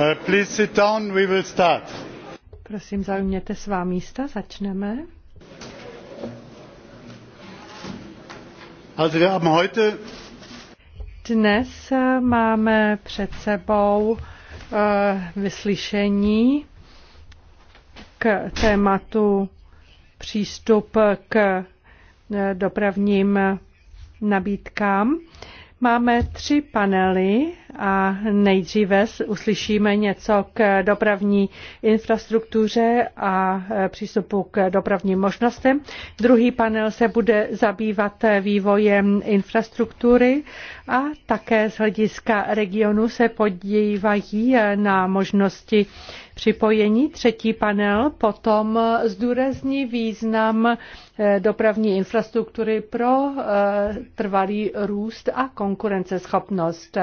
Uh, Prosím, zaujměte svá místa, začneme. Also wir haben heute Dnes eh, máme před sebou uh, vyslyšení k tématu přístup k eh, dopravním nabídkám. Máme tři panely a nejdříve uslyšíme něco k dopravní infrastruktuře a e, přístupu k dopravním možnostem. Druhý panel se bude zabývat vývojem infrastruktury a také z hlediska regionu se podívají e, na možnosti připojení. Třetí panel potom zdůrazní význam e, dopravní infrastruktury pro trvalý růst a konkurenceschopnost.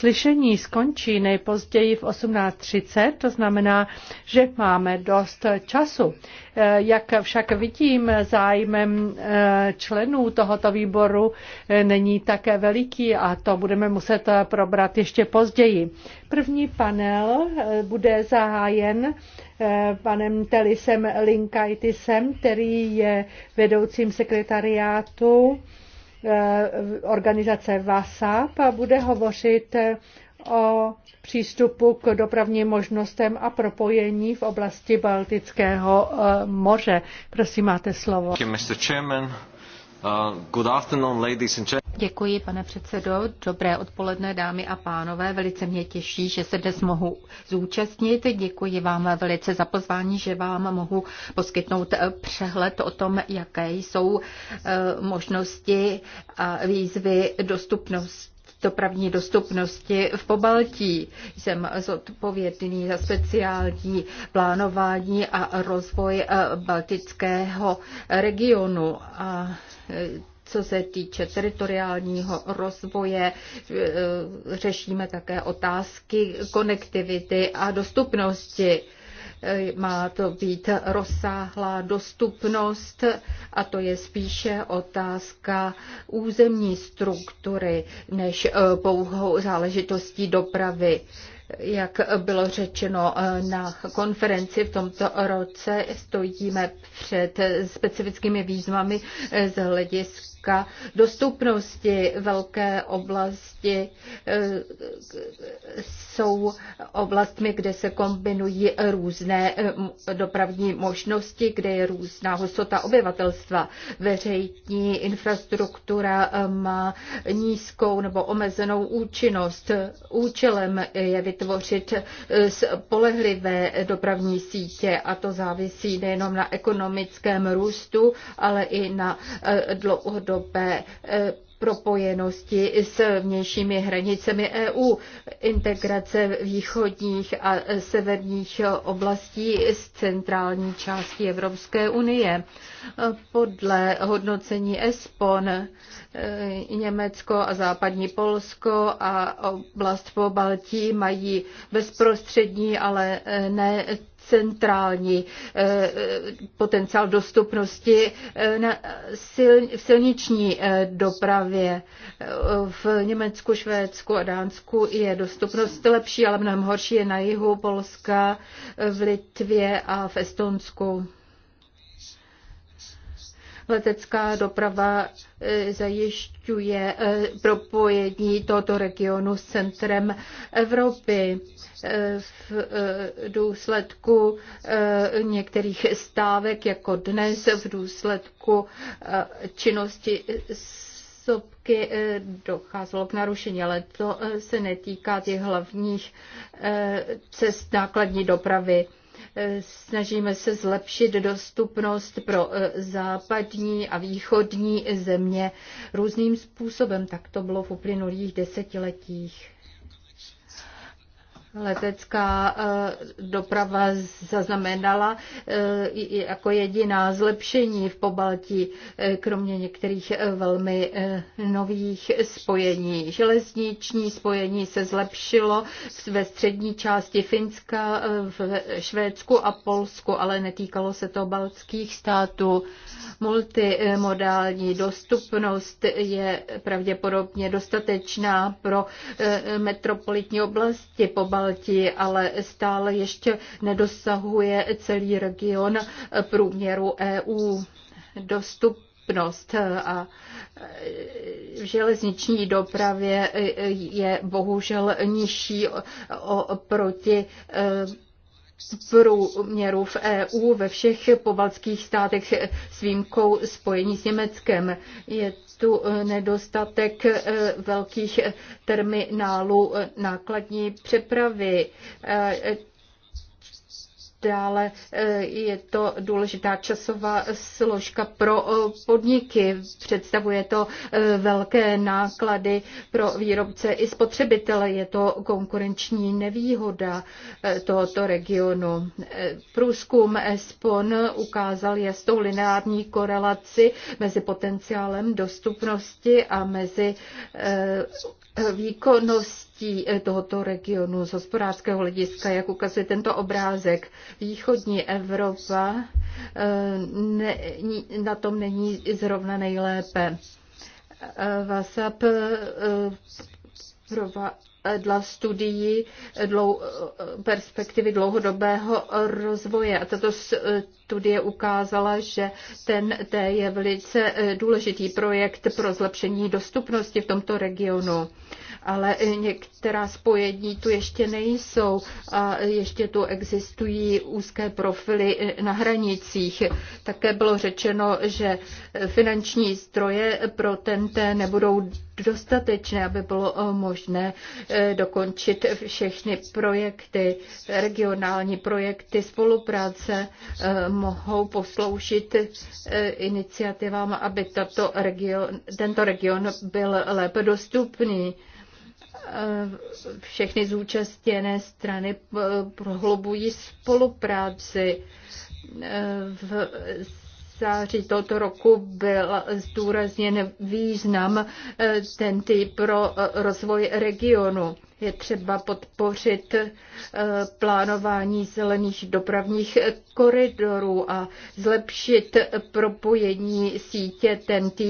Slyšení skončí nejpozději v 18.30, to znamená, že máme dost času. Eh, jak však vidím, zájmem eh, členů tohoto výboru eh, není také veliký a to budeme muset probrat ještě později. První panel bude zahájen panem Telisem Linkaitisem, který je vedoucím sekretariátu Eh, organizace VASAP bude hovořit eh, o přístupu k dopravním možnostem a propojení v oblasti Baltického eh, moře. Prosím, máte slovo. Uh, good afternoon, ladies and gentlemen. Děkuji, pane předsedo. Dobré odpoledne, dámy a pánové. Velice mě těší, že se dnes mohu zúčastnit. Děkuji vám velice za pozvání, že vám mohu poskytnout přehled o tom, jaké jsou uh, možnosti a výzvy dostupnosti dopravní dostupnosti v Pobaltí. Jsem zodpovědný za speciální plánování a rozvoj uh, baltického regionu. A co se týče teritoriálního rozvoje, eh, řešíme také otázky konektivity a dostupnosti. Eh, má to být rozsáhlá dostupnost a to je spíše otázka územní struktury než eh, pouhou záležitostí dopravy. Jak bylo řečeno eh, na konferenci v tomto roce, stojíme před specifickými výzvami eh, z hlediska otázka dostupnosti velké oblasti eh, jsou oblastmi, kde se kombinují různé dopravní možnosti, kde je různá hustota obyvatelstva. Veřejní infrastruktura eh, má nízkou nebo omezenou účinnost. Účelem je vytvořit eh, spolehlivé dopravní sítě a to závisí nejenom na ekonomickém růstu, ale i na dlouhodobě dlouhodobé eh, propojenosti s vnějšími hranicemi EU. Integrace východních a severních oblastí s centrální částí Evropské unie. Podle hodnocení ESPON eh, Německo a západní Polsko a oblast po Baltí mají bezprostřední, ale eh, ne centrální eh, potenciál dostupnosti eh, v silniční eh, dopravě. V Německu, Švédsku a Dánsku je dostupnost lepší, ale mnohem horší je na jihu Polska, v Litvě a v Estonsku. Letecká doprava zajišťuje propojení tohoto regionu s centrem Evropy v eh, důsledku eh, některých stávek, jako dnes, v důsledku eh, činnosti sobky docházelo k narušení, ale to se netýká těch hlavních cest nákladní dopravy snažíme se zlepšit dostupnost pro západní a východní země různým způsobem. Tak to bylo v uplynulých desetiletích letecká eh, doprava zaznamenala eh, jako jediná zlepšení v Pobaltí, eh, kromě některých velmi nových spojení. Železniční spojení se zlepšilo ve střední části Finska, v Švédsku a Polsku, ale netýkalo se to baltských států. Multimodální dostupnost je pravděpodobně dostatečná pro metropolitní oblasti Pobaltí Baltii, ale stále ještě nedosahuje celý region průměru EU. Dostup dostupnost a e, v železniční dopravě e, je bohužel nižší oproti e, průměru v EU ve všech povalských státech s výjimkou spojení s Německem. Je tu eh, nedostatek eh, velkých eh, terminálů nákladní přepravy. Dále eh, je to důležitá časová složka pro eh, podniky. Představuje to eh, velké náklady pro výrobce i spotřebitele. Je to konkurenční nevýhoda tohoto regionu. Průzkum ESPON ukázal jasnou lineární korelaci mezi potenciálem dostupnosti a mezi výkonností eh, tohoto regionu z hospodářského hlediska, jak ukazuje tento obrázek. Východní Evropa eh, ne, na tom není zrovna nejlépe. WhatsApp eh, dla studií, dlou, perspektivy dlouhodobého rozvoje. A tato studie ukázala, že ten T je velice důležitý projekt pro zlepšení dostupnosti v tomto regionu ale některá spojení tu ještě nejsou a ještě tu existují úzké profily na hranicích. Také bylo řečeno, že finanční zdroje pro TNT nebudou dostatečné, aby bylo eh, možné eh, dokončit všechny projekty, regionální projekty spolupráce eh, mohou posloužit iniciativám, aby tato region, tento region byl lépe dostupný všechny zúčastněné strany eh, prohlubují spolupráci eh, v září tohoto roku byl zdůrazněn význam eh, TNT pro eh, rozvoj regionu. Je třeba podpořit eh, plánování zelených dopravních koridorů a zlepšit propojení sítě TNT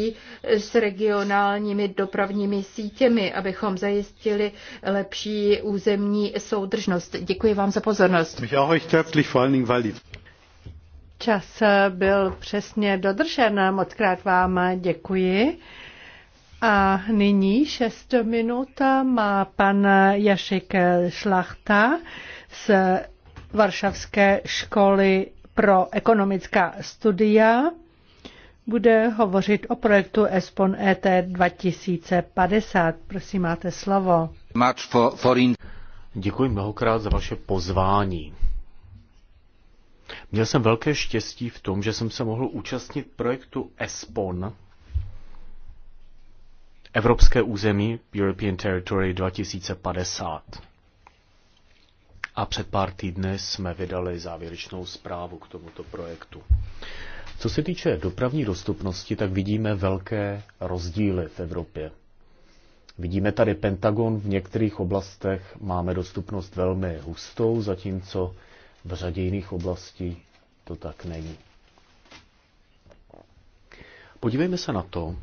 s regionálními dopravními sítěmi, abychom zajistili lepší územní soudržnost. Děkuji vám za pozornost. Čas byl přesně dodržen. Moc krát vám děkuji. A nyní 6 minut má pan Jašek Šlachta z Varšavské školy pro ekonomická studia. Bude hovořit o projektu ESPON e ET 2050. Prosím, máte slovo. Děkuji mnohokrát za vaše pozvání. Měl jsem velké štěstí v tom, že jsem se mohl účastnit projektu ESPON, Evropské území European Territory 2050. A před pár týdny jsme vydali závěrečnou zprávu k tomuto projektu. Co se týče dopravní dostupnosti, tak vidíme velké rozdíly v Evropě. Vidíme tady Pentagon, v některých oblastech máme dostupnost velmi hustou, zatímco v řadě jiných oblastí to tak není. Podívejme se na to,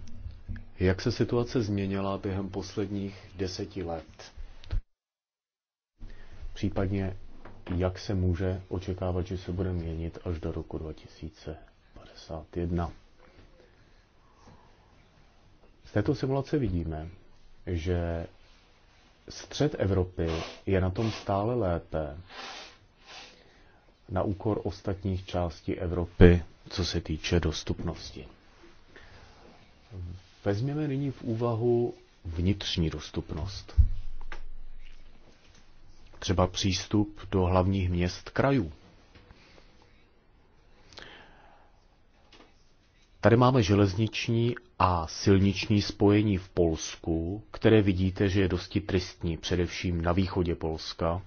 jak se situace změnila během posledních deseti let. Případně, jak se může očekávat, že se bude měnit až do roku 2051. Z této simulace vidíme, že střed Evropy je na tom stále lépe na úkor ostatních částí Evropy, co se týče dostupnosti. Vezměme nyní v úvahu vnitřní dostupnost. Třeba přístup do hlavních měst krajů. Tady máme železniční a silniční spojení v Polsku, které vidíte, že je dosti tristní, především na východě Polska,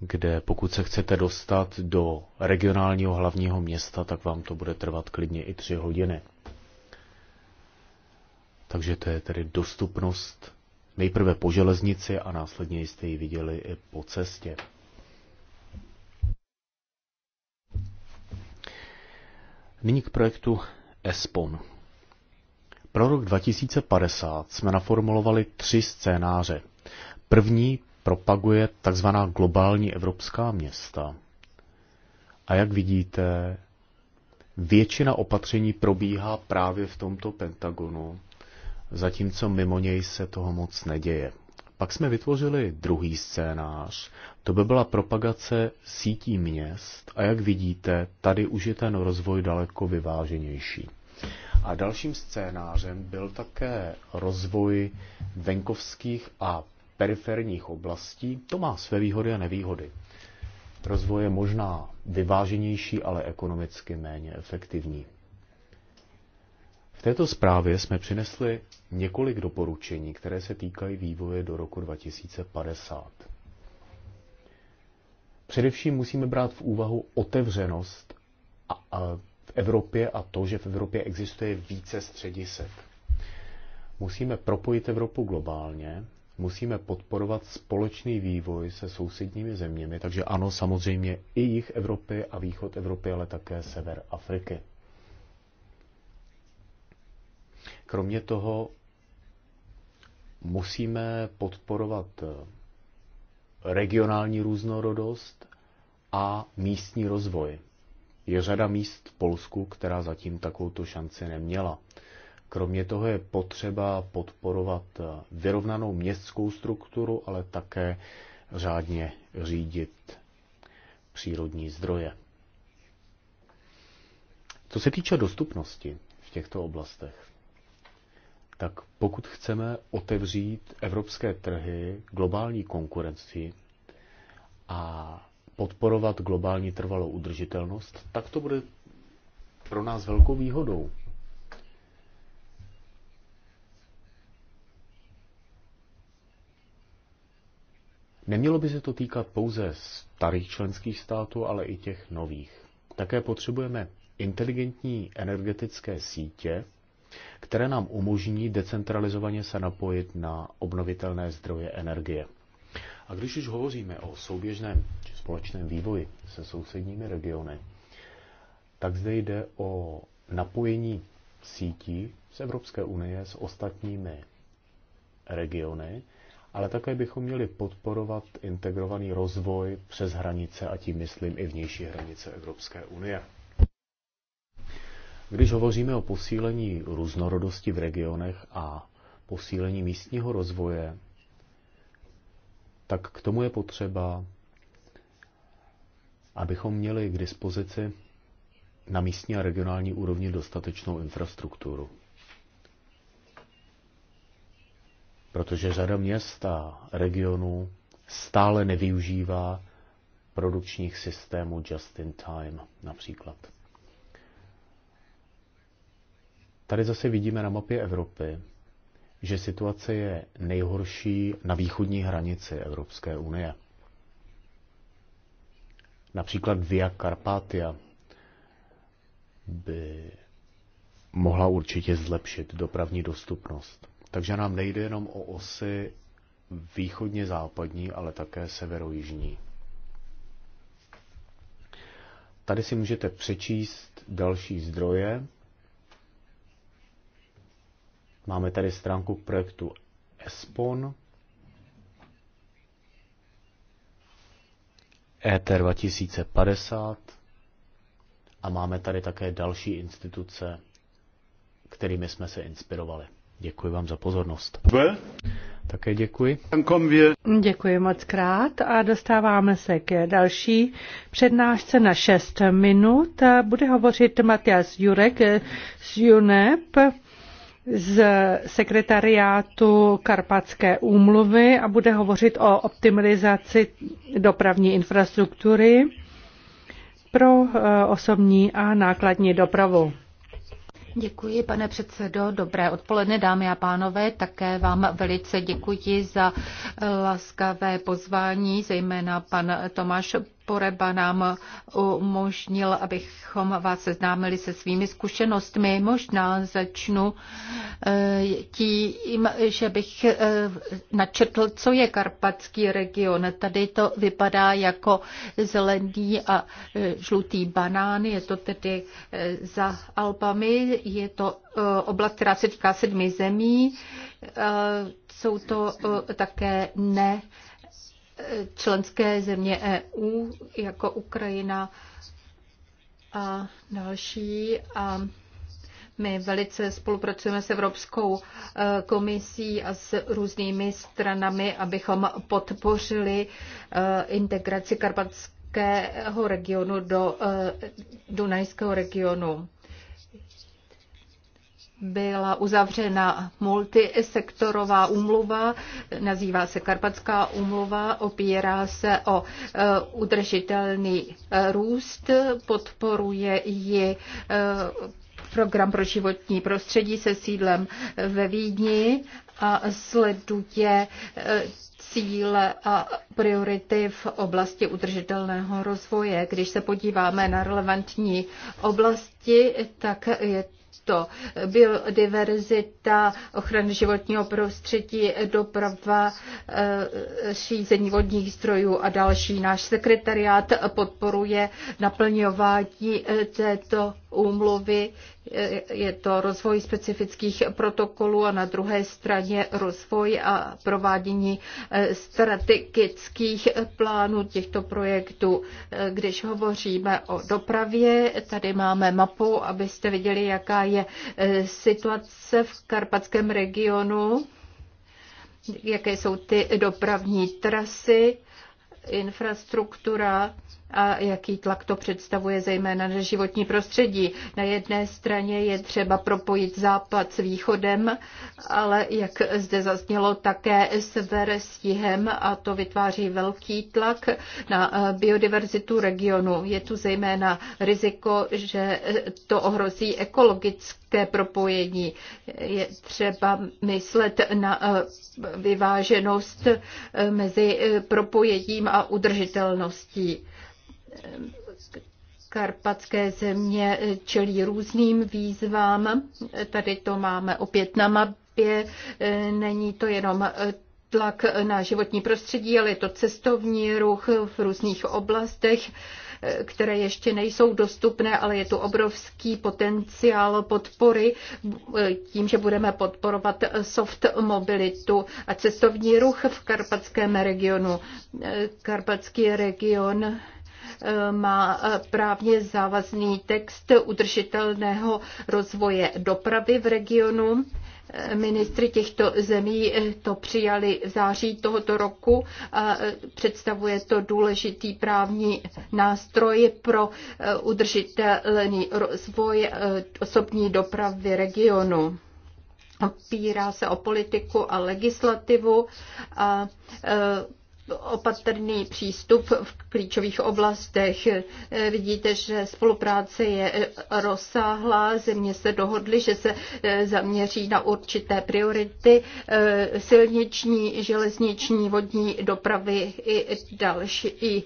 kde pokud se chcete dostat do regionálního hlavního města, tak vám to bude trvat klidně i tři hodiny. Takže to je tedy dostupnost nejprve po železnici a následně jste ji viděli i po cestě. Nyní k projektu ESPON. Pro rok 2050 jsme naformulovali tři scénáře. První propaguje takzvaná globální evropská města. A jak vidíte, většina opatření probíhá právě v tomto Pentagonu, zatímco mimo něj se toho moc neděje. Pak jsme vytvořili druhý scénář, to by byla propagace sítí měst a jak vidíte, tady už je ten rozvoj daleko vyváženější. A dalším scénářem byl také rozvoj venkovských a periferních oblastí, to má své výhody a nevýhody. Rozvoj je možná vyváženější, ale ekonomicky méně efektivní. V této zprávě jsme přinesli několik doporučení, které se týkají vývoje do roku 2050. Především musíme brát v úvahu otevřenost a, a v Evropě a to, že v Evropě existuje více středisek. Musíme propojit Evropu globálně musíme podporovat společný vývoj se sousedními zeměmi, takže ano, samozřejmě i jich Evropy a východ Evropy, ale také sever Afriky. Kromě toho musíme podporovat regionální různorodost a místní rozvoj. Je řada míst v Polsku, která zatím tu šanci neměla. Kromě toho je potřeba podporovat eh, vyrovnanou městskou strukturu, ale také řádně řídit přírodní zdroje. Co se týče dostupnosti v těchto oblastech, tak pokud chceme otevřít evropské trhy globální konkurenci a podporovat globální trvalou udržitelnost, tak to bude pro nás velkou výhodou. Nemělo by se to týkat pouze starých členských států, ale i těch nových. Také potřebujeme inteligentní energetické sítě, které nám umožní decentralizovaně se napojit na obnovitelné zdroje energie. A když už hovoříme o souběžném či společném vývoji se sousedními regiony, tak zde jde o napojení sítí z Evropské unie s ostatními regiony, ale také bychom měli podporovat integrovaný rozvoj přes hranice a tím myslím i vnější hranice Evropské unie. Když hovoříme o posílení různorodosti v regionech a posílení místního rozvoje, tak k tomu je potřeba, abychom měli k dispozici na místní a regionální úrovni dostatečnou infrastrukturu. protože řada měst a regionů stále nevyužívá produkčních systémů just in time například. Tady zase vidíme na mapě Evropy, že situace je nejhorší na východní hranici Evropské unie. Například Via Carpatia by mohla určitě zlepšit dopravní dostupnost. Takže nám nejde jenom o osy východně západní, ale také severojižní. Tady si můžete přečíst další zdroje. Máme tady stránku k projektu ESPON, ET 2050 a máme tady také další instituce, kterými jsme se inspirovali. Děkuji vám za pozornost. Dve. Také děkuji. Děkuji moc krát a dostáváme se k další přednášce na 6 minut. Bude hovořit Matias Jurek z UNEP z sekretariátu Karpatské úmluvy a bude hovořit o optimalizaci dopravní infrastruktury pro eh, osobní a nákladní dopravu. Děkuji, pane předsedo. Dobré odpoledne, dámy a pánové. Také vám velice děkuji za laskavé pozvání, zejména pan Tomáš Poreba nám umožnil, abychom vás seznámili se svými zkušenostmi. Možná začnu eh, tím, že bych eh, načetl, co je karpatský region. Tady to vypadá jako zelený a eh, žlutý banán. Je to tedy za Alpami. Je to oblast, která se týká sedmi zemí. Jsou to také ne členské země EU, jako Ukrajina a další. A my velice spolupracujeme s Evropskou eh, komisí a s různými stranami, abychom podpořili eh, integraci karpatského regionu do eh, Dunajského regionu byla uzavřena multisektorová umluva, nazývá se Karpatská umluva, opírá se o eh, udržitelný eh, růst, podporuje ji eh, program pro životní prostředí se sídlem ve Vídni a sleduje cíle a priority v oblasti udržitelného rozvoje. Když se podíváme na relevantní oblasti, tak je to biodiverzita, ochrana životního prostředí, doprava, eh, řízení vodních zdrojů a další. Náš sekretariát podporuje naplňování eh, této úmluvy je to rozvoj specifických protokolů a na druhé straně rozvoj a provádění eh, strategických plánů těchto projektů. Eh, když hovoříme o dopravě, tady máme mapu, abyste viděli, jaká je eh, situace v karpatském regionu, jaké jsou ty dopravní trasy, infrastruktura, a jaký tlak to představuje zejména na životní prostředí. Na jedné straně je třeba propojit západ s východem, ale jak zde zaznělo také sever s jihem a to vytváří velký tlak na eh, biodiverzitu regionu. Je tu zejména riziko, že to ohrozí ekologické propojení. Je třeba myslet na eh, vyváženost eh, mezi propojením a udržitelností karpatské země čelí různým výzvám. Tady to máme opět na mapě. Není to jenom tlak na životní prostředí, ale je to cestovní ruch v různých oblastech které ještě nejsou dostupné, ale je tu obrovský potenciál podpory tím, že budeme podporovat soft mobilitu a cestovní ruch v karpatském regionu. Karpatský region E, má e, právně závazný text udržitelného rozvoje dopravy v regionu. E, Ministry těchto zemí to přijali v září tohoto roku a představuje to důležitý právní nástroj pro udržitelný rozvoj osobní dopravy regionu opírá se o politiku a legislativu a opatrný přístup v klíčových oblastech. Vidíte, že spolupráce je rozsáhlá, země se dohodly, že se zaměří na určité priority silniční, železniční, vodní dopravy i další. I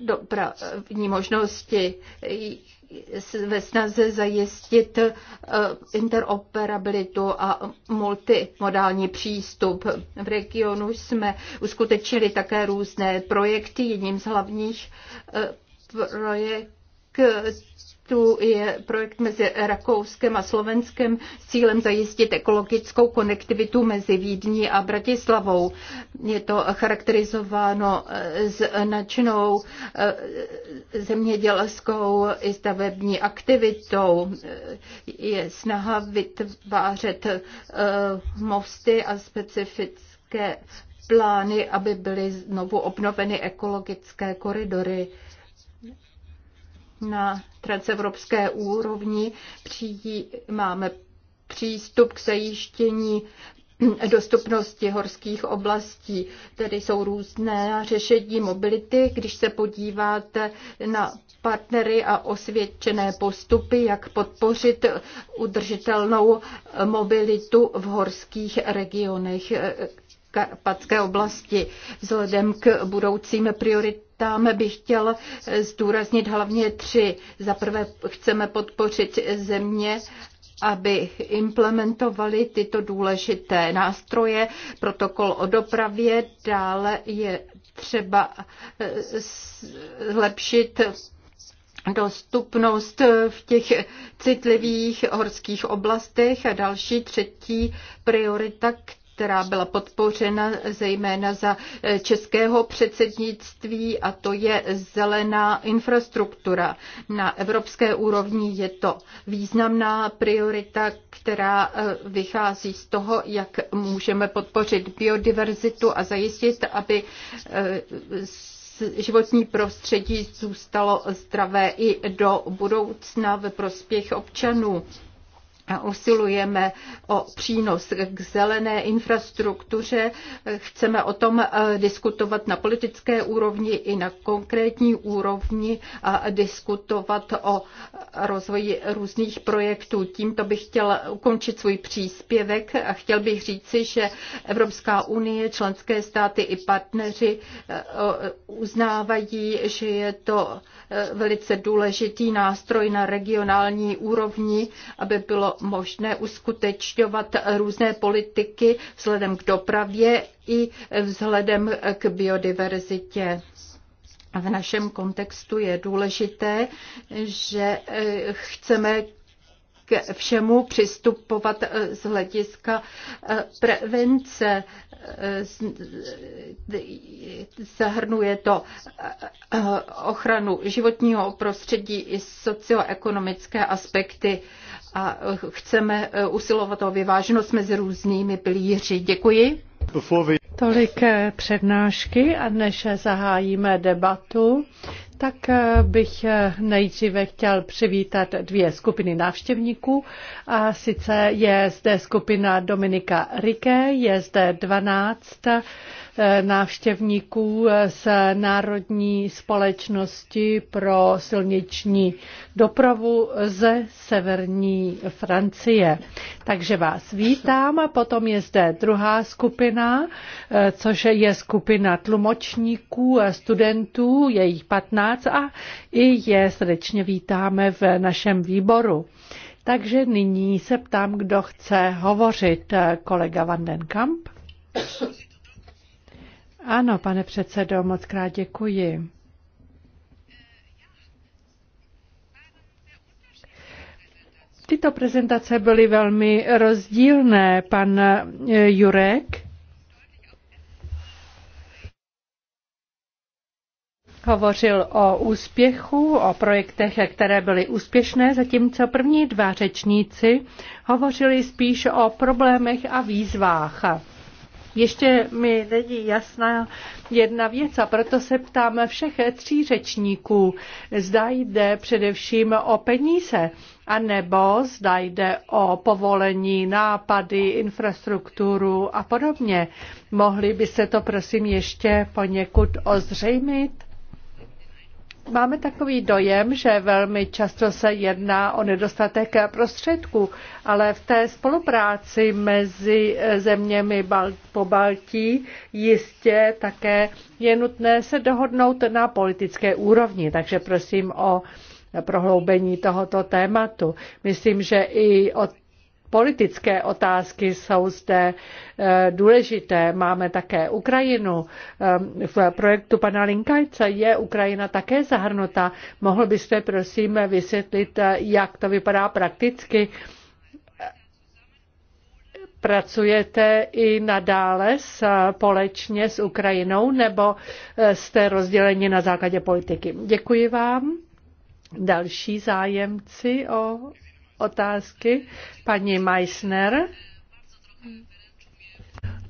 dopravní možnosti ve snaze zajistit eh, interoperabilitu a multimodální přístup. V regionu jsme uskutečnili také různé projekty. Jedním z hlavních eh, projektů projektu je projekt mezi Rakouskem a Slovenskem s cílem zajistit ekologickou konektivitu mezi Vídní a Bratislavou. Je to charakterizováno značnou eh, eh, zemědělskou i stavební aktivitou. Eh, je snaha vytvářet mosty a specifické plány, aby byly znovu obnoveny ekologické koridory na transevropské úrovni přijí, máme přístup k zajištění dostupnosti horských oblastí. Tedy jsou různé řešení mobility. Když se podíváte na partnery a osvědčené postupy, jak podpořit udržitelnou mobilitu v horských regionech, karpatské oblasti. Vzhledem k budoucím prioritám bych chtěl zdůraznit hlavně tři. Za prvé chceme podpořit země, aby implementovali tyto důležité nástroje, protokol o dopravě, dále je třeba eh, zlepšit dostupnost v těch citlivých horských oblastech a další třetí priorita, která byla podpořena zejména za eh, českého předsednictví a to je zelená infrastruktura. Na evropské úrovni je to významná priorita, která eh, vychází z toho, jak můžeme podpořit biodiverzitu a zajistit, aby eh, životní prostředí zůstalo zdravé i do budoucna ve prospěch občanů a usilujeme o přínos k zelené infrastruktuře. Chceme o tom eh, diskutovat na politické úrovni i na konkrétní úrovni a diskutovat o rozvoji různých projektů. Tímto bych chtěl ukončit svůj příspěvek a chtěl bych říci, že Evropská unie, členské státy i partneři eh, uznávají, že je to eh, velice důležitý nástroj na regionální úrovni, aby bylo možné uskutečňovat různé politiky vzhledem k dopravě i vzhledem k biodiverzitě. V našem kontextu je důležité, že chceme k všemu přistupovat eh, z hlediska eh, prevence. Eh, zahrnuje to ochranu životního prostředí i socioekonomické aspekty a chceme usilovat o vyváženost mezi různými pilíři. Děkuji. Tolik eh, přednášky a než zahájíme debatu, tak eh, bych eh, nejdříve chtěl přivítat dvě skupiny návštěvníků. A sice je zde skupina Dominika Rike, je zde 12 Eh, návštěvníků eh, z Národní společnosti pro silniční dopravu ze severní Francie. Takže vás vítám a potom je zde druhá skupina, eh, což je skupina tlumočníků, studentů, jejich 15 a i je srdečně vítáme v našem výboru. Takže nyní se ptám, kdo chce hovořit. Kolega Vandenkamp. Ano, pane předsedo, moc krát děkuji. Tyto prezentace byly velmi rozdílné. Pan eh, Jurek hovořil o úspěchu, o projektech, které byly úspěšné, zatímco první dva řečníci hovořili spíš o problémech a výzvách. Ještě mi není jasná jedna věc a proto se ptám všech tří řečníků. Zda jde především o peníze, anebo zda jde o povolení, nápady, infrastrukturu a podobně. Mohli by se to prosím ještě poněkud ozřejmit? Máme takový dojem, že velmi často se jedná o nedostatek prostředků, ale v té spolupráci mezi eh, zeměmi po Baltí jistě také je nutné se dohodnout na politické úrovni. Takže prosím o prohloubení tohoto tématu. Myslím, že i od politické otázky jsou zde eh, důležité. Máme také Ukrajinu. Eh, v projektu pana Linkajce je Ukrajina také zahrnuta. Mohl byste prosím vysvětlit, eh, jak to vypadá prakticky? Pracujete i nadále společně s Ukrajinou nebo jste rozděleni na základě politiky? Děkuji vám. Další zájemci o otázky. Paní Meissner.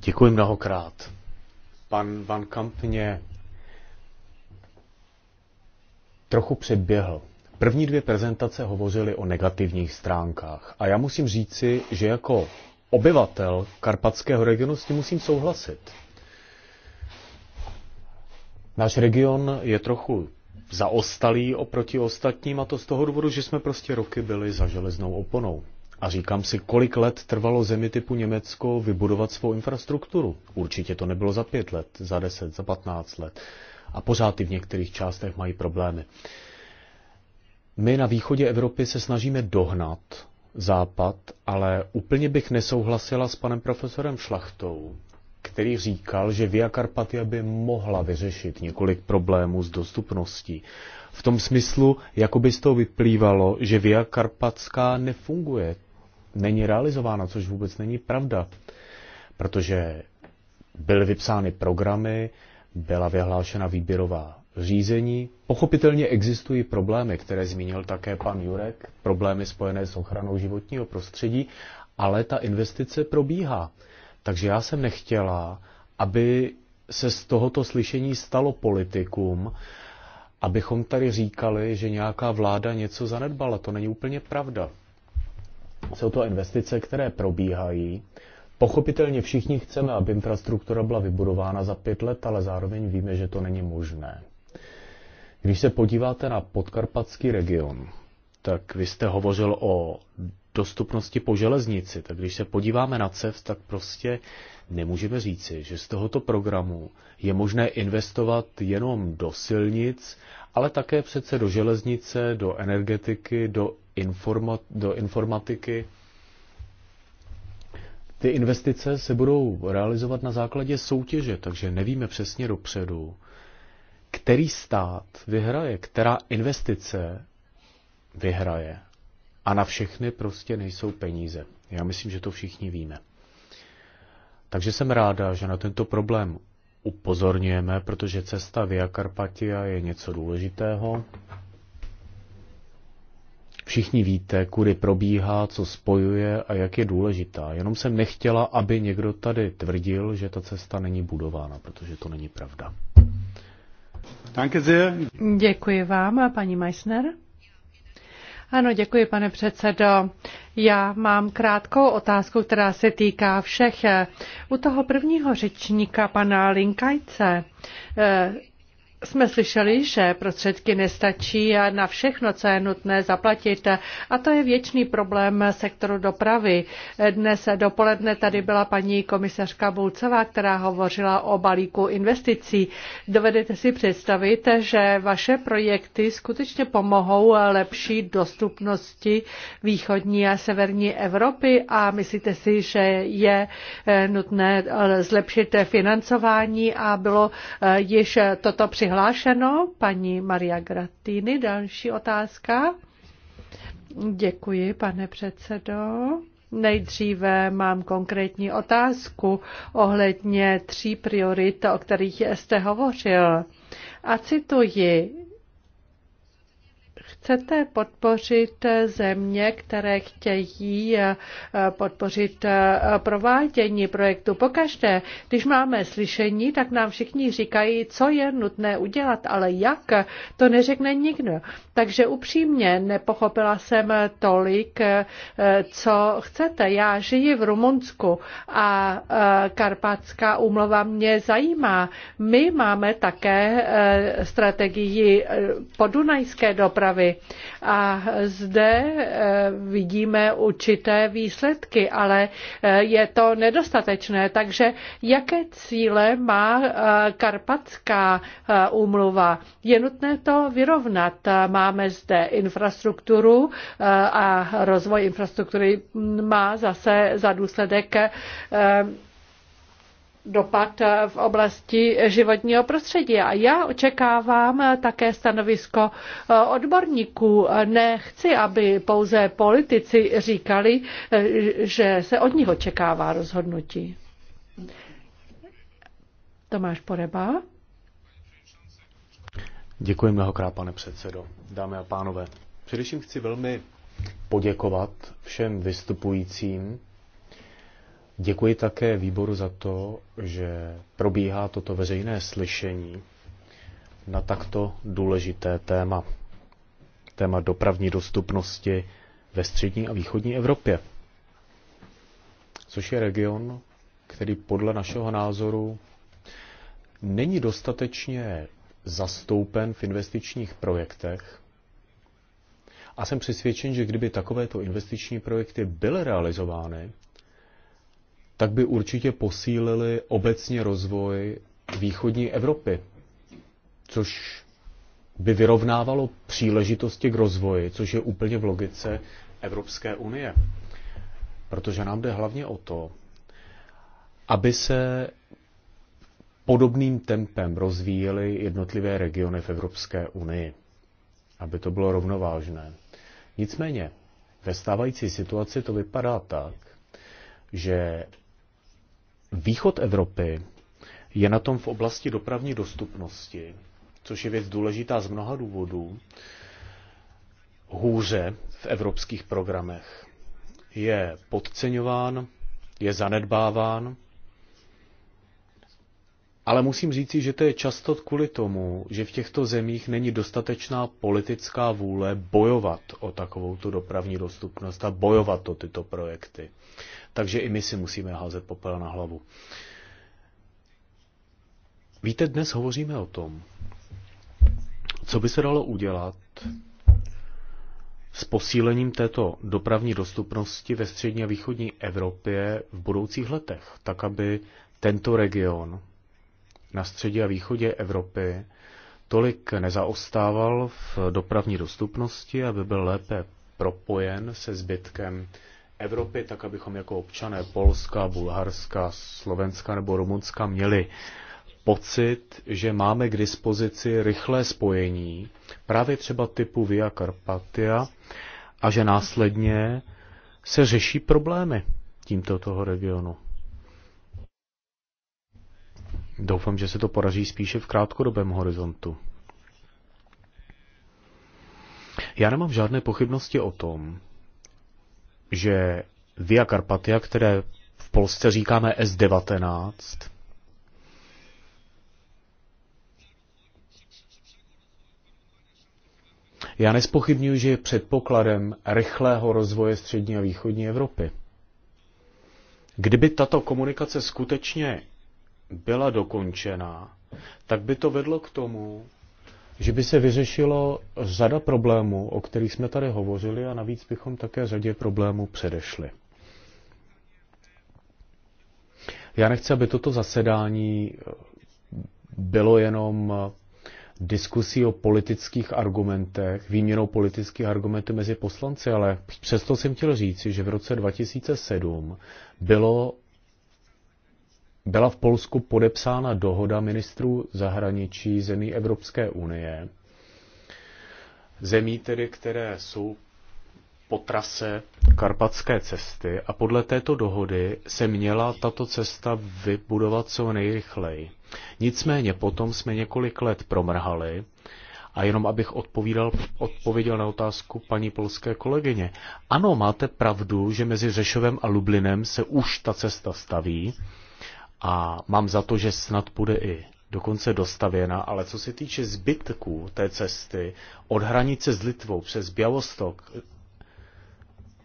Děkuji mnohokrát. Pan Van Kamp mě trochu předběhl. První dvě prezentace hovořily o negativních stránkách a já musím říci, že jako obyvatel karpatského regionu s tím musím souhlasit. Náš region je trochu zaostalí oproti ostatním a to z toho důvodu, že jsme prostě roky byli za železnou oponou. A říkám si, kolik let trvalo zemi typu Německo vybudovat svou infrastrukturu. Určitě to nebylo za pět let, za deset, za patnáct let. A pořád i v některých částech mají problémy. My na východě Evropy se snažíme dohnat západ, ale úplně bych nesouhlasila s panem profesorem Šlachtou, který říkal, že Via Carpatia by mohla vyřešit několik problémů s dostupností. V tom smyslu, jako by z toho vyplývalo, že Via Karpatská nefunguje, není realizována, což vůbec není pravda, protože byly vypsány programy, byla vyhlášena výběrová řízení. Pochopitelně existují problémy, které zmínil také pan Jurek, problémy spojené s ochranou životního prostředí, ale ta investice probíhá. Takže já jsem nechtěla, aby se z tohoto slyšení stalo politikum, abychom tady říkali, že nějaká vláda něco zanedbala. To není úplně pravda. Jsou to investice, které probíhají. Pochopitelně všichni chceme, aby infrastruktura byla vybudována za pět let, ale zároveň víme, že to není možné. Když se podíváte na podkarpatský region, tak vy jste hovořil o dostupnosti po železnici, tak když se podíváme na CEF, tak prostě nemůžeme říci, že z tohoto programu je možné investovat jenom do silnic, ale také přece do železnice, do energetiky, do, informa- do informatiky. Ty investice se budou realizovat na základě soutěže, takže nevíme přesně dopředu, který stát vyhraje, která investice vyhraje. A na všechny prostě nejsou peníze. Já myslím, že to všichni víme. Takže jsem ráda, že na tento problém upozorňujeme, protože cesta Via Carpatia je něco důležitého. Všichni víte, kudy probíhá, co spojuje a jak je důležitá. Jenom jsem nechtěla, aby někdo tady tvrdil, že ta cesta není budována, protože to není pravda. Děkuji vám, paní Meissner. Ano, děkuji, pane předsedo. Já mám krátkou otázku, která se týká všech. U toho prvního řečníka, pana Linkajce, jsme slyšeli, že prostředky nestačí na všechno, co je nutné zaplatit. A to je věčný problém sektoru dopravy. Dnes dopoledne tady byla paní komisařka Bulcová, která hovořila o balíku investicí. Dovedete si představit, že vaše projekty skutečně pomohou lepší dostupnosti východní a severní Evropy a myslíte si, že je eh, nutné eh, zlepšit financování a bylo eh, již toto přihlášení přihlášeno. Paní Maria Gratini, další otázka. Děkuji, pane předsedo. Nejdříve mám konkrétní otázku ohledně tří priorit, o kterých jste hovořil. A cituji, Chcete podpořit země, které chtějí eh, podpořit eh, provádění projektu. Pokaždé, když máme slyšení, tak nám všichni říkají, co je nutné udělat, ale jak, to neřekne nikdo. Takže upřímně nepochopila jsem tolik, eh, co chcete. Já žiji v Rumunsku a Karpatská úmluva mě zajímá. My máme také strategii podunajské dopravy a zde eh, vidíme určité výsledky, ale eh, je to nedostatečné. Takže jaké cíle má eh, Karpatská úmluva? Je nutné to vyrovnat. Máme zde infrastrukturu a rozvoj infrastruktury má zase za důsledek dopad eh, v oblasti životního prostředí. A já očekávám eh, také stanovisko eh, odborníků. Nechci, aby pouze politici říkali, že se od nich očekává rozhodnutí. Tomáš Poreba. Děkuji mnohokrát, pane předsedo. Dámy a pánové, především chci velmi poděkovat všem vystupujícím Děkuji také výboru za to, že probíhá toto veřejné slyšení na takto důležité téma. Téma dopravní dostupnosti ve střední a východní Evropě, což je region, který podle našeho názoru není dostatečně zastoupen v investičních projektech. A jsem přesvědčen, že kdyby takovéto investiční projekty byly realizovány, tak by určitě posílili obecně rozvoj východní Evropy, což by vyrovnávalo příležitosti k rozvoji, což je úplně v logice Evropské unie. Protože nám jde hlavně o to, aby se podobným tempem rozvíjely jednotlivé regiony v Evropské unii, aby to bylo rovnovážné. Nicméně, ve stávající situaci to vypadá tak, že Východ Evropy je na tom v oblasti dopravní dostupnosti, což je věc důležitá z mnoha důvodů, hůře v evropských programech. Je podceňován, je zanedbáván, ale musím říci, že to je často kvůli tomu, že v těchto zemích není dostatečná politická vůle bojovat o takovou tu dopravní dostupnost a bojovat o tyto projekty takže i my si musíme házet popel na hlavu. Víte, dnes hovoříme o tom, co by se dalo udělat s posílením této dopravní dostupnosti ve střední a východní Evropě v budoucích letech, tak aby tento region na středě a východě Evropy tolik nezaostával v dopravní dostupnosti, aby byl lépe propojen se zbytkem Evropy, tak abychom jako občané Polska, Bulharska, Slovenska nebo Rumunska měli pocit, že máme k dispozici rychlé spojení, právě třeba typu Via Carpatia, a že následně se řeší problémy tímto toho regionu. Doufám, že se to podaří spíše v krátkodobém horizontu. Já nemám žádné pochybnosti o tom, že Via Carpatia, které v Polsce říkáme S19, Já nespochybnuju, že je předpokladem rychlého rozvoje střední a východní Evropy. Kdyby tato komunikace skutečně byla dokončená, tak by to vedlo k tomu, že by se vyřešilo řada problémů, o kterých jsme tady hovořili a navíc bychom také řadě problémů předešli. Já nechci, aby toto zasedání bylo jenom diskusí o politických argumentech, výměnou politických argumentů mezi poslanci, ale přesto jsem chtěl říci, že v roce 2007 bylo byla v Polsku podepsána dohoda ministrů zahraničí zemí Evropské unie, zemí tedy, které jsou po trase karpatské cesty a podle této dohody se měla tato cesta vybudovat co nejrychleji. Nicméně potom jsme několik let promrhali a jenom abych odpovídal, odpověděl na otázku paní polské kolegyně. Ano, máte pravdu, že mezi Řešovem a Lublinem se už ta cesta staví, a mám za to, že snad bude i dokonce dostavěna, ale co se týče zbytků té cesty od hranice s Litvou přes Bělostok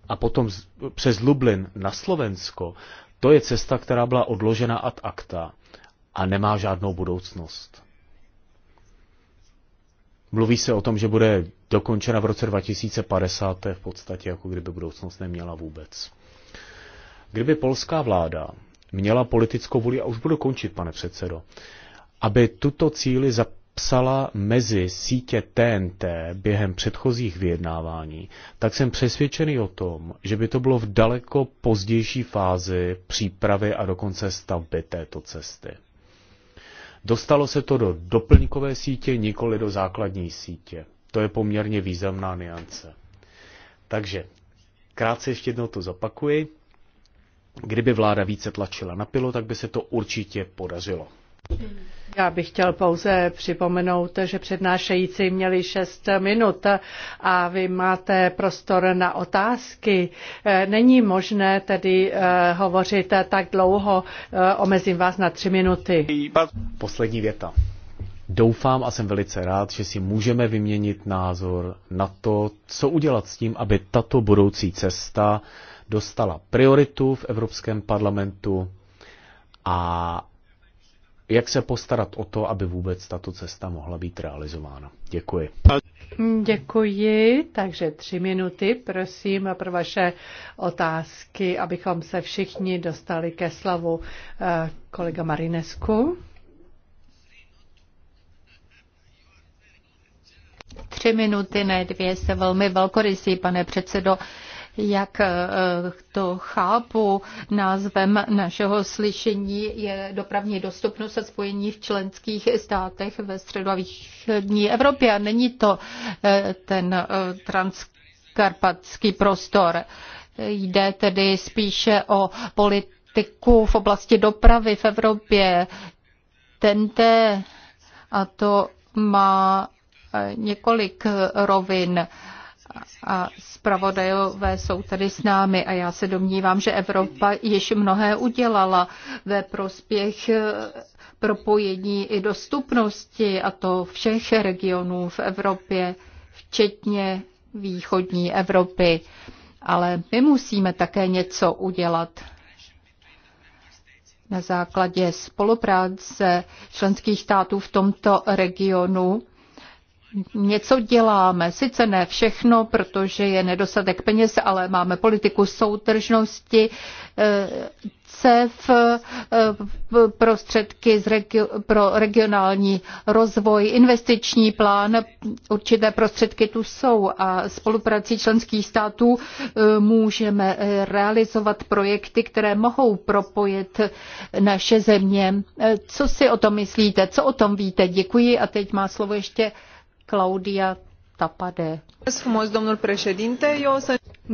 a potom přes Lublin na Slovensko, to je cesta, která byla odložena ad acta a nemá žádnou budoucnost. Mluví se o tom, že bude dokončena v roce 2050, to je v podstatě jako kdyby budoucnost neměla vůbec. Kdyby polská vláda měla politickou vůli, a už budu končit, pane předsedo, aby tuto cíli zapsala mezi sítě TNT během předchozích vyjednávání, tak jsem přesvědčený o tom, že by to bylo v daleko pozdější fázi přípravy a dokonce stavby této cesty. Dostalo se to do doplňkové sítě, nikoli do základní sítě. To je poměrně významná niance. Takže krátce ještě jednou to zopakuji. Kdyby vláda více tlačila na pilu, tak by se to určitě podařilo. Já bych chtěl pouze připomenout, že přednášející měli 6 minut a vy máte prostor na otázky. Eh, není možné tedy eh, hovořit tak dlouho, eh, omezím vás na 3 minuty. Poslední věta. Doufám a jsem velice rád, že si můžeme vyměnit názor na to, co udělat s tím, aby tato budoucí cesta dostala prioritu v Evropském parlamentu a jak se postarat o to, aby vůbec tato cesta mohla být realizována. Děkuji. Děkuji, takže tři minuty, prosím, pro vaše otázky, abychom se všichni dostali ke slavu eh, kolega Marinesku. Tři minuty, ne dvě, se velmi velkorysý, pane předsedo jak eh, to chápu, názvem našeho slyšení je dopravní dostupnost a spojení v členských státech ve středu a východní Evropě. A není to eh, ten eh, transkarpatský prostor. Jde tedy spíše o politiku v oblasti dopravy v Evropě. Tente a to má několik rovin a zpravodajové jsou tady s námi a já se domnívám, že Evropa již mnohé udělala ve prospěch eh, propojení i dostupnosti a to všech regionů v Evropě, včetně východní Evropy. Ale my musíme také něco udělat na základě spolupráce členských států v tomto regionu něco děláme. Sice ne všechno, protože je nedostatek peněz, ale máme politiku soudržnosti, eh, CEF, eh, prostředky pro regionální rozvoj, investiční plán, určité prostředky tu jsou a spoluprací členských států eh, můžeme realizovat projekty, které mohou propojit naše země. Co si o tom myslíte? Co o tom víte? Děkuji a teď má slovo ještě Claudia Tapade.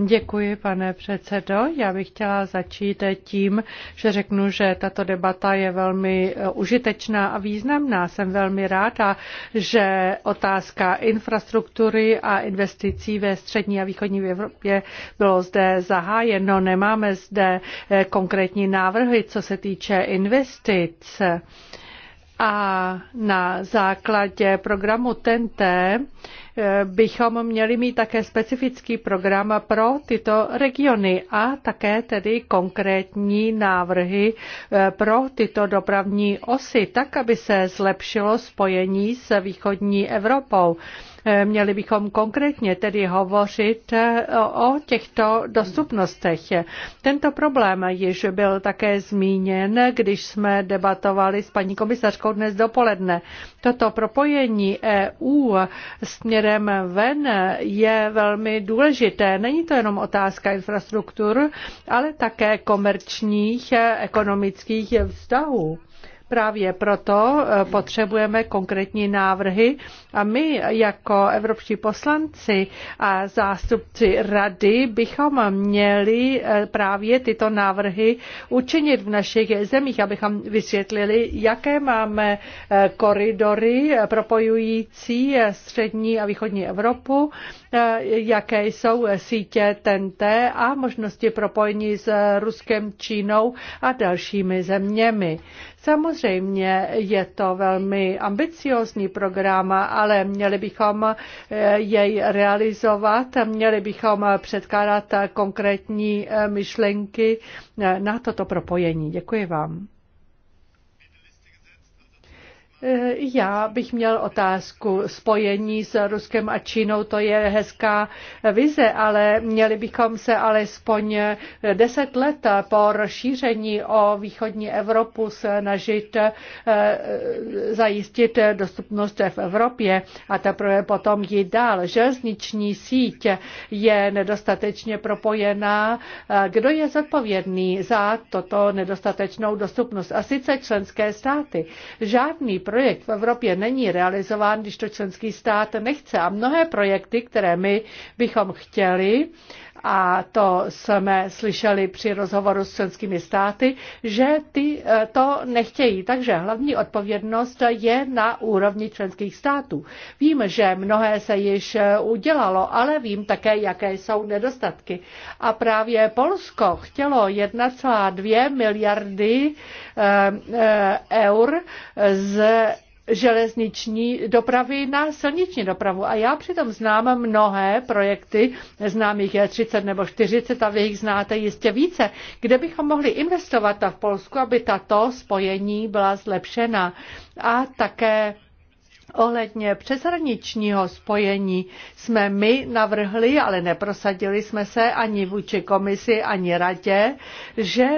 Děkuji, pane předsedo. Já bych chtěla začít tím, že řeknu, že tato debata je velmi eh, užitečná a významná. Jsem velmi ráda, že otázka infrastruktury a investicí ve střední a východní Evropě bylo zde zahájeno. Nemáme zde eh, konkrétní návrhy, co se týče investic a na základě programu TNT eh, bychom měli mít také specifický program pro tyto regiony a také tedy konkrétní návrhy eh, pro tyto dopravní osy, tak aby se zlepšilo spojení s východní Evropou. Eh, měli bychom konkrétně tedy hovořit eh, o těchto dostupnostech. Tento problém již byl také zmíněn, když jsme debatovali s paní komisařkou dnes dopoledne. Toto propojení EU směrem ven je velmi důležité. Není to jenom otázka infrastruktur, ale také komerčních eh, ekonomických vztahů. Právě proto eh, potřebujeme konkrétní návrhy a my jako evropští poslanci a zástupci rady bychom měli eh, právě tyto návrhy učinit v našich zemích, abychom vysvětlili, jaké máme eh, koridory propojující střední a východní Evropu, jaké jsou sítě TNT a možnosti propojení s Ruskem, Čínou a dalšími zeměmi. Samozřejmě je to velmi ambiciózní program, ale měli bychom eh, jej realizovat, měli bychom předkládat konkrétní eh, myšlenky eh, na toto propojení. Děkuji vám. Já bych měl otázku spojení s Ruskem a Čínou, to je hezká vize, ale měli bychom se alespoň deset let po rozšíření o východní Evropu snažit eh, zajistit dostupnost v Evropě a teprve potom jít dál. Železniční síť je nedostatečně propojená. Kdo je zodpovědný za toto nedostatečnou dostupnost? A sice členské státy. Žádný projekt v Evropě není realizován, když to členský stát nechce. A mnohé projekty, které my bychom chtěli, a to jsme slyšeli při rozhovoru s členskými státy, že ty eh, to nechtějí. Takže hlavní odpovědnost je na úrovni členských států. Vím, že mnohé se již eh, udělalo, ale vím také, jaké jsou nedostatky. A právě Polsko chtělo 1,2 miliardy eh, eur z železniční dopravy na silniční dopravu. A já přitom znám mnohé projekty, znám jich je 30 nebo 40 a vy jich znáte jistě více, kde bychom mohli investovat v Polsku, aby tato spojení byla zlepšena. A také Ohledně přeshraničního spojení jsme my navrhli, ale neprosadili jsme se ani vůči komisi, ani radě, že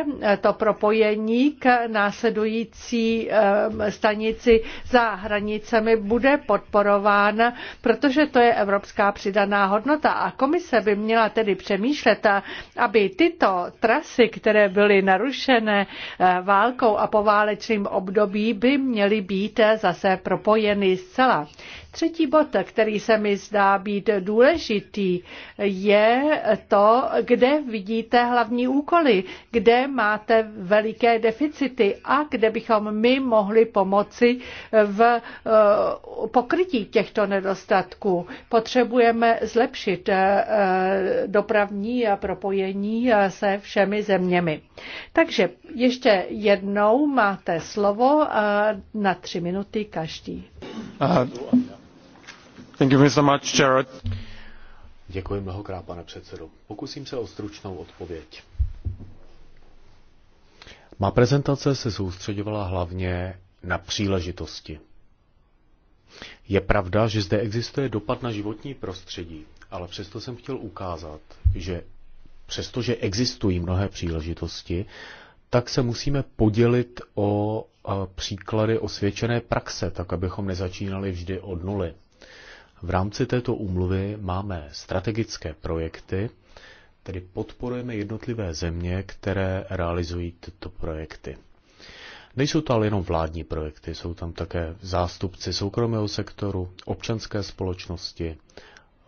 to propojení k následující stanici za hranicemi bude podporován, protože to je evropská přidaná hodnota a komise by měla tedy přemýšlet, aby tyto trasy, které byly narušené eh, válkou a poválečným období, by měly být eh, zase propojeny zcela. Třetí bod, který se mi zdá být důležitý, je to, kde vidíte hlavní úkoly, kde máte veliké deficity a kde bychom my mohli pomoci v eh, pokrytí těchto nedostatků. Potřebujeme zlepšit eh, dopravní a propojení eh, se všemi zeměmi. Takže ještě jednou máte slovo na tři minuty každý. Aha. Děkuji mnohokrát, pane předsedo. Pokusím se o stručnou odpověď. Má prezentace se soustředovala hlavně na příležitosti. Je pravda, že zde existuje dopad na životní prostředí, ale přesto jsem chtěl ukázat, že přestože existují mnohé příležitosti, tak se musíme podělit o e, příklady osvědčené praxe, tak abychom nezačínali vždy od nuly. V rámci této úmluvy máme strategické projekty, tedy podporujeme jednotlivé země, které realizují tyto projekty. Nejsou to ale jenom vládní projekty, jsou tam také zástupci soukromého sektoru, občanské společnosti,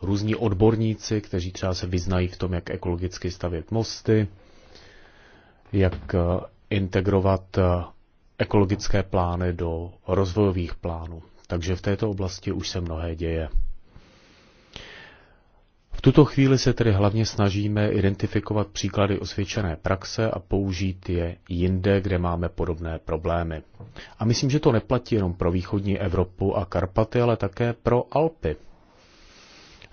různí odborníci, kteří třeba se vyznají v tom, jak ekologicky stavět mosty, jak eh, integrovat eh, ekologické plány do rozvojových plánů. Takže v této oblasti už se mnohé děje. V tuto chvíli se tedy hlavně snažíme identifikovat příklady osvědčené praxe a použít je jinde, kde máme podobné problémy. A myslím, že to neplatí jenom pro východní Evropu a Karpaty, ale také pro Alpy.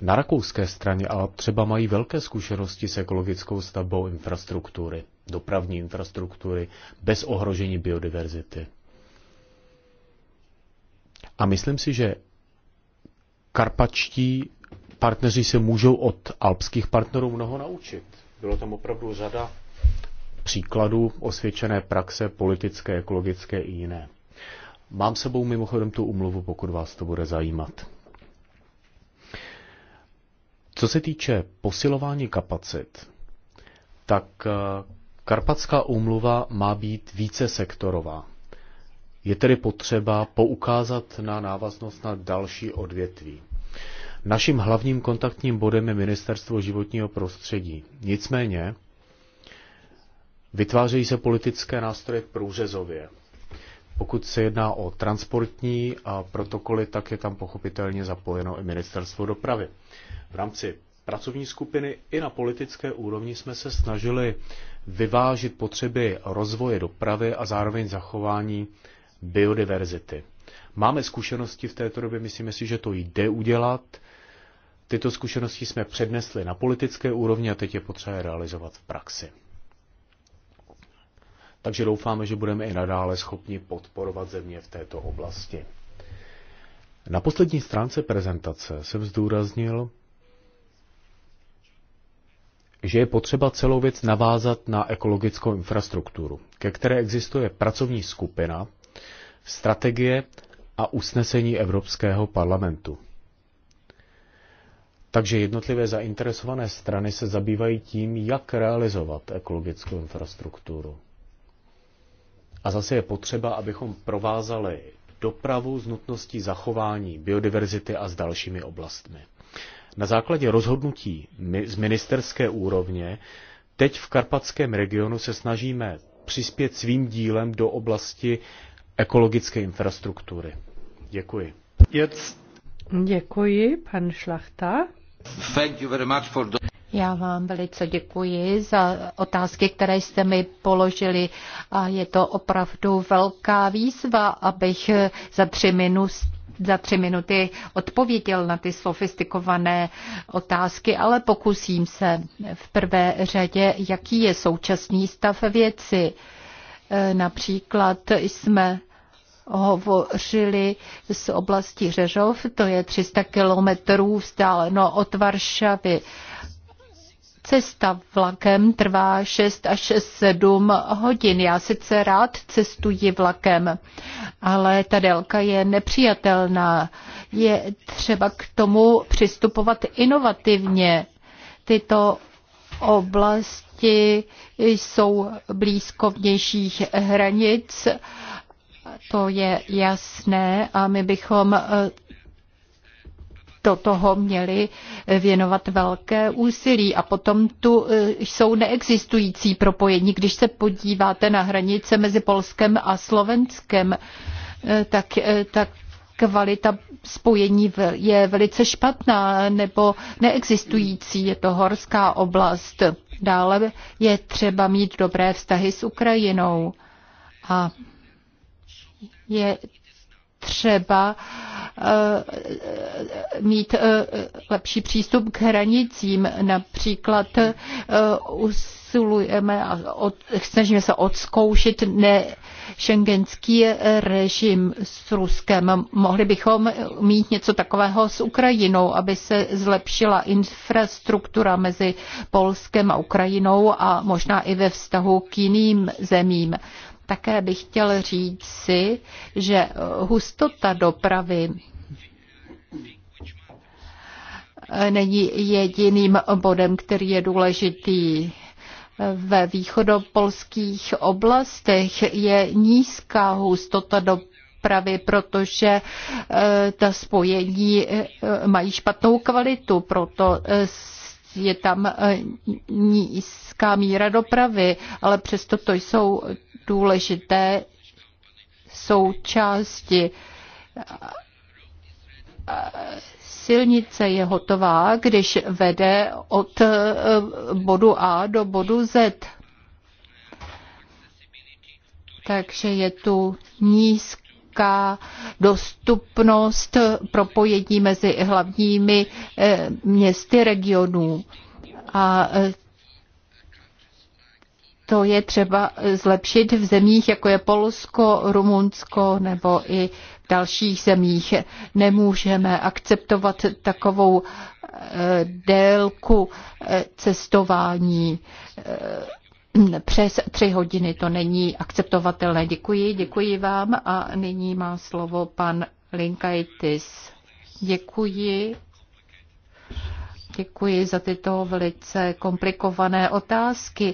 Na rakouské straně ale třeba mají velké zkušenosti s ekologickou stavbou infrastruktury, dopravní infrastruktury, bez ohrožení biodiverzity. A myslím si, že karpačtí partneři se můžou od alpských partnerů mnoho naučit. Bylo tam opravdu řada příkladů osvědčené praxe politické, ekologické i jiné. Mám sebou mimochodem tu umluvu, pokud vás to bude zajímat. Co se týče posilování kapacit, tak eh, Karpatská úmluva má být více sektorová. Je tedy potřeba poukázat na návaznost na další odvětví. Naším hlavním kontaktním bodem je Ministerstvo životního prostředí. Nicméně vytvářejí se politické nástroje průřezově. Pokud se jedná o transportní a protokoly, tak je tam pochopitelně zapojeno i Ministerstvo dopravy. V rámci pracovní skupiny i na politické úrovni jsme se snažili vyvážit potřeby rozvoje dopravy a zároveň zachování biodiverzity. Máme zkušenosti v této době, myslíme si, že to jde udělat. Tyto zkušenosti jsme přednesli na politické úrovni a teď je potřeba je realizovat v praxi. Takže doufáme, že budeme i nadále schopni podporovat země v této oblasti. Na poslední stránce prezentace jsem zdůraznil, že je potřeba celou věc navázat na ekologickou infrastrukturu, ke které existuje pracovní skupina strategie a usnesení Evropského parlamentu. Takže jednotlivé zainteresované strany se zabývají tím, jak realizovat ekologickou infrastrukturu. A zase je potřeba, abychom provázali dopravu s nutností zachování biodiverzity a s dalšími oblastmi. Na základě rozhodnutí z ministerské úrovně teď v karpatském regionu se snažíme přispět svým dílem do oblasti ekologické infrastruktury. Děkuji. Jetzt. Děkuji, pan Šlachta. Thank you very much for the... Já vám velice děkuji za otázky, které jste mi položili a je to opravdu velká výzva, abych za tři minuty za tři minuty odpověděl na ty sofistikované otázky, ale pokusím se v prvé řadě, jaký je současný stav věci. Eh, například jsme hovořili z oblasti Řežov, to je 300 kilometrů vzdáleno od Varšavy. Cesta vlakem trvá 6 až 7 hodin. Já sice rád cestuji vlakem, ale ta délka je nepřijatelná. Je třeba k tomu přistupovat inovativně. Tyto oblasti oblasti jsou blízko vnějších hranic. To je jasné a my bychom eh, do toho měli věnovat velké úsilí. A potom tu eh, jsou neexistující propojení. Když se podíváte na hranice mezi Polskem a Slovenskem, eh, tak, tak kvalita spojení je velice špatná nebo neexistující. Je to horská oblast. Dále je třeba mít dobré vztahy s Ukrajinou a je třeba eh, mít eh, lepší přístup k hranicím. Například eh, usilujeme a snažíme se odzkoušet ne šengenský režim s Ruskem. Mohli bychom mít něco takového s Ukrajinou, aby se zlepšila infrastruktura mezi Polskem a Ukrajinou a možná i ve vztahu k jiným zemím. Také bych chtěl říct si, že eh, hustota dopravy eh, není jediným bodem, který je důležitý. Ve východopolských oblastech je nízká hustota dopravy, protože eh, ta spojení mají špatnou kvalitu, proto je tam eh, nízká míra dopravy, ale přesto to jsou důležité součásti. Silnice je hotová, když vede od eh, bodu A do bodu Z. Takže je tu nízká velká dostupnost propojení mezi hlavními eh, městy regionů. A eh, to je třeba zlepšit v zemích, jako je Polsko, Rumunsko nebo i v dalších zemích. Nemůžeme akceptovat takovou eh, délku cestování přes tři hodiny. To není akceptovatelné. Děkuji, děkuji vám a nyní má slovo pan Linkaitis. Děkuji. Děkuji za tyto velice komplikované otázky.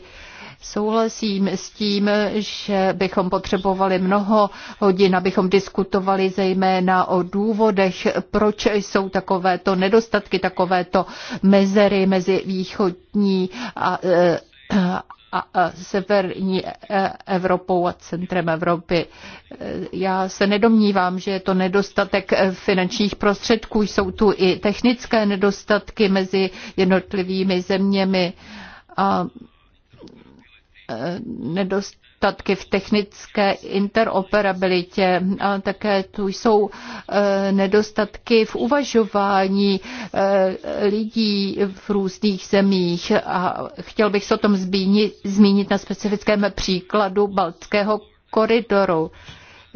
Souhlasím s tím, že bychom potřebovali mnoho hodin, abychom diskutovali zejména o důvodech, proč jsou takovéto nedostatky, takovéto mezery mezi východní a e, a severní e, e, Evropou a centrem Evropy. E, já se nedomnívám, že je to nedostatek finančních prostředků, jsou tu i technické nedostatky mezi jednotlivými zeměmi a nedost nedostatky v technické interoperabilitě a také tu jsou eh, nedostatky v uvažování eh, lidí v různých zemích. A chtěl bych se o tom zmínit, zmínit na specifickém příkladu Baltského koridoru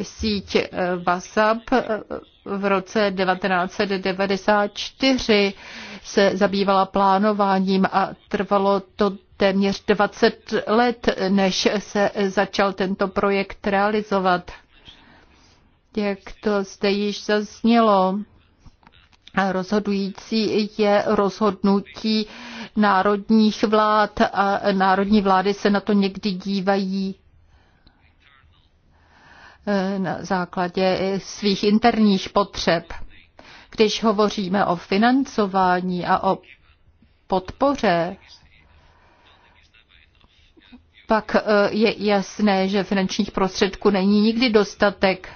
síť eh, WhatsApp eh, v roce 1994 se zabývala plánováním a trvalo to téměř 20 let, než se začal tento projekt realizovat. Jak to zde již zaznělo, rozhodující je rozhodnutí národních vlád a národní vlády se na to někdy dívají Eh, na základě svých interních potřeb. Když hovoříme o financování a o podpoře, pak eh, je jasné, že finančních prostředků není nikdy dostatek.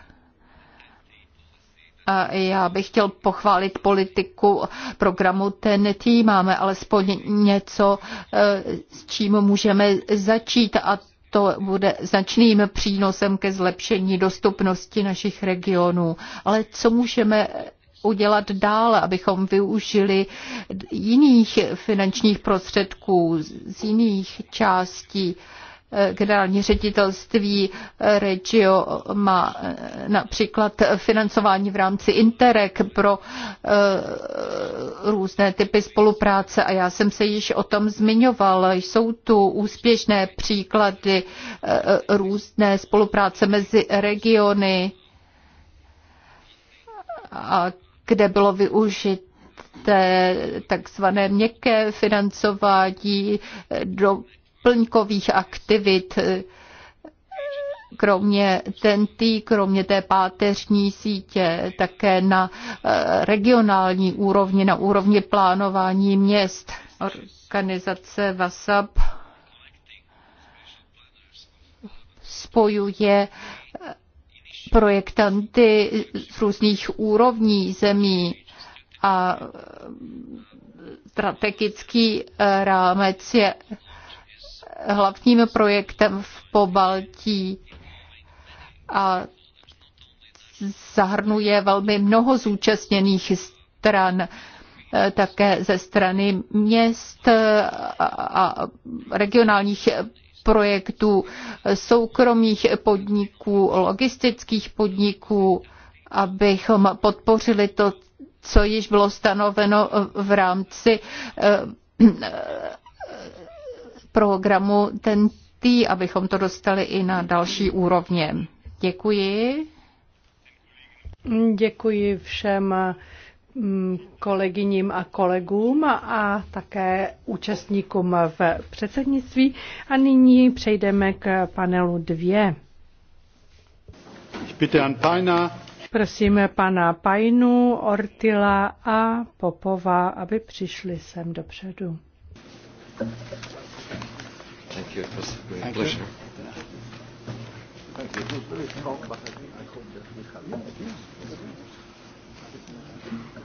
A já bych chtěl pochválit politiku programu TNT. Máme alespoň něco, eh, s čím můžeme začít a to bude značným přínosem ke zlepšení dostupnosti našich regionů. Ale co můžeme udělat dál, abychom využili jiných finančních prostředků z jiných částí generální ředitelství Regio má eh, například financování v rámci Interreg pro eh, různé typy spolupráce a já jsem se již o tom zmiňoval. Jsou tu úspěšné příklady eh, různé spolupráce mezi regiony, a kde bylo využit takzvané měkké financování, do doplňkových aktivit, eh, kromě TNT, kromě té páteřní sítě, také na eh, regionální úrovni, na úrovni plánování měst. Organizace VASAP spojuje eh, projektanty z různých úrovní zemí a strategický rámec je hlavním projektem v Pobaltí a zahrnuje velmi mnoho zúčastněných stran, eh, také ze strany měst a regionálních projektů, soukromých podniků, logistických podniků, abychom podpořili to, co již bylo stanoveno v rámci eh, eh, programu ten tý, abychom to dostali i na další úrovně. Děkuji. Děkuji všem mm, kolegyním a kolegům a také účastníkům v předsednictví. A nyní přejdeme k panelu dvě. Prosím pana Pajnu, Ortila a Popova, aby přišli sem dopředu. Thank you. Thank you. It was a great Thank pleasure. You. Thank you.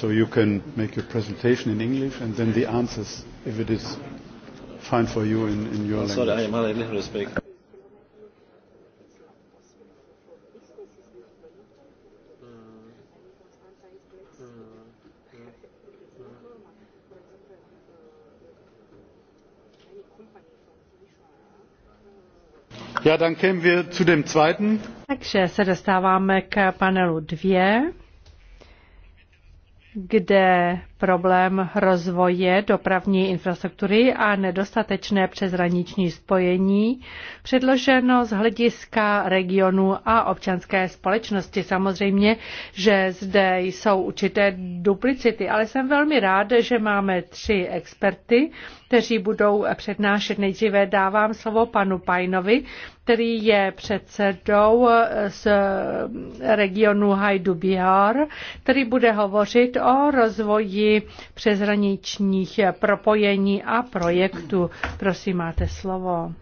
so you can make your presentation in English and then the answers, if it is fine for you in, in your I'm language. Sorry, I am Malay Nehru speak. Ja, dann kämen wir zu dem zweiten. Takže se dostáváme k panelu dvě kde problém rozvoje dopravní infrastruktury a nedostatečné přeshraniční spojení, předloženo z hlediska regionu a občanské společnosti. Samozřejmě, že zde jsou určité duplicity, ale jsem velmi rád, že máme tři experty, kteří budou přednášet. Nejdříve dávám slovo panu Pajnovi, který je předsedou z regionu Hajdu Bihar, který bude hovořit o rozvoji přeshraničních propojení a projektu. Prosím, máte slovo.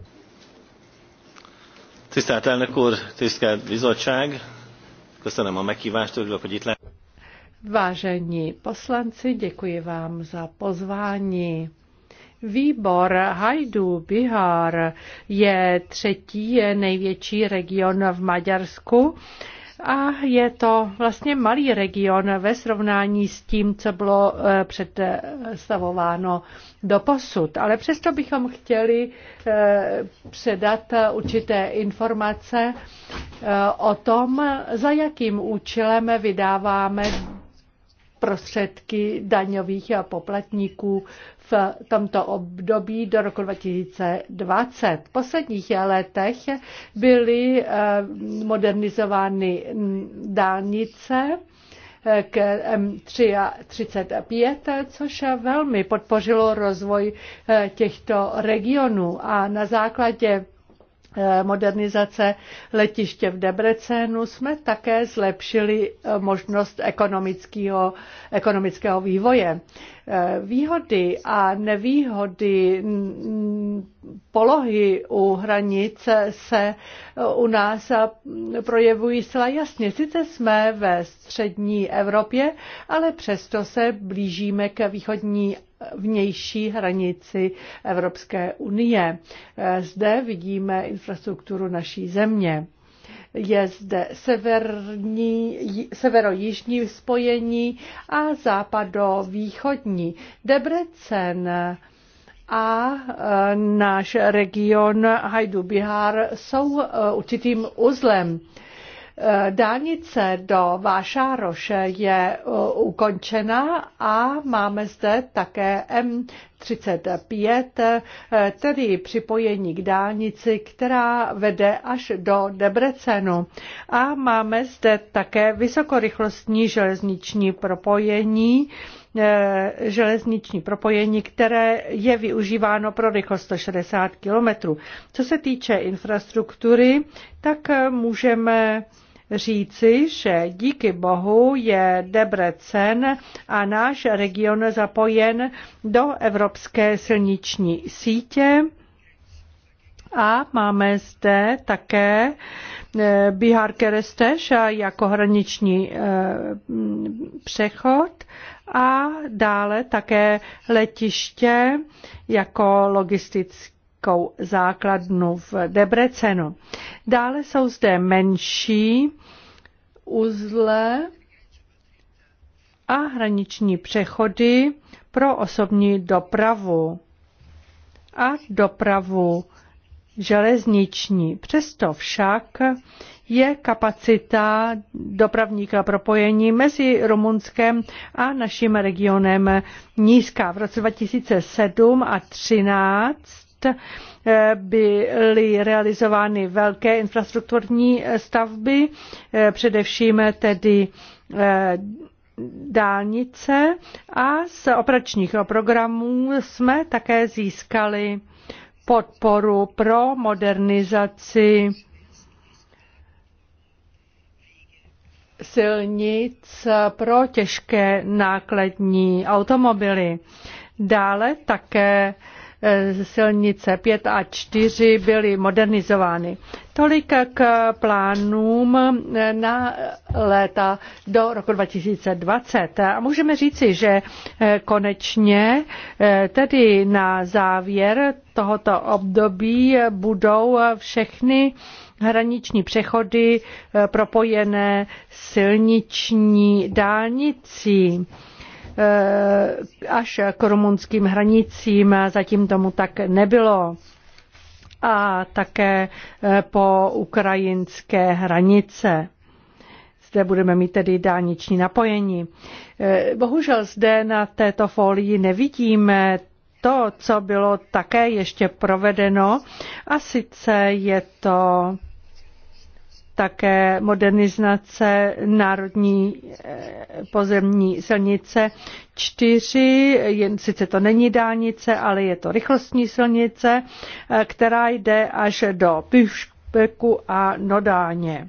Tisztelt elnök úr, tisztelt bizottság! Köszönöm a meghívást, örülök, hogy itt lehet. Vážení poslanci, děkuji vám za pozvání. Výbor Hajdu Bihar je třetí největší region v Maďarsku a je to vlastně malý region ve srovnání s tím, co bylo eh, představováno do posud. Ale přesto bychom chtěli eh, předat určité informace eh, o tom, za jakým účelem vydáváme prostředky daňových poplatníků v tomto období do roku 2020. V posledních letech byly eh, modernizovány mm, dálnice eh, k M35, což velmi podpořilo rozvoj eh, těchto regionů a na základě Eh, modernizace letiště v Debrecenu jsme také zlepšili eh, možnost ekonomického, ekonomického vývoje. Eh, výhody a nevýhody polohy u hranic se eh, u nás mm, projevují zcela jasně. Sice jsme ve střední Evropě, ale přesto se blížíme k východní eh, vnější hranici Evropské unie. Eh, zde vidíme infrastrukturu naší země je zde severní, severo-jižní spojení a západo-východní. Debrecen a e, náš region Hajdu Bihar jsou e, určitým uzlem. E, dálnice do Vášároše je ukončena a máme zde také 35, tedy připojení k dálnici, která vede až do Debrecenu. A máme zde také vysokorychlostní železniční propojení, eh, železniční propojení, které je využíváno pro rychlost 160 km. Co se týče infrastruktury, tak můžeme říci, že díky bohu je Debrecen a náš region zapojen do evropské silniční sítě. A máme zde také eh, Bihar Kerestež jako hraniční eh, přechod a dále také letiště jako logistický velkou základnu v Debrecenu. Dále jsou zde menší uzle a hraniční přechody pro osobní dopravu a dopravu železniční. Přesto však je kapacita dopravních propojení mezi Rumunskem a naším regionem nízká. V roce 2007 a 2013 Eh, byly realizovány velké infrastrukturní stavby, eh, především tedy eh, dálnice a z operačních programů jsme také získali podporu pro modernizaci silnic pro těžké nákladní automobily. Dále také Eh, silnice 5 a 4 byly modernizovány. Tolik k plánům eh, na léta do roku 2020. A můžeme říci, že eh, konečně tedy na závěr tohoto období budou všechny hraniční přechody propojené silniční dálnicí. Eh, až k rumunským hranicím. Zatím tomu tak nebylo a také eh, po ukrajinské hranice. Zde budeme mít tedy dálniční napojení. Eh, bohužel zde na této folii nevidíme to, co bylo také ještě provedeno, a sice je to také modernizace národní eh, pozemní silnice 4, sice to není dálnice, ale je to rychlostní silnice, eh, která jde až do Pyšpeku a Nodáně.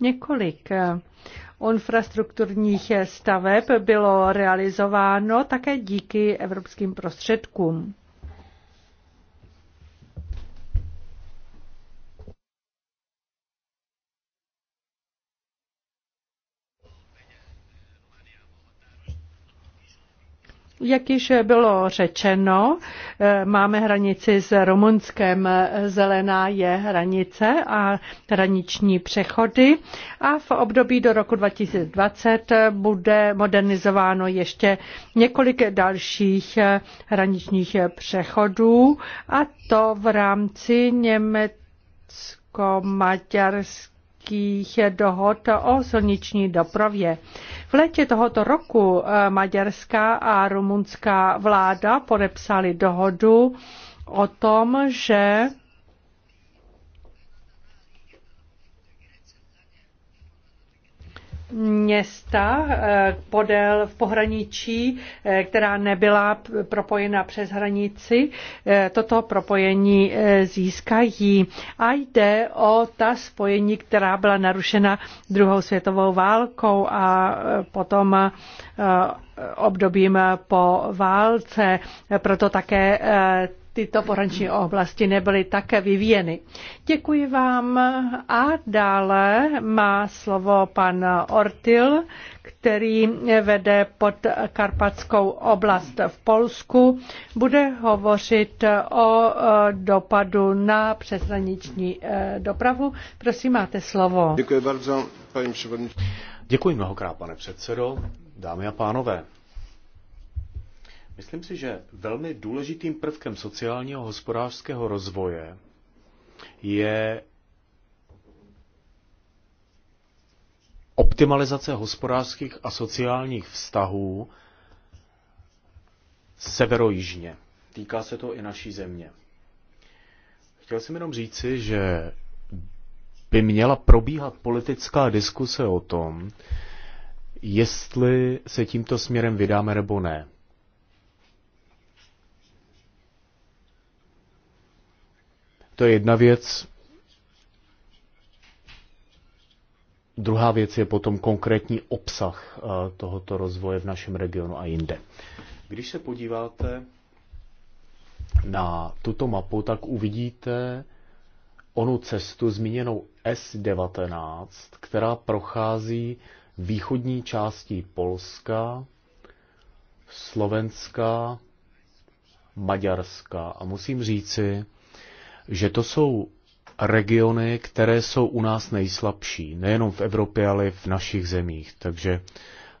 Několik eh, infrastrukturních staveb bylo realizováno také díky evropským prostředkům. Jak již bylo řečeno, eh, máme hranici s Rumunskem, zelená je hranice a hraniční přechody a v období do roku 2020 bude modernizováno ještě několik dalších eh, hraničních přechodů a to v rámci Německo-Maďarské maďarských dohod o silniční dopravě. V létě tohoto roku eh, maďarská a rumunská vláda podepsali dohodu o tom, že města eh, podél v pohraničí, eh, která nebyla propojena přes hranici, eh, toto propojení získají. A jde o ta spojení, která byla narušena druhou světovou válkou a potom obdobím po válce. Proto také tyto pohraniční oblasti nebyly také vyvíjeny. Děkuji vám a dále má slovo pan Ortil, který vede pod Karpatskou oblast v Polsku, bude hovořit o eh, dopadu na přeshraniční eh, dopravu. Prosím, máte slovo. Děkuji bardzo, paní Děkuji mnohokrát, pane předsedo. Dámy a pánové, Myslím si, že velmi důležitým prvkem sociálního hospodářského rozvoje je optimalizace hospodářských a sociálních vztahů severojižně. Týká se to i naší země. Chtěl jsem jenom říci, že by měla probíhat politická diskuse o tom, jestli se tímto směrem vydáme nebo ne. To je jedna věc. Druhá věc je potom konkrétní obsah eh, tohoto rozvoje v našem regionu a jinde. Když se podíváte na tuto mapu, tak uvidíte onu cestu zmíněnou S19, která prochází východní částí Polska, Slovenska, Maďarska. A musím říci, že to jsou regiony, které jsou u nás nejslabší, nejenom v Evropě, ale i v našich zemích. Takže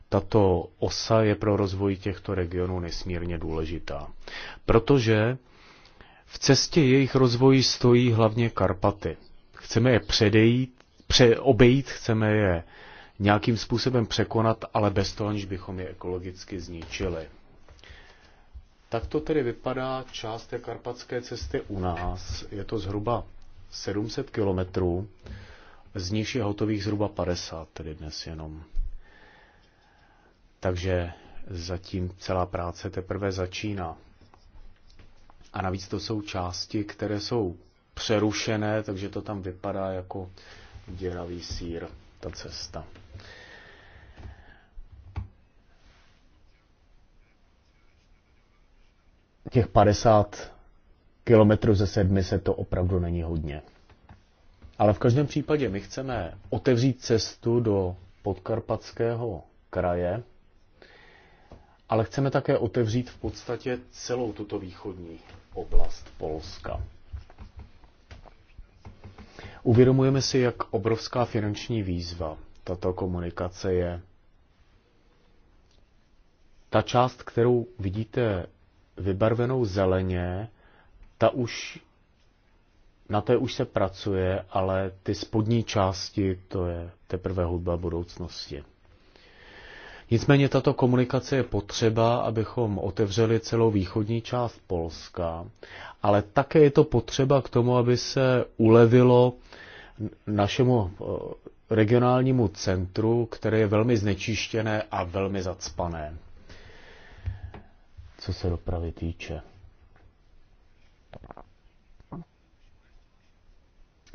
tato osa je pro rozvoj těchto regionů nesmírně důležitá. Protože v cestě jejich rozvoji stojí hlavně Karpaty. Chceme je předejít, pře, obejít, chceme je nějakým způsobem překonat, ale bez toho, aniž bychom je ekologicky zničili. Tak to tedy vypadá část té karpatské cesty u nás. Je to zhruba 700 kilometrů, z nich je hotových zhruba 50, tedy dnes jenom. Takže zatím celá práce teprve začíná. A navíc to jsou části, které jsou přerušené, takže to tam vypadá jako děravý sír, ta cesta. těch 50 kilometrů ze sedmi se to opravdu není hodně. Ale v každém případě my chceme otevřít cestu do podkarpatského kraje, ale chceme také otevřít v podstatě celou tuto východní oblast Polska. Uvědomujeme si, jak obrovská finanční výzva tato komunikace je. Ta část, kterou vidíte vybarvenou zeleně, ta už, na té už se pracuje, ale ty spodní části, to je teprve hudba budoucnosti. Nicméně tato komunikace je potřeba, abychom otevřeli celou východní část Polska, ale také je to potřeba k tomu, aby se ulevilo našemu eh, regionálnímu centru, které je velmi znečištěné a velmi zacpané co se dopravy týče.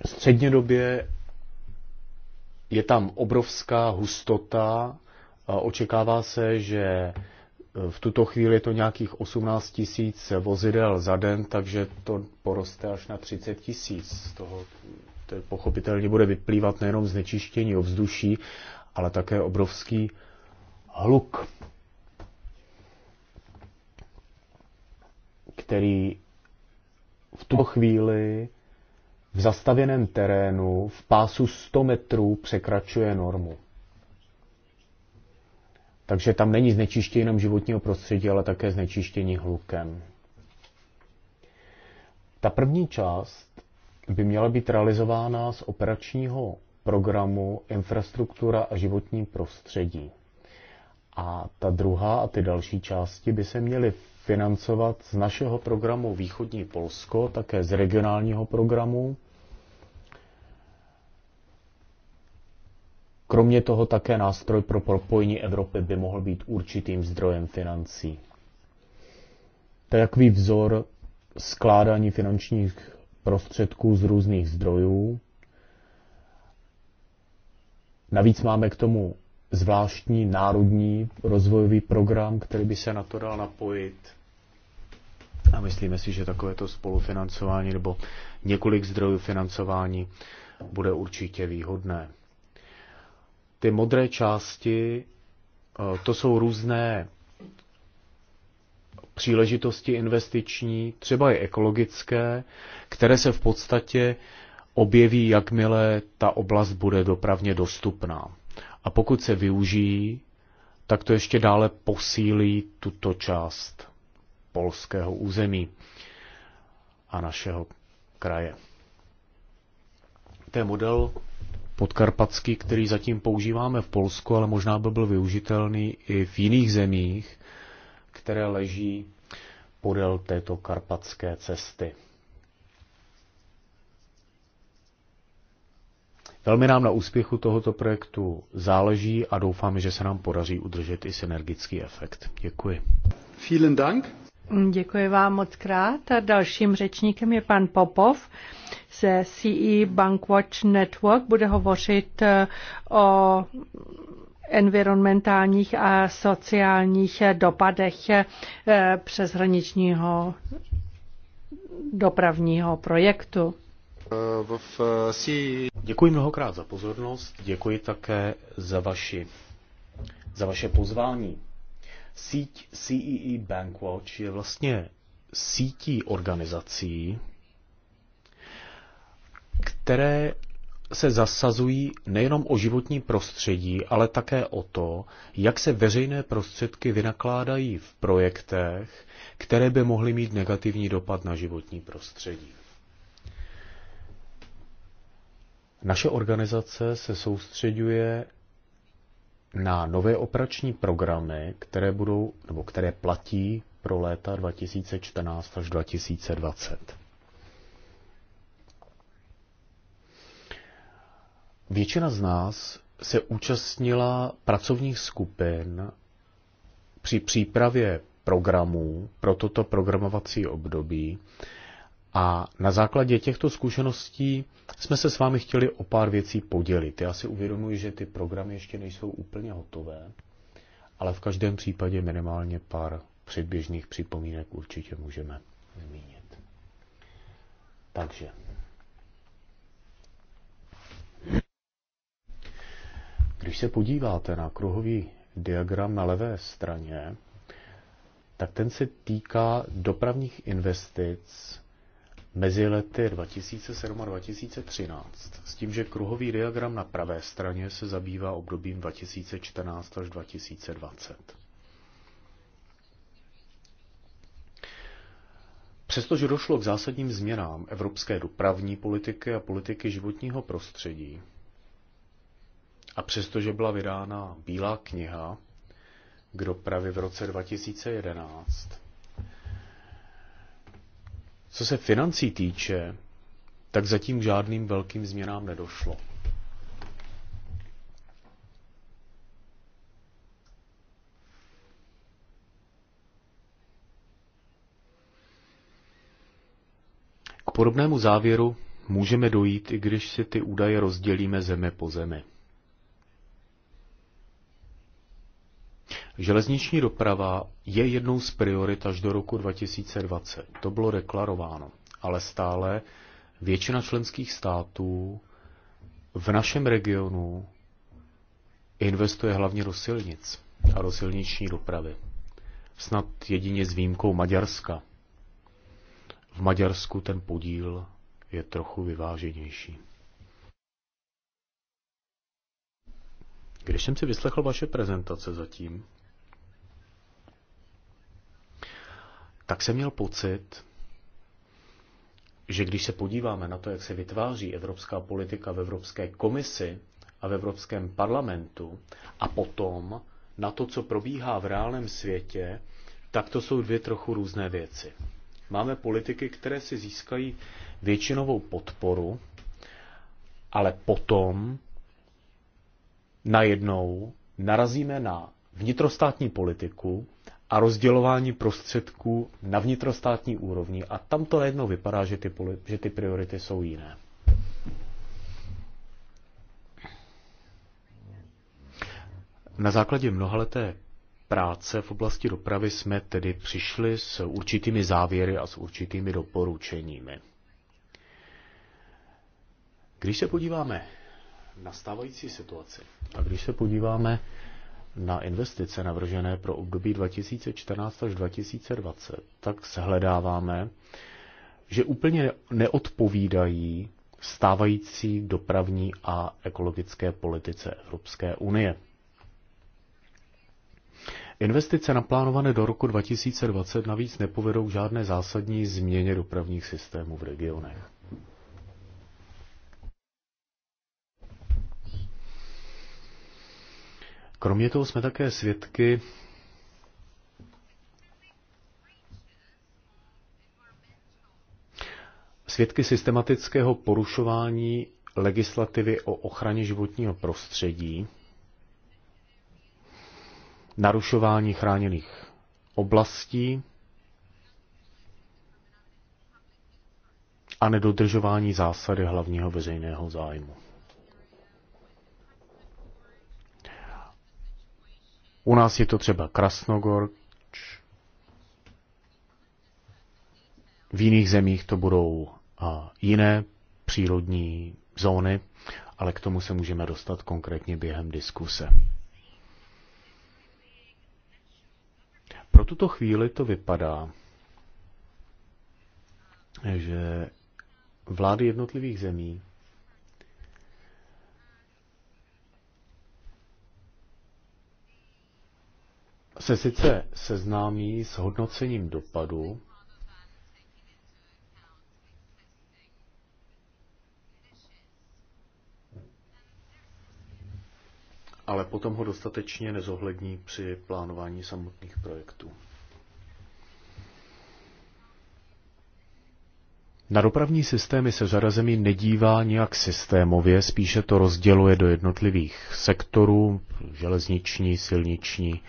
Střednědobě je tam obrovská hustota. Očekává se, že e, v tuto chvíli je to nějakých 18 tisíc vozidel za den, takže to poroste až na 30 tisíc. Z toho to pochopitelně bude vyplývat nejenom znečištění ovzduší, ale také obrovský hluk. který v tu chvíli v zastavěném terénu v pásu 100 metrů překračuje normu. Takže tam není znečištění jenom životního prostředí, ale také znečištění hlukem. Ta první část by měla být realizována z operačního programu Infrastruktura a životní prostředí. A ta druhá a ty další části by se měly financovat z našeho programu Východní Polsko, také z regionálního programu. Kromě toho také nástroj pro propojení Evropy by mohl být určitým zdrojem financí. Takový vzor skládání finančních prostředků z různých zdrojů. Navíc máme k tomu zvláštní národní rozvojový program, který by se na to dal napojit. A myslíme si, že takovéto spolufinancování nebo několik zdrojů financování bude určitě výhodné. Ty modré části, eh, to jsou různé příležitosti investiční, třeba i ekologické, které se v podstatě objeví, jakmile ta oblast bude dopravně dostupná. A pokud se využijí, tak to ještě dále posílí tuto část polského území a našeho kraje. To je model podkarpatský, který zatím používáme v Polsku, ale možná by byl využitelný i v jiných zemích, které leží podél této karpatské cesty. Velmi nám na úspěchu tohoto projektu záleží a doufáme, že se nám podaří udržet i synergický efekt. Děkuji. Vielen Dank. Děkuji vám moc krát. A dalším řečníkem je pan Popov ze CE Bankwatch Network. Bude hovořit eh, o environmentálních a sociálních dopadech eh, přeshraničního dopravního projektu. Eh, e děkuji mnohokrát za pozornost, děkuji také za, vaši, za vaše pozvání. Síť CEE Bankwatch je vlastně sítí organizací, které se zasazují nejenom o životní prostředí, ale také o to, jak se veřejné prostředky vynakládají v projektech, které by mohly mít negativní dopad na životní prostředí. Naše organizace se soustředuje na nové operační programy, které budou, nebo které platí pro léta 2014 až 2020. Většina z nás se účastnila pracovních skupin při přípravě programů pro toto programovací období, a na základě těchto zkušeností jsme se s vámi chtěli o pár věcí podělit. Já si uvědomuji, že ty programy ještě nejsou úplně hotové, ale v každém případě minimálně pár předběžných připomínek určitě můžeme zmínit. Takže. Když se podíváte na kruhový diagram na levé straně, tak ten se týká dopravních investic mezi lety 2007 a 2013, s tím, že kruhový diagram na pravé straně se zabývá obdobím 2014 až 2020. Přestože došlo k zásadním změnám evropské dopravní politiky a politiky životního prostředí, a přestože byla vydána Bílá kniha k dopravě v roce 2011, co se financí týče, tak zatím žádným velkým změnám nedošlo. K podobnému závěru můžeme dojít, i když si ty údaje rozdělíme zemi po zemi. Železniční doprava je jednou z priorit až do roku 2020. To bylo deklarováno. Ale stále většina členských států v našem regionu investuje hlavně do silnic a do silniční dopravy. Snad jedině s výjimkou Maďarska. V Maďarsku ten podíl je trochu vyváženější. Když jsem si vyslechl vaše prezentace zatím, tak jsem měl pocit, že když se podíváme na to, jak se vytváří evropská politika v Evropské komisi a v Evropském parlamentu a potom na to, co probíhá v reálném světě, tak to jsou dvě trochu různé věci. Máme politiky, které si získají většinovou podporu, ale potom najednou narazíme na vnitrostátní politiku, a rozdělování prostředků na vnitrostátní úrovni a tam to najednou vypadá, že ty, že ty priority jsou jiné. Na základě mnohaleté práce v oblasti dopravy jsme tedy přišli s určitými závěry a s určitými doporučeními. Když se podíváme na stávající situaci a když se podíváme na investice navržené pro období 2014 až 2020, tak shledáváme, že úplně neodpovídají stávající dopravní a ekologické politice Evropské unie. Investice naplánované do roku 2020 navíc nepovedou k žádné zásadní změně dopravních systémů v regionech. Kromě toho jsme také svědky svědky systematického porušování legislativy o ochraně životního prostředí, narušování chráněných oblastí a nedodržování zásady hlavního veřejného zájmu. U nás je to třeba Krasnogorč, v jiných zemích to budou jiné přírodní zóny, ale k tomu se můžeme dostat konkrétně během diskuse. Pro tuto chvíli to vypadá, že vlády jednotlivých zemí se sice seznámí s hodnocením dopadu, ale potom ho dostatečně nezohlední při plánování samotných projektů. Na dopravní systémy se řada zemí nedívá nijak systémově, spíše to rozděluje do jednotlivých sektorů, železniční, silniční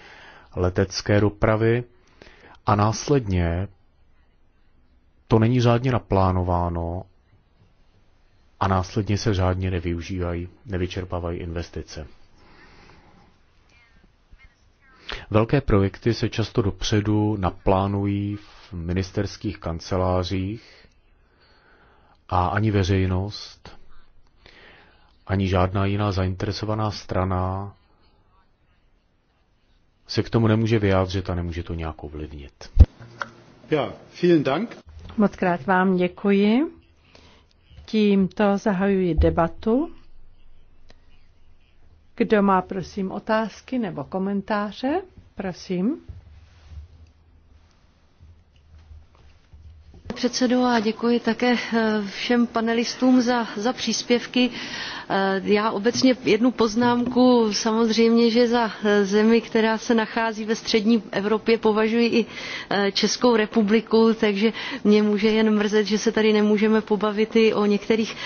letecké dopravy a následně to není řádně naplánováno a následně se řádně nevyužívají, nevyčerpávají investice. Velké projekty se často dopředu naplánují v ministerských kancelářích a ani veřejnost, ani žádná jiná zainteresovaná strana se k tomu nemůže vyjádřit a nemůže to nějak ovlivnit. Ja, vielen Dank. Moc krát vám děkuji. Tímto zahajuji debatu. Kdo má, prosím, otázky nebo komentáře? Prosím. předsedo, a děkuji také eh, všem panelistům za, za příspěvky. Eh, já obecně jednu poznámku, samozřejmě, že za eh, zemi, která se nachází ve střední Evropě, považuji i Českou republiku, takže mě může jen mrzet, že se tady nemůžeme pobavit i o některých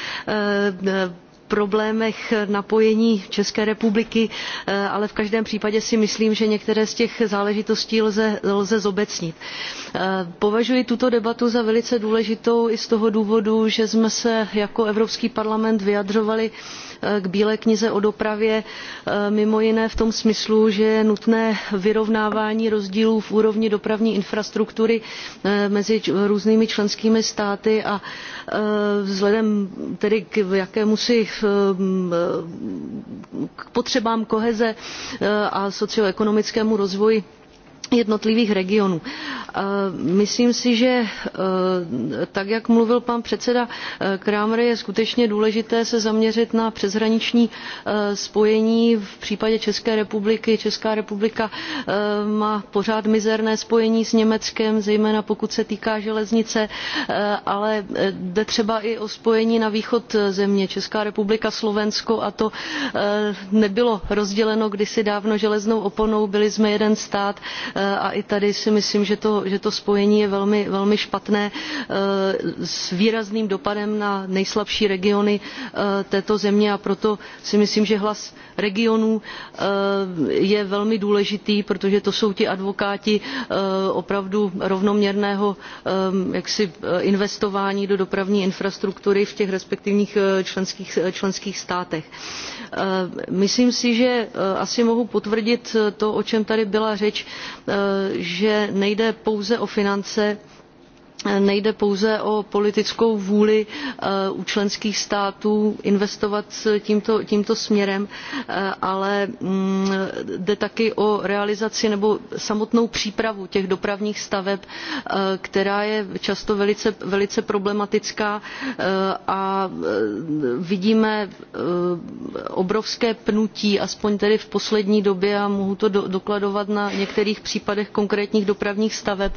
problémech napojení České republiky, eh, ale v každém případě si myslím, že některé z těch záležitostí lze, lze zobecnit. Eh, považuji tuto debatu za velice důležitou i z toho důvodu, že jsme se jako Evropský parlament vyjadřovali k bílé knize o dopravě e, mimo jiné v tom smyslu že je nutné vyrovnávání rozdílů v úrovni dopravní infrastruktury e, mezi různými členskými státy a e, vzhledem tedy k jakémusi k potřebám koheze a socioekonomickému rozvoji jednotlivých regionů. Eh, myslím si, že eh, tak, jak mluvil pan předseda eh, Kramer, je skutečně důležité se zaměřit na přeshraniční spojení. V případě České republiky Česká republika má pořád mizerné spojení s Německem, zejména pokud se týká železnice, ale jde třeba i o spojení na východ země. Česká republika, Slovensko a to nebylo rozděleno kdysi dávno železnou oponou, byli jsme jeden stát a i tady si myslím, že to, spojení je velmi, špatné eh, s výrazným dopadem na nejslabší regiony eh, této země a proto si myslím, že hlas regionů eh, je velmi důležitý, protože to jsou ti advokáti opravdu rovnoměrného investování do dopravní infrastruktury v těch respektivních členských státech. Eh, myslím si že eh, asi mohu potvrdit eh, to o čem tady byla řeč že nejde pouze o finance ale nejde pouze o politickou vůli eh, u členských států investovat tímto, tímto směrem eh, ale mm, jde taky o realizaci nebo samotnou přípravu těch dopravních staveb eh, která je často velice, velice problematická a vidíme obrovské pnutí aspoň tedy v poslední době a mohu to do, dokladovat na některých případech konkrétních dopravních staveb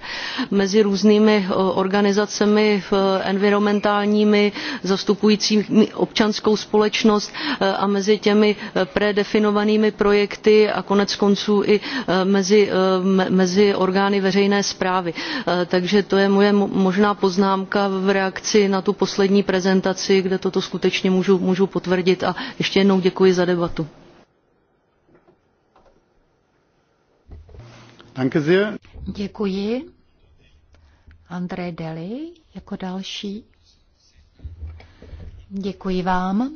mezi různými organizacemi eh, environmentálními zastupujícími občanskou společnost eh, a mezi těmi eh, predefinovanými projekty a konec konců i mezi, mezi orgány veřejné správy. takže to je moje možná poznámka v reakci na tu poslední prezentaci kde toto skutečně můžu, můžu potvrdit a ještě jednou děkuji za debatu. Děkuji. André Deli jako další. Děkuji vám.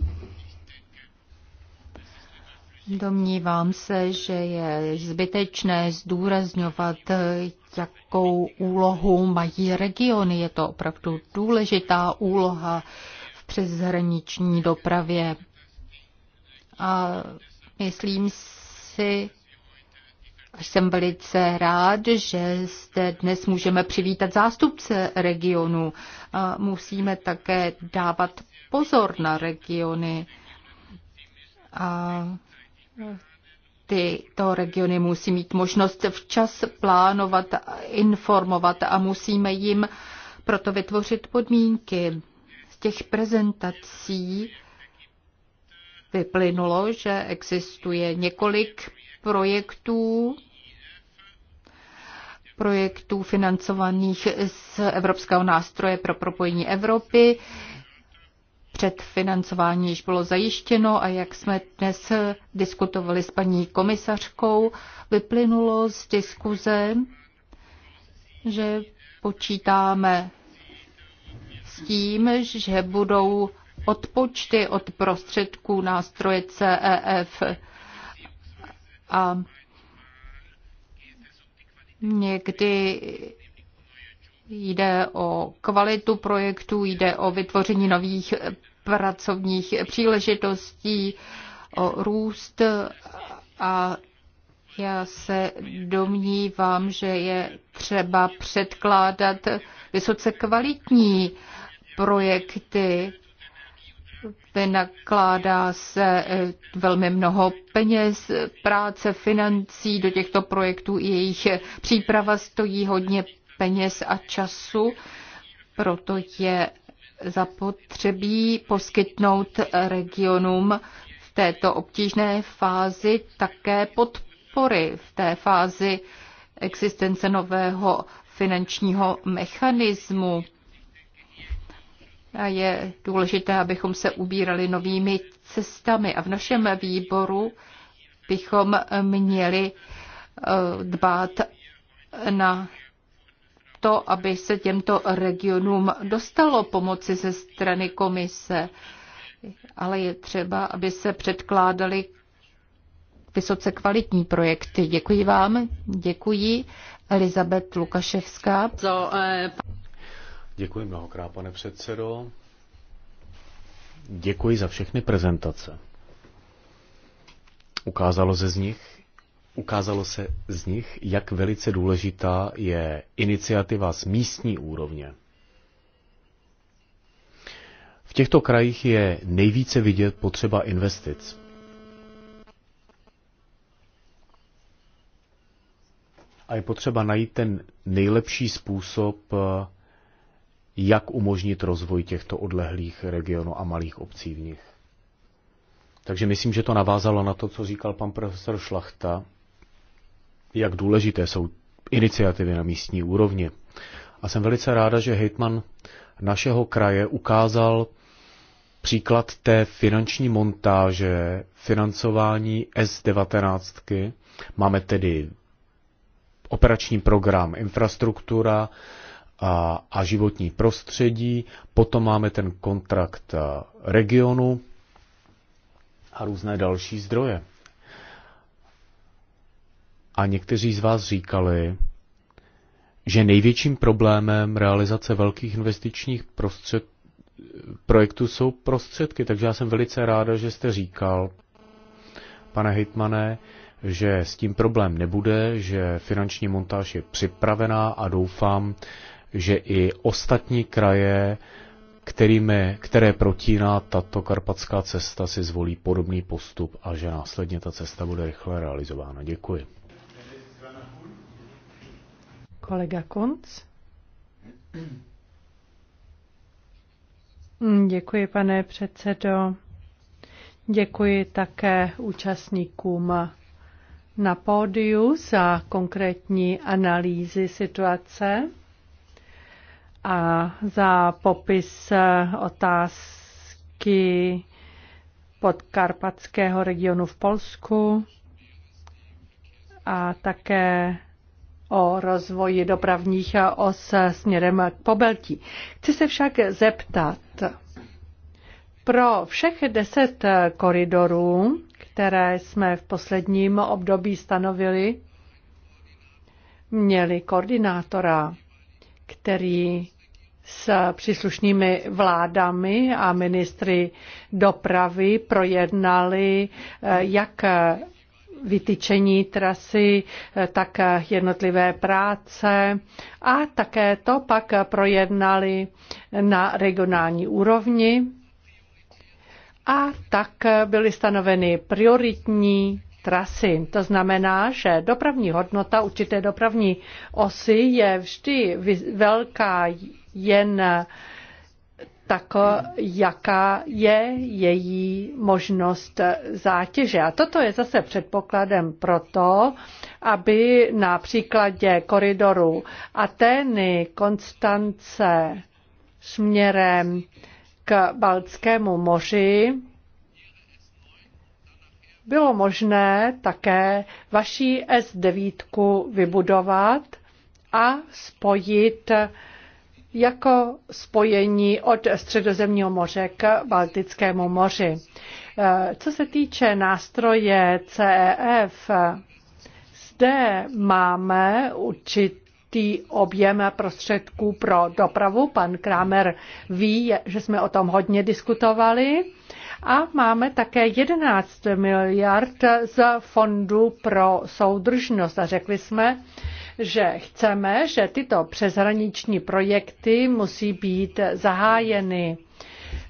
Domnívám se, že je zbytečné zdůrazňovat, jakou úlohu mají regiony. Je to opravdu důležitá úloha v přeshraniční dopravě. A myslím si, jsem velice rád, že zde dnes můžeme přivítat zástupce regionu. Musíme také dávat pozor na regiony. A tyto regiony musí mít možnost včas plánovat, informovat a musíme jim proto vytvořit podmínky. Z těch prezentací vyplynulo, že existuje několik projektů projektů financovaných z Evropského nástroje pro propojení Evropy. Předfinancování již bylo zajištěno a jak jsme dnes diskutovali s paní komisařkou, vyplynulo z diskuze, že počítáme s tím, že budou odpočty od prostředků nástroje CEF a Někdy jde o kvalitu projektu, jde o vytvoření nových pracovních příležitostí, o růst a já se domnívám, že je třeba předkládat vysoce kvalitní projekty vynakládá se eh, velmi mnoho peněz, práce, financí do těchto projektů. Jejich příprava stojí hodně peněz a času, proto je zapotřebí poskytnout regionům v této obtížné fázi také podpory v té fázi existence nového finančního mechanismu a je důležité, abychom se ubírali novými cestami. A v našem výboru bychom měli eh, dbát na to, aby se těmto regionům dostalo pomoci ze strany komise, ale je třeba, aby se předkládaly vysoce kvalitní projekty. Děkuji vám, děkuji. Elizabet Lukaševská. Eh, Děkuji mnohokrát, pane předsedo. Děkuji za všechny prezentace. Ukázalo se z nich, ukázalo se z nich, jak velice důležitá je iniciativa z místní úrovně. V těchto krajích je nejvíce vidět potřeba investic. A je potřeba najít ten nejlepší způsob eh, jak umožnit rozvoj těchto odlehlých regionů a malých obcí v nich. Takže myslím, že to navázalo na to, co říkal pan profesor Šlachta, jak důležité jsou iniciativy na místní úrovni. A jsem velice ráda, že hejtman našeho kraje ukázal příklad té finanční montáže financování S19. Máme tedy operační program infrastruktura, a, a životní prostředí, potom máme ten kontrakt e, regionu a různé další zdroje. A někteří z vás říkali, že největším problémem realizace velkých investičních prostřed, projektů jsou prostředky. Takže já jsem velice ráda, že jste říkal, pane Hitmane, že s tím problém nebude, že finanční montáž je připravená a doufám, že i ostatní kraje, kterými, které protíná tato karpatská cesta, si zvolí podobný postup a že následně ta cesta bude rychle realizována. Děkuji. Kolega Konc. Děkuji, pane předsedo. Děkuji také účastníkům na pódiu za konkrétní analýzy situace a za popis eh, otázky podkarpatského regionu v Polsku a také o rozvoji dopravních os směrem k Pobeltí. Chci se však zeptat, pro všech deset koridorů, které jsme v posledním období stanovili, měli koordinátora který s příslušnými vládami a ministry dopravy projednali, eh, jak vytyčení trasy, eh, tak jednotlivé práce a také to pak projednali na regionální úrovni a tak byly stanoveny prioritní trasy. To znamená, že dopravní hodnota určité dopravní osy je vždy velká jen tak, jaká je její možnost zátěže. A toto je zase předpokladem pro to, aby na příkladě koridoru Ateny Konstance směrem k Baltskému moři bylo možné také vaší S9 vybudovat a spojit jako spojení od Středozemního moře k Baltickému moři. Eh, co se týče nástroje CEF, zde máme určitý objem prostředků pro dopravu. Pan Kramer ví, že jsme o tom hodně diskutovali a máme také 11 miliard z fondu pro soudržnost. A řekli jsme, že chceme, že tyto přeshraniční projekty musí být zahájeny.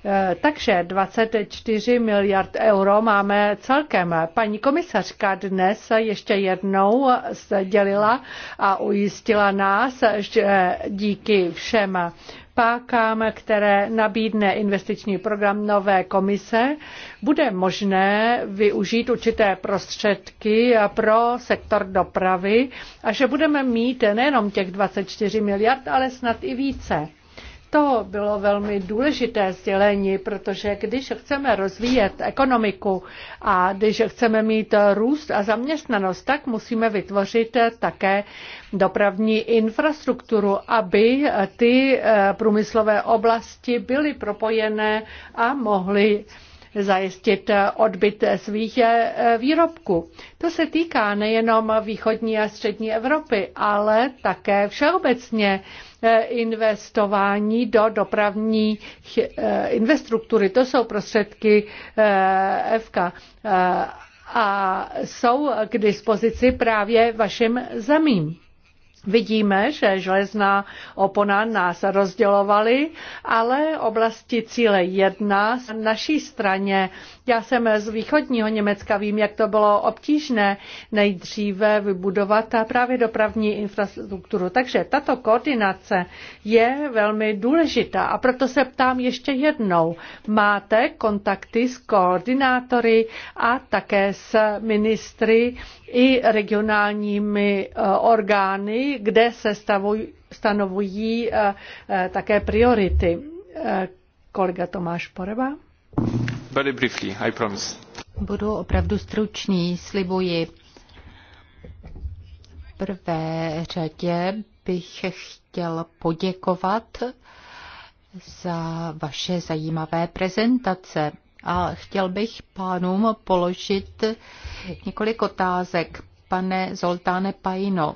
E, takže 24 miliard euro máme celkem. Paní komisařka dnes ještě jednou sdělila a ujistila nás, že díky všem pákám, které nabídne investiční program nové komise, bude možné využít určité prostředky pro sektor dopravy a že budeme mít nejenom těch 24 miliard, ale snad i více. To bylo velmi důležité sdělení, protože když chceme rozvíjet ekonomiku a když chceme mít růst a zaměstnanost, tak musíme vytvořit také dopravní infrastrukturu, aby ty eh, průmyslové oblasti byly propojené a mohly zajistit odbyt svých eh, výrobků. To se týká nejenom východní a střední Evropy, ale také všeobecně Eh, investování do dopravní eh, infrastruktury. To jsou prostředky eh, FK a jsou k dispozici právě vašim zemím. Vidíme, že železná opona nás rozdělovaly, ale oblasti cíle 1 na naší straně. Já jsem z východního Německa, vím, jak to bylo obtížné nejdříve vybudovat právě dopravní infrastrukturu. Takže tato koordinace je velmi důležitá a proto se ptám ještě jednou. Máte kontakty s koordinátory a také s ministry i regionálními eh, orgány kde se stanovují eh, eh, také priority. Eh, kolega Tomáš Poreba. Very briefly, I promise. Budu opravdu stručný, slibuji. prvé řadě bych chtěl poděkovat za vaše zajímavé prezentace a chtěl bych pánům položit několik otázek. Pane Zoltáne Pajino,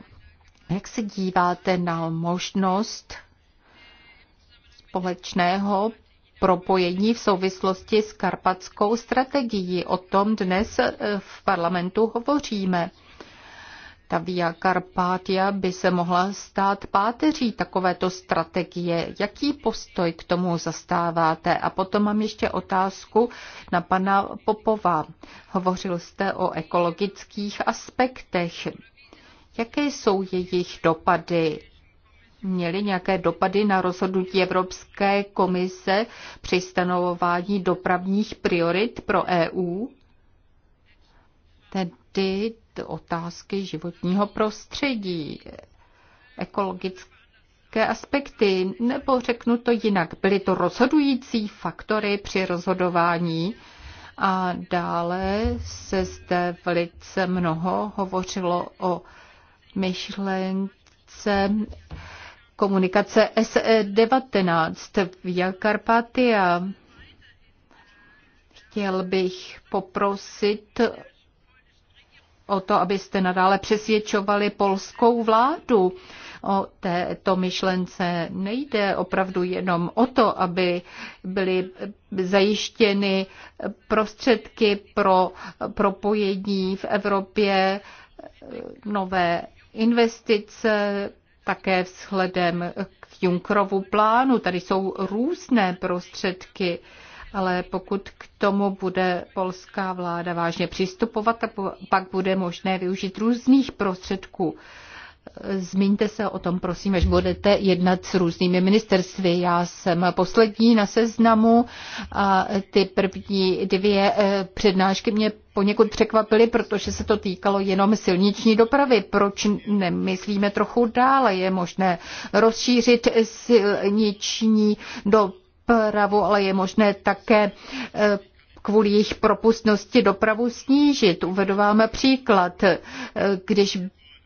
jak se díváte na možnost společného propojení v souvislosti s karpatskou strategií? O tom dnes eh, v parlamentu hovoříme. Ta Via Carpatia by se mohla stát páteří takovéto strategie. Jaký postoj k tomu zastáváte? A potom mám ještě otázku na pana Popova. Hovořil jste o ekologických aspektech. Jaké jsou jejich dopady? Měly nějaké dopady na rozhodnutí Evropské komise při stanovování dopravních priorit pro EU? Tedy otázky životního prostředí, ekologické aspekty, nebo řeknu to jinak, byly to rozhodující faktory při rozhodování. A dále se zde velice mnoho hovořilo o myšlence komunikace S19 e v via a Chtěl bych poprosit o to, abyste nadále přesvědčovali polskou vládu o této myšlence. Nejde opravdu jenom o to, aby byly zajištěny prostředky pro propojení v Evropě nové Investice také vzhledem k Junkrovu plánu. Tady jsou různé prostředky, ale pokud k tomu bude polská vláda vážně přistupovat, tak pak bude možné využít různých prostředků. Zmíňte se o tom, prosím, až budete jednat s různými ministerství. Já jsem poslední na seznamu a ty první dvě eh, přednášky mě poněkud překvapily, protože se to týkalo jenom silniční dopravy. Proč nemyslíme trochu dále? Je možné rozšířit silniční dopravu, ale je možné také eh, kvůli jejich propustnosti dopravu snížit. Uvedu vám příklad. Eh, když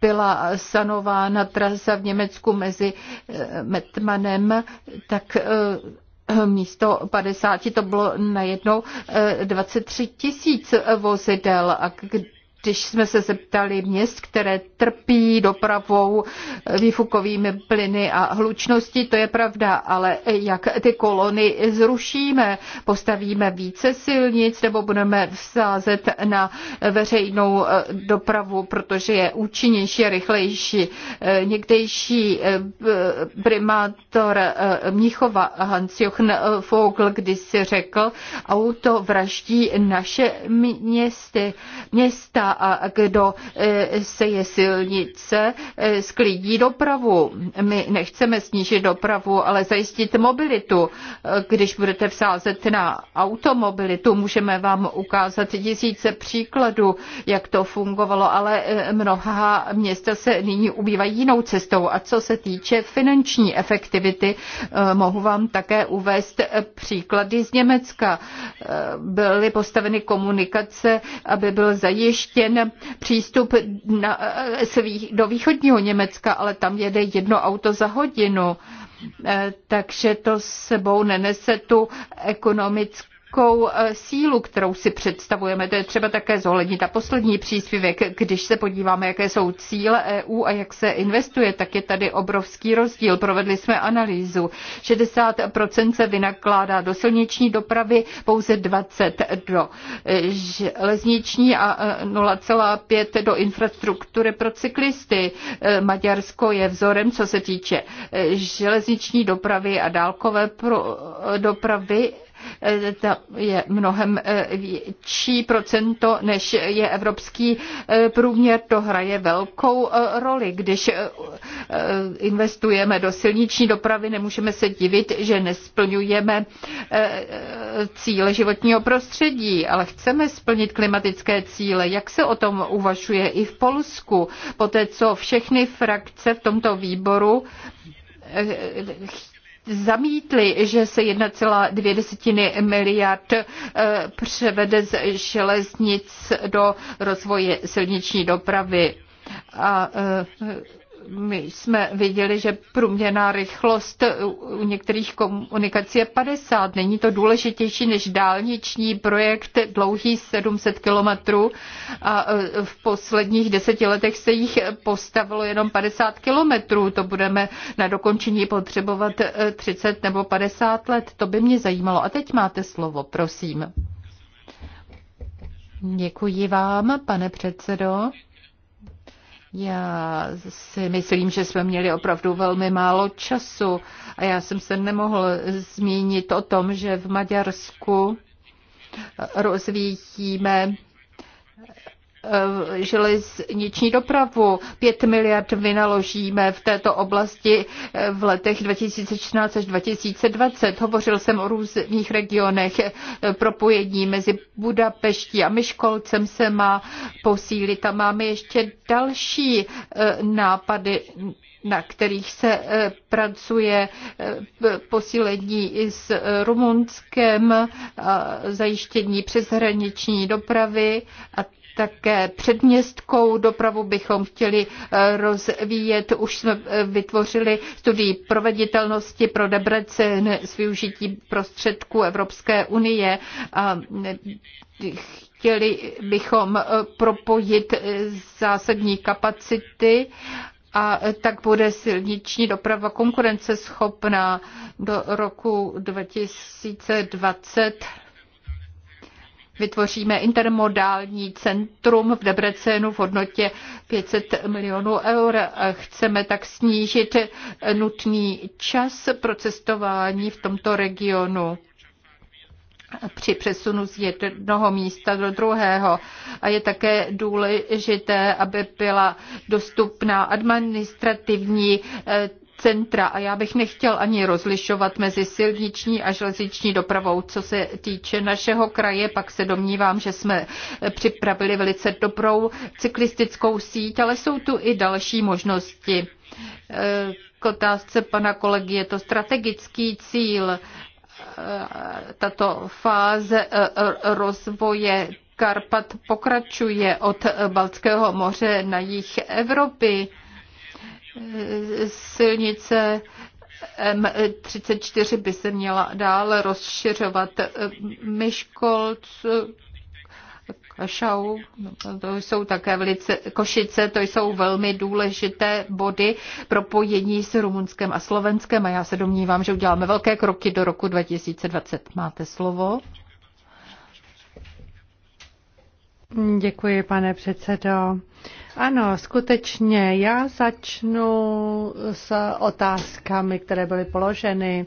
byla sanována trasa v Německu mezi eh, Metmanem, tak eh, místo 50 to bylo najednou 23 eh, tisíc vozidel. A když jsme se zeptali měst, které trpí dopravou eh, výfukovými plyny a hlučností, to je pravda, ale jak ty kolony zrušíme, postavíme více silnic nebo budeme vsázet na veřejnou eh, dopravu, protože je účinnější a rychlejší. Eh, někdejší primátor Mnichova Hans Jochen Vogel kdysi řekl, auto vraždí naše městy, města a kdo e, seje silnice, e, sklidí dopravu. My nechceme snížit dopravu, ale zajistit mobilitu. E, když budete vsázet na automobilitu, můžeme vám ukázat tisíce příkladů, jak to fungovalo, ale mnoha města se nyní ubývají jinou cestou. A co se týče finanční efektivity, mohu vám také uvést příklady z Německa. Byly postaveny komunikace, aby byl zajištěn jeden přístup na, eh, svých, do východního Německa, ale tam jede jedno auto za hodinu. Eh, takže to sebou nenese tu ekonomickou velkou eh, sílu, kterou si představujeme. To je třeba také zohlednit. A poslední příspěvek, když se podíváme, jaké jsou cíle EU a jak se investuje, tak je tady obrovský rozdíl. Provedli jsme analýzu. 60% se vynakládá do silniční dopravy, pouze 20 do eh, železniční a 0,5 eh, do infrastruktury pro cyklisty. Maďarsko je vzorem, co se týče železniční dopravy a dálkové dopravy Eh, to je mnohem eh, větší procento, než je evropský eh, průměr. To hraje velkou roli. Když investujeme do silniční dopravy, nemůžeme se divit, že nesplňujeme cíle životního prostředí, ale chceme splnit klimatické cíle. Jak se o tom uvažuje i v Polsku, poté co všechny frakce v tomto výboru zamítli, že se 1,2 miliard eh, převede z železnic do rozvoje silniční dopravy. A eh, my jsme viděli, že průměrná rychlost u některých komunikací je 50. Není to důležitější než dálniční projekt dlouhý 700 kilometrů a e, v posledních deseti letech se jich postavilo jenom 50 kilometrů. To budeme na dokončení potřebovat 30 e, nebo 50 let. To by mě zajímalo. A teď máte slovo, prosím. Děkuji vám, pane předsedo. Já si myslím, že jsme měli opravdu velmi málo času a já jsem se nemohl zmínit o tom, že v Maďarsku rozvíjíme Eh, železniční dopravu. Pět miliard vynaložíme v této oblasti eh, v letech 2016 až 2020. Hovořil jsem o různých regionech. Eh, propojení mezi Budapeští a Myškolcem se má posílit a máme ještě další nápady na kterých se pracuje posílení i s Rumunskem, zajištění přeshraniční dopravy a také předměstkou dopravu bychom chtěli eh, rozvíjet. Už jsme eh, vytvořili studii proveditelnosti pro Debrecen s využití prostředků Evropské unie a eh, chtěli bychom propojit zásadní kapacity a tak bude silniční doprava konkurenceschopná do roku 2020 Vytvoříme intermodální centrum v Debrecenu v hodnotě 500 milionů eur. Chceme tak snížit nutný čas pro cestování v tomto regionu při přesunu z jednoho místa do druhého. A je také důležité, aby byla dostupná administrativní eh, centra a já bych nechtěl ani rozlišovat mezi silniční a železniční dopravou. Co se týče našeho kraje, pak se domnívám, že jsme připravili velice dobrou cyklistickou síť, ale jsou tu i další možnosti. K otázce pana kolegy je to strategický cíl, tato fáze rozvoje Karpat pokračuje od Baltského moře na jih Evropy silnice M34 by se měla dále rozšiřovat. Myškolc, Kašau, to jsou také velice, Košice, to jsou velmi důležité body propojení s Rumunskem a Slovenskem a já se domnívám, že uděláme velké kroky do roku 2020. Máte slovo. Děkuji, pane předsedo. Ano, skutečně. Já začnu s otázkami, které byly položeny.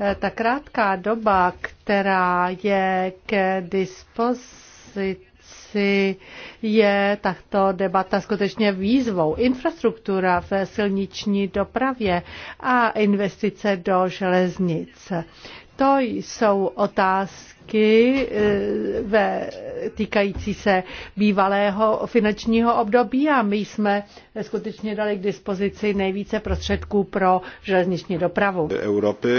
Eh, ta krátká doba, která je k dispozici, je takto debata skutečně výzvou. Infrastruktura v silniční dopravě a investice do železnic. To jsou otázky eh, ve, týkající se bývalého finančního období a my jsme skutečně dali k dispozici nejvíce prostředků pro železniční dopravu. Evropy.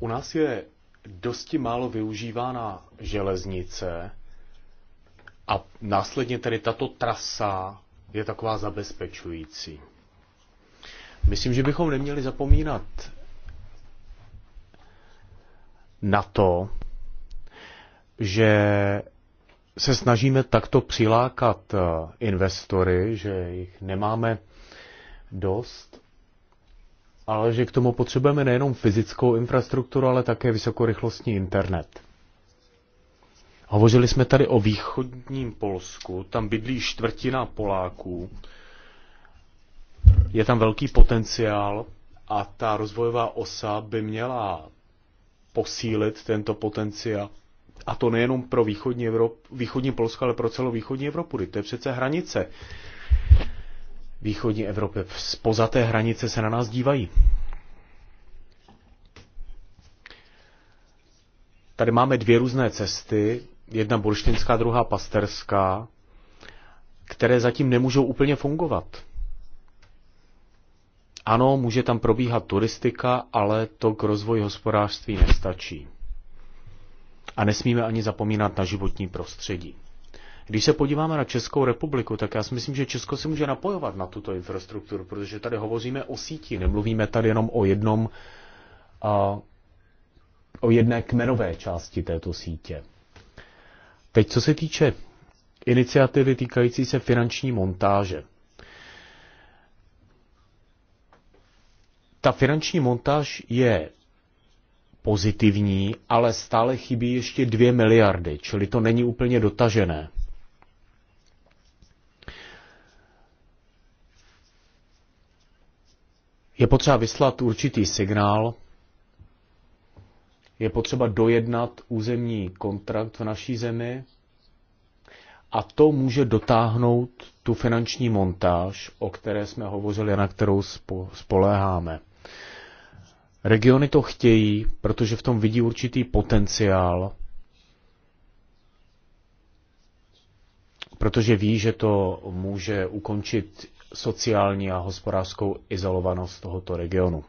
U nás je dosti málo využívána železnice a následně tedy tato trasa je taková zabezpečující. Myslím, že bychom neměli zapomínat na to, že se snažíme takto přilákat eh, investory, že jich nemáme dost, ale že k tomu potřebujeme nejenom fyzickou infrastrukturu, ale také vysokorychlostní internet. Hovořili jsme tady o východním Polsku, tam bydlí čtvrtina Poláků, je tam velký potenciál a ta rozvojová osa by měla posílit tento potenciál. A to nejenom pro východní, Evropu, východní Polsko, ale pro celou východní Evropu. To je přece hranice východní Evropy. Spoza té hranice se na nás dívají. Tady máme dvě různé cesty, jedna bolštinská, druhá pasterská, které zatím nemůžou úplně fungovat. Ano, může tam probíhat turistika, ale to k rozvoji hospodářství nestačí. A nesmíme ani zapomínat na životní prostředí. Když se podíváme na Českou republiku, tak já si myslím, že Česko se může napojovat na tuto infrastrukturu, protože tady hovoříme o síti, nemluvíme tady jenom o jednom, a, o jedné kmenové části této sítě. Teď, co se týče iniciativy týkající se finanční montáže. Ta finanční montáž je pozitivní, ale stále chybí ještě dvě miliardy, čili to není úplně dotažené. Je potřeba vyslat určitý signál, je potřeba dojednat územní kontrakt v naší zemi a to může dotáhnout tu finanční montáž, o které jsme hovořili a na kterou spoléháme. Regiony to chtějí, protože v tom vidí určitý potenciál, protože ví, že to může ukončit sociální a hospodářskou izolovanost tohoto regionu.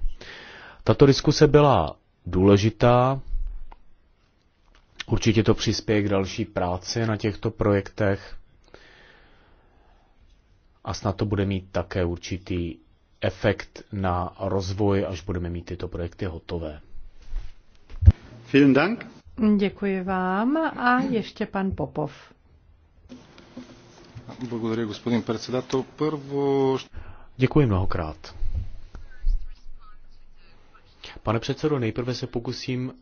Tato diskuse byla důležitá, určitě to přispěje k další práci na těchto projektech a snad to bude mít také určitý efekt na rozvoj, až budeme mít tyto projekty hotové. Dank. Děkuji vám a ještě pan Popov. Děkuji mnohokrát. Pane předsedo, nejprve se pokusím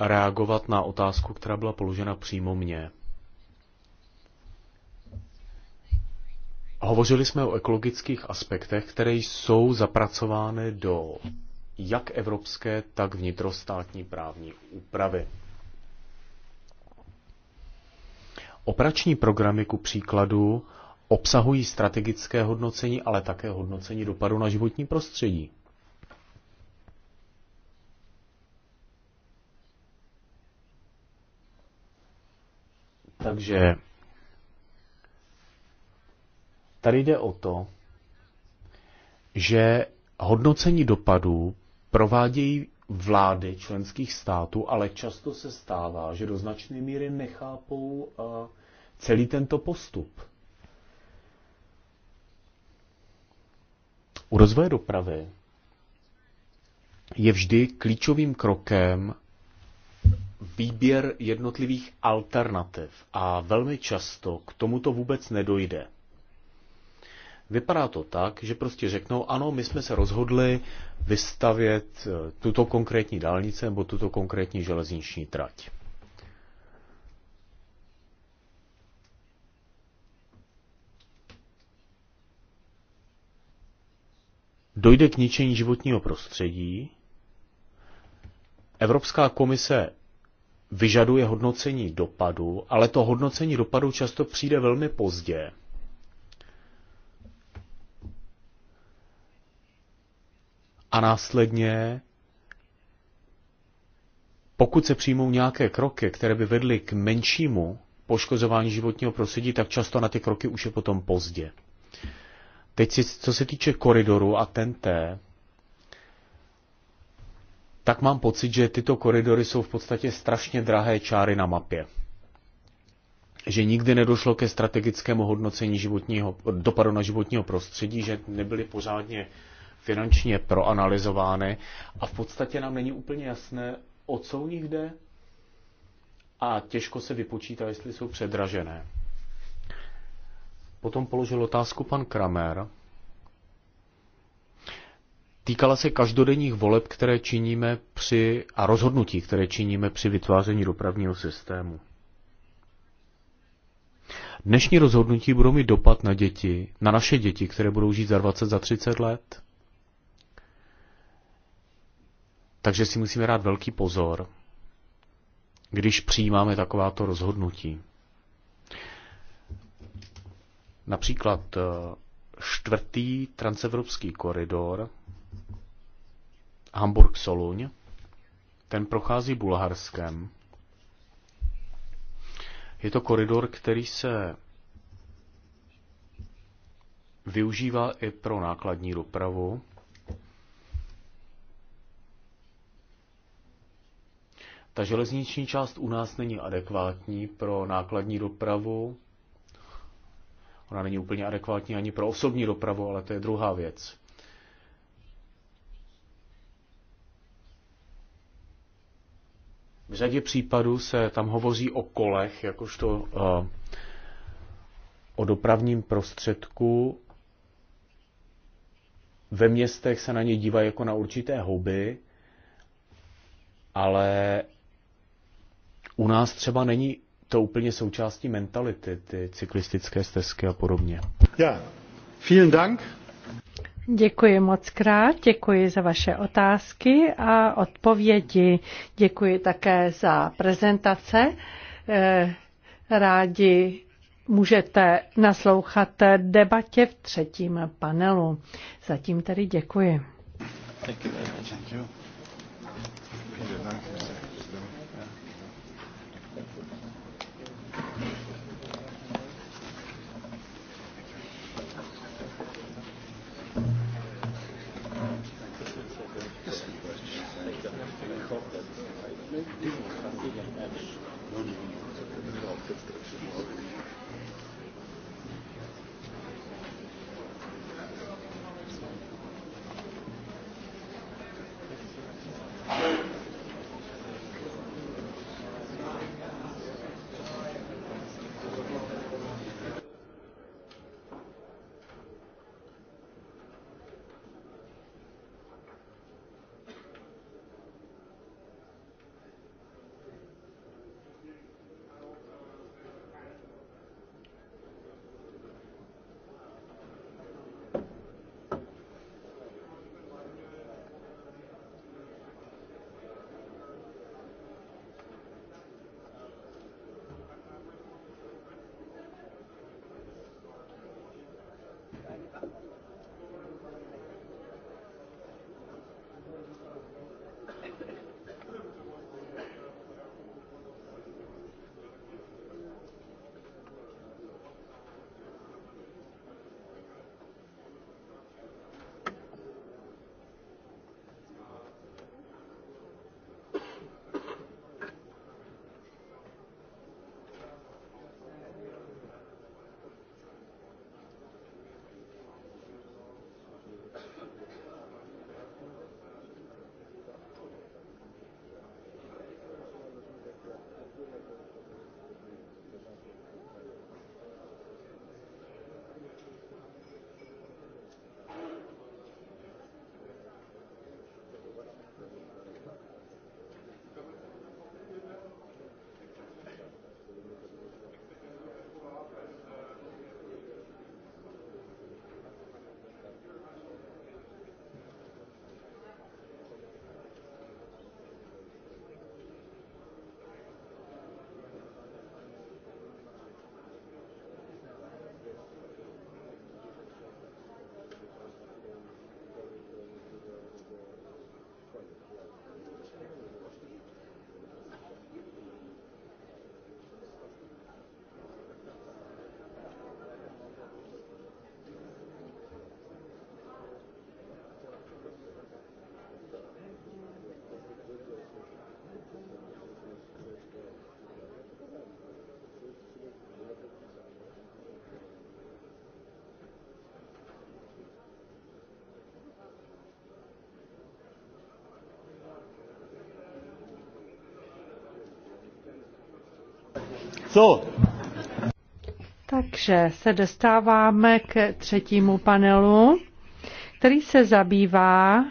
reagovat na otázku, která byla položena přímo mně. Hovořili jsme o ekologických aspektech, které jsou zapracovány do jak evropské, tak vnitrostátní právní úpravy. Operační programy ku příkladu obsahují strategické hodnocení, ale také hodnocení dopadu na životní prostředí. Takže Tady jde o to, že hodnocení dopadů provádějí vlády členských států, ale často se stává, že do značné míry nechápou eh, celý tento postup. U rozvoje dopravy je vždy klíčovým krokem výběr jednotlivých alternativ a velmi často k tomuto vůbec nedojde. Vypadá to tak, že prostě řeknou, ano, my jsme se rozhodli vystavět eh, tuto konkrétní dálnici nebo tuto konkrétní železniční trať. Dojde k ničení životního prostředí. Evropská komise vyžaduje hodnocení dopadu, ale to hodnocení dopadu často přijde velmi pozdě. a následně, pokud se přijmou nějaké kroky, které by vedly k menšímu poškozování životního prostředí, tak často na ty kroky už je potom pozdě. Teď, si, co se týče koridoru a TNT, tak mám pocit, že tyto koridory jsou v podstatě strašně drahé čáry na mapě. Že nikdy nedošlo ke strategickému hodnocení životního, dopadu na životního prostředí, že nebyly pořádně finančně proanalizovány a v podstatě nám není úplně jasné, o co u nich jde a těžko se vypočítá, jestli jsou předražené. Potom položil otázku pan Kramer. Týkala se každodenních voleb, které činíme při, a rozhodnutí, které činíme při vytváření dopravního systému. Dnešní rozhodnutí budou mít dopad na děti, na naše děti, které budou žít za 20, za 30 let. Takže si musíme dát velký pozor, když přijímáme takováto rozhodnutí. Například eh, čtvrtý transevropský koridor Hamburg-Soluň, ten prochází Bulharskem. Je to koridor, který se využívá i pro nákladní dopravu. Ta železniční část u nás není adekvátní pro nákladní dopravu. Ona není úplně adekvátní ani pro osobní dopravu, ale to je druhá věc. V řadě případů se tam hovoří o kolech, jakožto eh, o dopravním prostředku. Ve městech se na ně dívají jako na určité hobby, ale u nás třeba není to úplně součástí mentality, ty cyklistické stezky a podobně. Já, vielen Dank. Děkuji moc krát, děkuji za vaše otázky a odpovědi. Děkuji také za prezentace. Eh, rádi můžete naslouchat debatě v třetím panelu. Zatím tedy děkuji. Thank you very much. Thank you. co? Takže se dostáváme k třetímu panelu, který se zabývá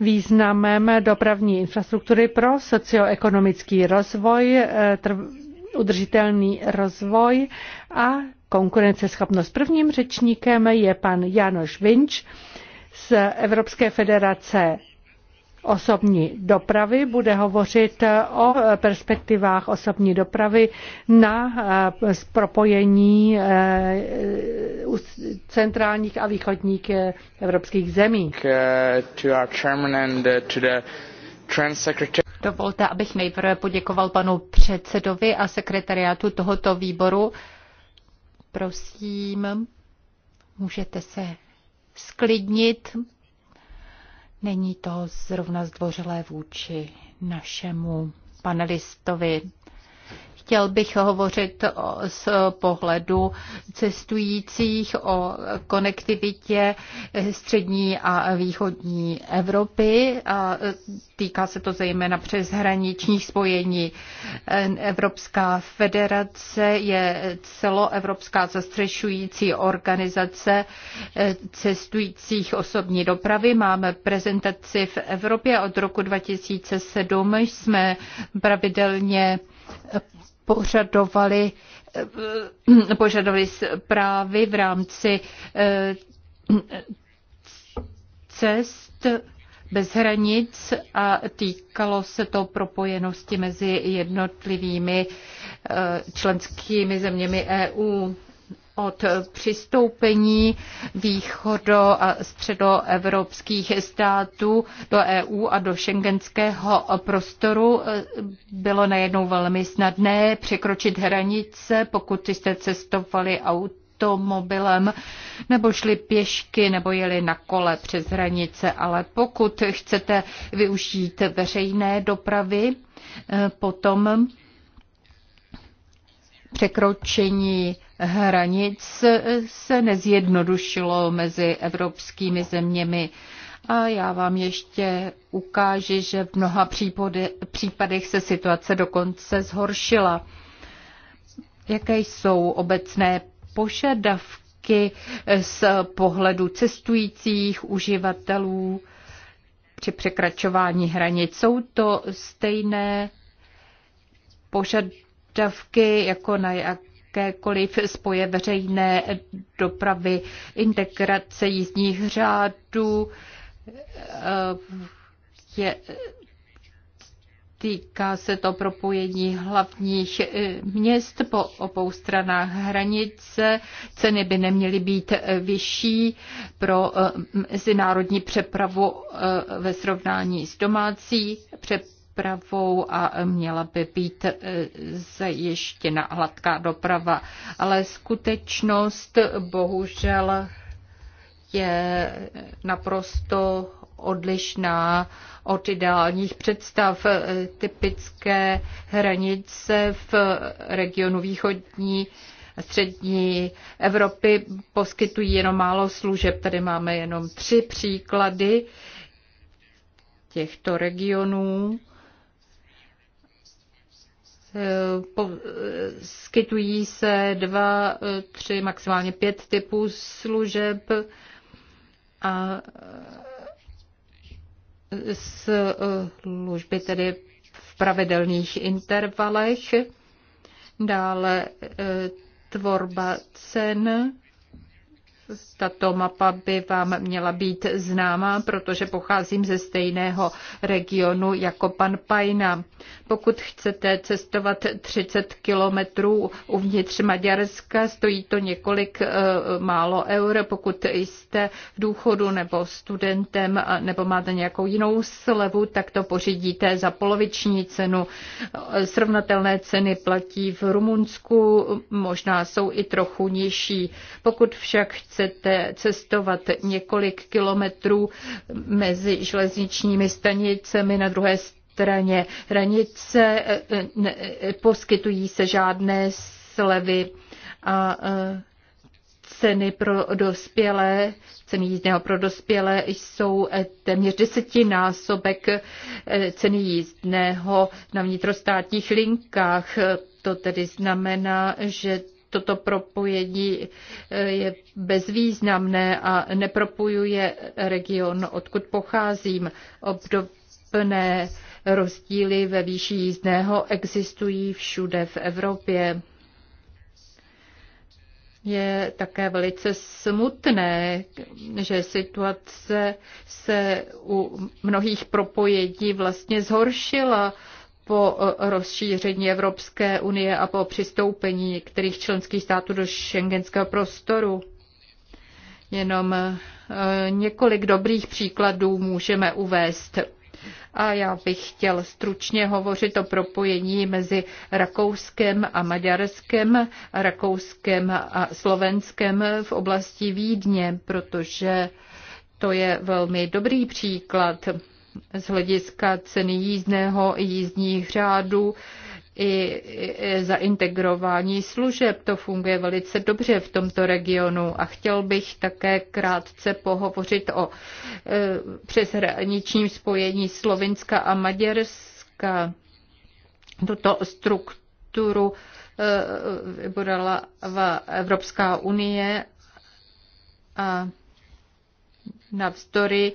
významem dopravní infrastruktury pro socioekonomický rozvoj, eh, udržitelný rozvoj a konkurenceschopnost. Prvním řečníkem je pan Janoš Vinč z Evropské federace osobní dopravy, bude hovořit o perspektivách osobní dopravy na eh, propojení eh, centrálních a východních eh, evropských zemí. Uh, uh, Dovolte, abych nejprve poděkoval panu předsedovi a sekretariátu tohoto výboru. Prosím, můžete se sklidnit. Není to zrovna zdvořilé vůči našemu panelistovi. Chtěl bych hovořit z pohledu cestujících o konektivitě střední a východní Evropy. A týká se to zejména přes hraničních spojení. Evropská federace je celoevropská zastřešující organizace cestujících osobní dopravy. Máme prezentaci v Evropě od roku 2007. Jsme pravidelně požadovali, eh, požadovali zprávy v rámci eh, cest bez hranic a týkalo se to propojenosti mezi jednotlivými eh, členskými zeměmi EU od přistoupení východo- a středoevropských států do EU a do šengenského prostoru eh, bylo najednou velmi snadné překročit hranice, pokud jste cestovali automobilem nebo šli pěšky nebo jeli na kole přes hranice, ale pokud chcete využít veřejné dopravy, eh, potom překročení hranic se nezjednodušilo mezi evropskými zeměmi. A já vám ještě ukážu, že v mnoha případech se situace dokonce zhoršila. Jaké jsou obecné požadavky z pohledu cestujících uživatelů při překračování hranic? Jsou to stejné požadavky jako na jak jakékoliv spoje veřejné dopravy, integrace jízdních řádů, eh, je, týká se to propojení hlavních eh, měst po obou stranách hranice. Ceny by neměly být eh, vyšší pro mezinárodní přepravu ve srovnání s domácí přepravou dopravou a měla by být e, zajištěna hladká doprava. Ale skutečnost bohužel je naprosto odlišná od ideálních představ. E, typické hranice v regionu východní střední Evropy poskytují jenom málo služeb. Tady máme jenom tři příklady těchto regionů. Eh, eh, skytují se dva, eh, tři, maximálně pět typů služeb a služby tedy v pravidelných intervalech. Dále tvorba cen tato mapa by vám měla být známá, protože pocházím ze stejného regionu jako pan Pajna. Pokud chcete cestovat 30 kilometrů uvnitř Maďarska, stojí to několik e, málo eur. Pokud jste v důchodu nebo studentem a, nebo máte nějakou jinou slevu, tak to pořídíte za poloviční cenu. Eh, srovnatelné ceny platí v Rumunsku, možná jsou i trochu nižší. Pokud však chcete chcete cestovat několik kilometrů mezi železničními stanicemi na druhé straně hranice, poskytují se žádné slevy a e, ceny pro dospělé, ceny jízdného pro dospělé jsou téměř desetinásobek e, ceny jízdného na vnitrostátních linkách. To tedy znamená, že toto propojení eh, je bezvýznamné a nepropojuje region, odkud pocházím. Obdobné rozdíly ve výši jízdného existují všude v Evropě. Je také velice smutné, že situace se u mnohých propojení vlastně zhoršila po eh, rozšíření Evropské unie a po přistoupení některých členských států do šengenského prostoru. Jenom eh, několik dobrých příkladů můžeme uvést. A já bych chtěl stručně hovořit o propojení mezi Rakouskem a Maďarskem, Rakouskem a Slovenskem v oblasti Vídně, protože to je velmi dobrý příklad z hlediska ceny jízdného, jízdních řádů, i za integrování služeb. To funguje velice dobře v tomto regionu a chtěl bych také krátce pohovořit o e, přeshraničním spojení Slovinska a Maďarska. Tuto strukturu e, vybudala Evropská unie a navzdory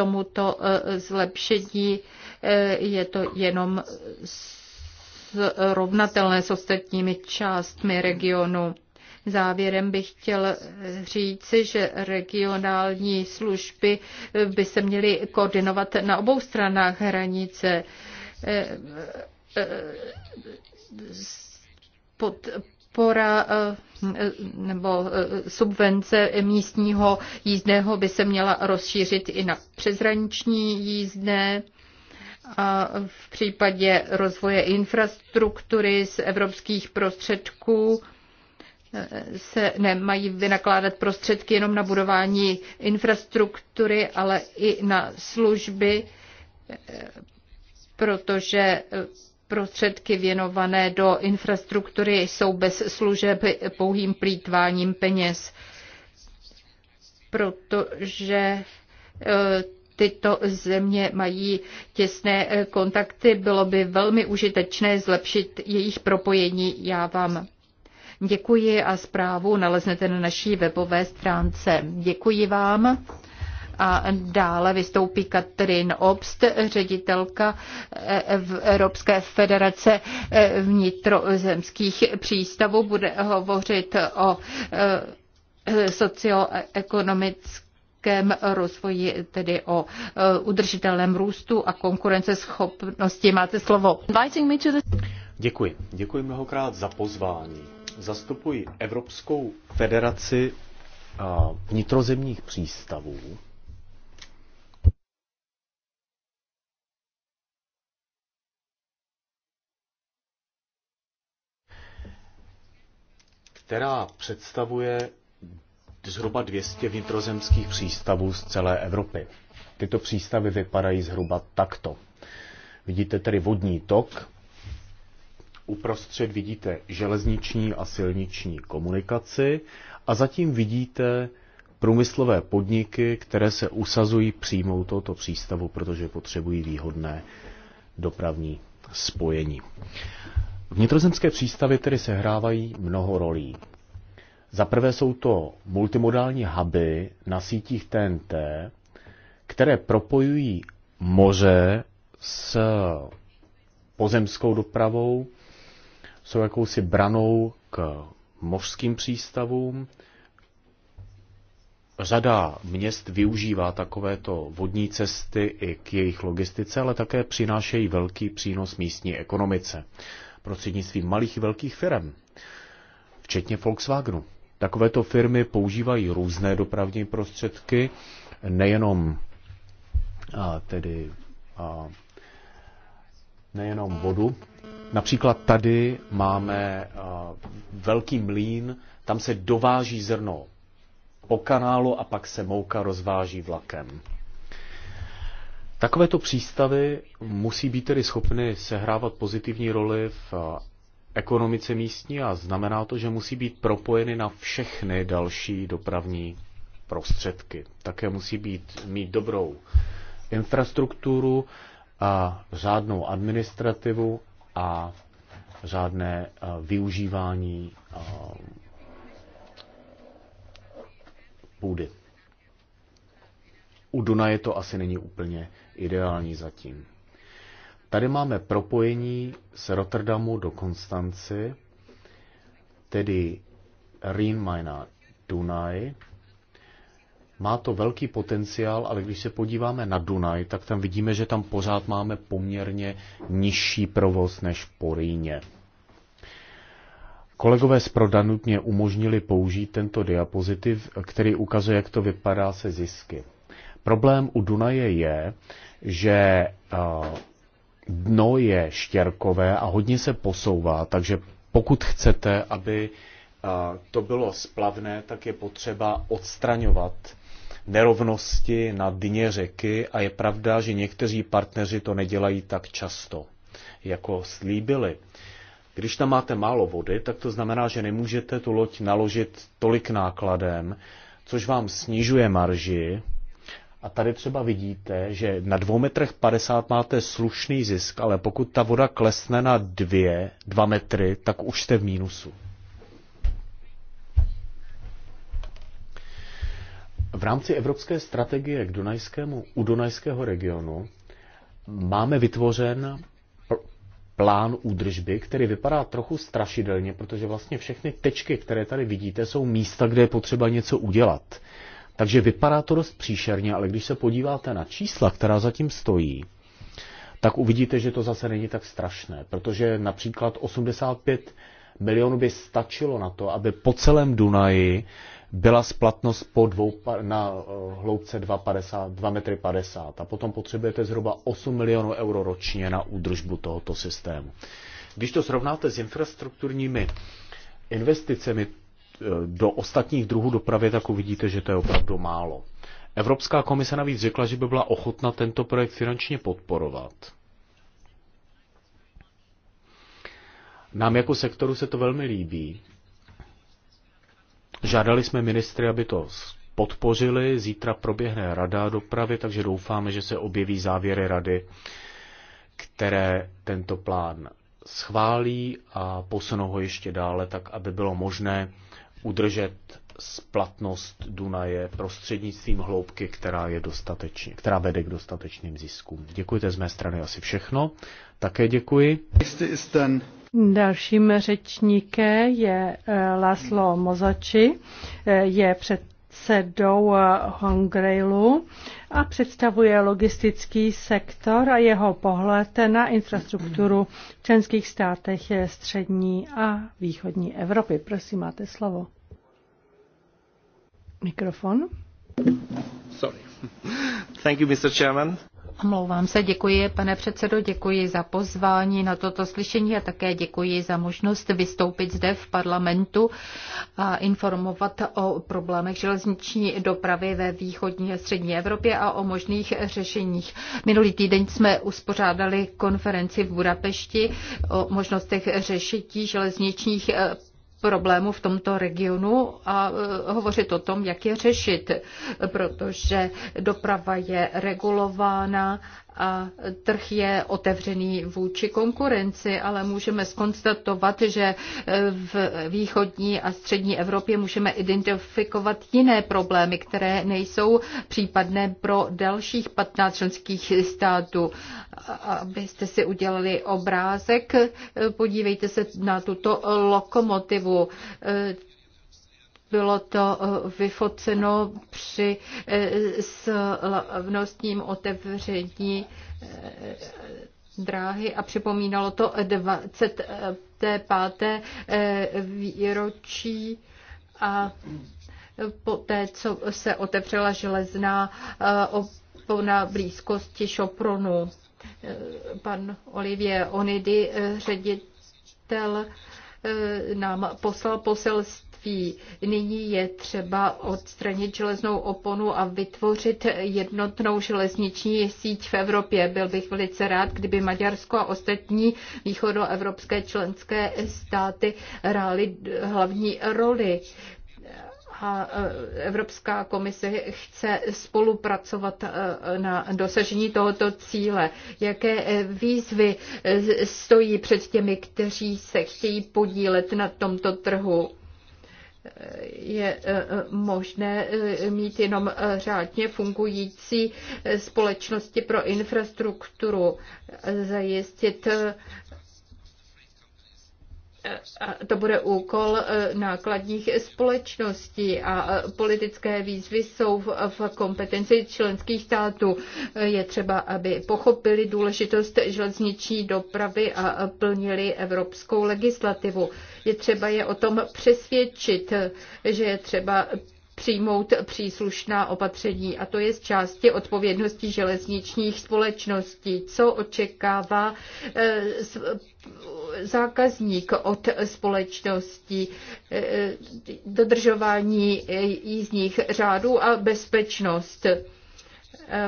tomuto eh, zlepšení. Eh, je to jenom srovnatelné s ostatními částmi regionu. Závěrem bych chtěl eh, říci, že regionální služby by se měly koordinovat na obou stranách hranice pod podpora eh, nebo eh, subvence místního jízdného by se měla rozšířit i na přezraniční jízdné. A v případě rozvoje infrastruktury z evropských prostředků eh, se nemají vynakládat prostředky jenom na budování infrastruktury, ale i na služby, protože Prostředky věnované do infrastruktury jsou bez služeb pouhým plítváním peněz, protože e, tyto země mají těsné e, kontakty. Bylo by velmi užitečné zlepšit jejich propojení. Já vám děkuji a zprávu naleznete na naší webové stránce. Děkuji vám. A dále vystoupí Katrin Obst, ředitelka eh, Evropské federace eh, vnitrozemských přístavů. Bude hovořit o eh, socioekonomické rozvoji, tedy o udržitelném růstu a konkurenceschopnosti. Máte slovo. Děkuji. Děkuji mnohokrát za pozvání. Zastupuji Evropskou federaci vnitrozemních přístavů která představuje zhruba 200 vnitrozemských přístavů z celé Evropy. Tyto přístavy vypadají zhruba takto. Vidíte tedy vodní tok, uprostřed vidíte železniční a silniční komunikaci a zatím vidíte průmyslové podniky, které se usazují přímo tohoto přístavu, protože potřebují výhodné dopravní spojení. Vnitrozemské přístavy tedy sehrávají mnoho rolí. Za prvé jsou to multimodální huby na sítích TNT, které propojují moře s pozemskou dopravou, jsou jakousi branou k mořským přístavům. Řada měst využívá takovéto vodní cesty i k jejich logistice, ale také přinášejí velký přínos místní ekonomice prostřednictvím malých i velkých firm, včetně Volkswagenu. Takovéto firmy používají různé dopravní prostředky, nejenom a, tedy a, nejenom vodu. Například tady máme a, velký mlín, tam se dováží zrno po kanálu a pak se mouka rozváží vlakem. Takovéto přístavy musí být tedy schopny sehrávat pozitivní roli v eh, ekonomice místní a znamená to, že musí být propojeny na všechny další dopravní prostředky. Také musí být, mít dobrou infrastrukturu, a řádnou administrativu a řádné eh, využívání eh, půdy. U Dunaje to asi není úplně ideální zatím. Tady máme propojení z Rotterdamu do Konstanci, tedy Rhein Majna Dunaj. Má to velký potenciál, ale když se podíváme na Dunaj, tak tam vidíme, že tam pořád máme poměrně nižší provoz než po Rýně. Kolegové z Prodanut mě umožnili použít tento diapozitiv, který ukazuje, jak to vypadá se zisky. Problém u Dunaje je, že eh, dno je štěrkové a hodně se posouvá, takže pokud chcete, aby eh, to bylo splavné, tak je potřeba odstraňovat nerovnosti na dně řeky a je pravda, že někteří partneři to nedělají tak často, jako slíbili. Když tam máte málo vody, tak to znamená, že nemůžete tu loď naložit tolik nákladem, což vám snižuje marži a tady třeba vidíte, že na 2 metrech 50 máte slušný zisk, ale pokud ta voda klesne na 2, 2 metry, tak už jste v mínusu. V rámci evropské strategie k Dunajskému, u Dunajského regionu máme vytvořen plán údržby, který vypadá trochu strašidelně, protože vlastně všechny tečky, které tady vidíte, jsou místa, kde je potřeba něco udělat. Takže vypadá to dost příšerně, ale když se podíváte na čísla, která zatím stojí, tak uvidíte, že to zase není tak strašné, protože například 85 milionů by stačilo na to, aby po celém Dunaji byla splatnost po dvou, na eh, hloubce 2,50 metry 50 a potom potřebujete zhruba 8 milionů euro ročně na údržbu tohoto systému. Když to srovnáte s infrastrukturními investicemi Eh, do ostatních druhů dopravy, tak uvidíte, že to je opravdu málo. Evropská komise navíc řekla, že by byla ochotna tento projekt finančně podporovat. Nám jako sektoru se to velmi líbí. Žádali jsme ministry, aby to podpořili. Zítra proběhne rada dopravy, takže doufáme, že se objeví závěry rady, které tento plán schválí a posunou ho ještě dále, tak aby bylo možné udržet splatnost Dunaje prostřednictvím hloubky, která, je dostatečně, která vede k dostatečným ziskům. Děkujte z mé strany asi všechno. Také děkuji. Dalším řečníkem je eh, Laslo Mozači, eh, je před předsedou eh, Hongrailu a představuje logistický sektor a jeho pohled na infrastrukturu v členských státech střední a východní Evropy. Prosím, máte slovo. Mikrofon. Sorry. Thank you, Mr. Chairman. Omlouvám se, děkuji, pane předsedo, děkuji za pozvání na toto slyšení a také děkuji za možnost vystoupit zde v parlamentu a informovat o problémech železniční dopravy ve východní a střední Evropě a o možných řešeních. Minulý týden jsme uspořádali konferenci v Budapešti o možnostech řešení železničních problému v tomto regionu a e, hovořit o tom, jak je řešit, protože doprava je regulována a trh je otevřený vůči konkurenci, ale můžeme skonstatovat, že v východní a střední Evropě můžeme identifikovat jiné problémy, které nejsou případné pro dalších 15 členských států. Abyste si udělali obrázek, podívejte se na tuto lokomotivu. Bylo to eh, vyfoceno při eh, slavnostním otevření eh, dráhy a připomínalo to 25. výročí a poté, co se otevřela železná opona blízkosti Šopronu. Pan Olivier Onidy, ředitel, nám poslal poselství, školství. Nyní je třeba odstranit železnou oponu a vytvořit jednotnou železniční síť v Evropě. Byl bych velice rád, kdyby Maďarsko a ostatní východoevropské členské státy hrály hlavní roli a e, Evropská komise chce spolupracovat e, na dosažení tohoto cíle. Jaké e, výzvy stojí před těmi, kteří se chtějí podílet na tomto trhu? je eh, možné eh, mít jenom eh, řádně fungující společnosti pro infrastrukturu, zajistit a to bude úkol e, nákladních společností a e, politické výzvy jsou v kompetenci členských států. E, je třeba, aby pochopili důležitost železniční dopravy a plnili evropskou legislativu. Je třeba je o tom přesvědčit, že je třeba přijmout příslušná opatření a to je z části odpovědnosti železničních společností. Co očekává zákazník od společnosti, eh, dodržování jízdních řádů a bezpečnost. Eh,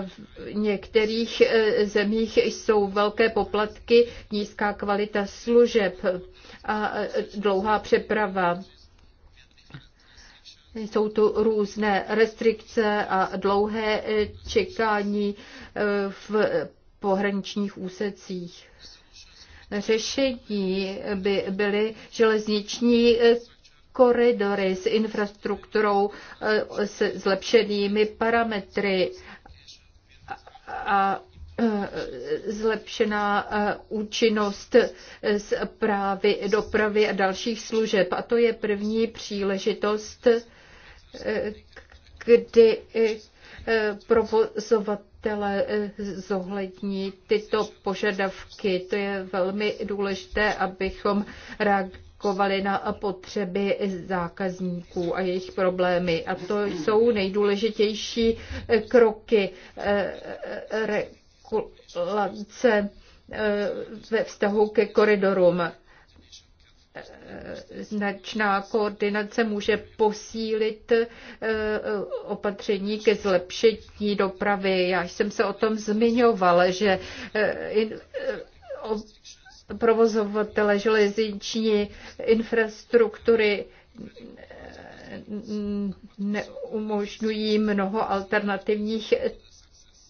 v některých eh, zemích jsou velké poplatky, nízká kvalita služeb a dlouhá přeprava. Jsou tu různé restrikce a dlouhé čekání v pohraničních úsecích řešení by byly železniční eh, koridory s infrastrukturou eh, s zlepšenými parametry a eh, zlepšená účinnost právy dopravy a dalších služeb. A to je první příležitost, kdy provozovat dodavatele eh, zohlední tyto požadavky. To je velmi důležité, abychom reagovali na potřeby zákazníků a jejich problémy. A to jsou nejdůležitější eh, kroky eh, regulace ve vztahu ke koridorům značná koordinace může posílit eh, opatření ke zlepšení dopravy. Já jsem se o tom zmiňoval, že eh, eh, provozovatele železniční infrastruktury neumožňují mnoho alternativních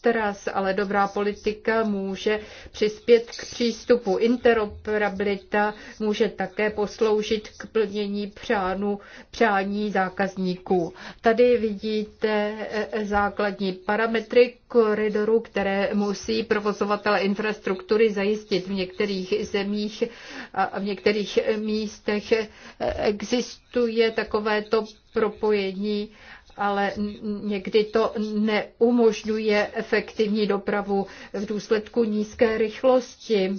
tras, ale dobrá politika může přispět k přístupu. Interoperabilita může také posloužit k plnění přánu, přání zákazníků. Tady vidíte eh, eh, základní parametry koridoru, které musí provozovatel infrastruktury zajistit. V některých zemích a v některých místech eh, existuje takovéto propojení ale někdy to neumožňuje efektivní dopravu v důsledku nízké rychlosti.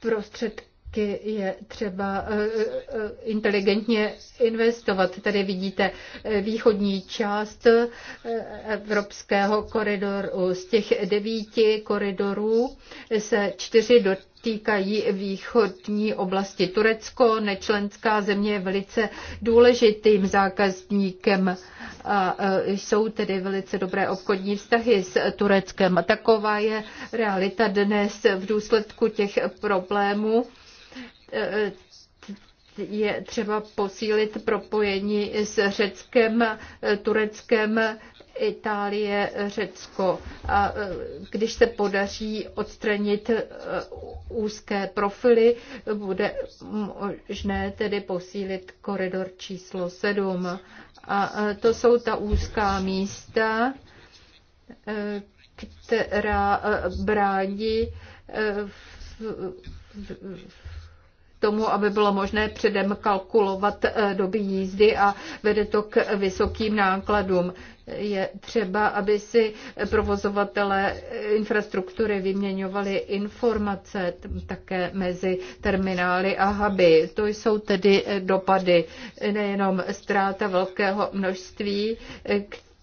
Prostředky taky je třeba eh, eh, inteligentně investovat. Tady vidíte eh, východní část Evropského koridoru. Z těch devíti koridorů se čtyři do týkají východní oblasti. Turecko, nečlenská země, je velice důležitým zákazníkem a jsou tedy velice dobré obchodní vztahy s Tureckem. A taková je realita dnes v důsledku těch problémů je třeba posílit propojení s Řeckem, Tureckem, Itálie, Řecko. A e, když se podaří odstranit e, úzké profily, bude možné tedy posílit koridor číslo 7. A e, to jsou ta úzká místa, která brání v tomu, aby bylo možné předem kalkulovat eh, doby jízdy a vede to k vysokým nákladům. Je třeba, aby si provozovatele eh, infrastruktury vyměňovali informace také mezi terminály a huby. To jsou tedy eh, dopady nejenom ztráta velkého množství,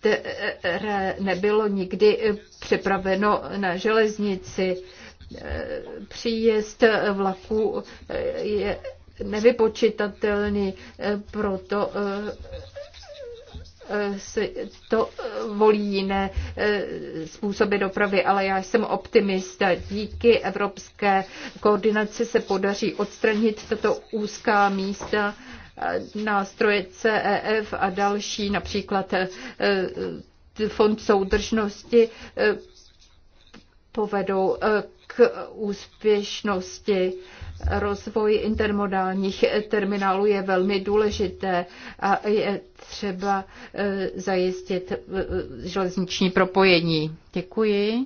které nebylo nikdy přepraveno na železnici příjezd vlaku je nevypočitatelný, proto eh, se to volí jiné eh, způsoby dopravy, ale já jsem optimista. Díky evropské koordinaci se podaří odstranit tato úzká místa eh, nástroje CEF a další, například Fond soudržnosti povedou eh, k úspěšnosti. Rozvoj intermodálních terminálů je velmi důležité a je třeba eh, zajistit eh, železniční propojení. Děkuji.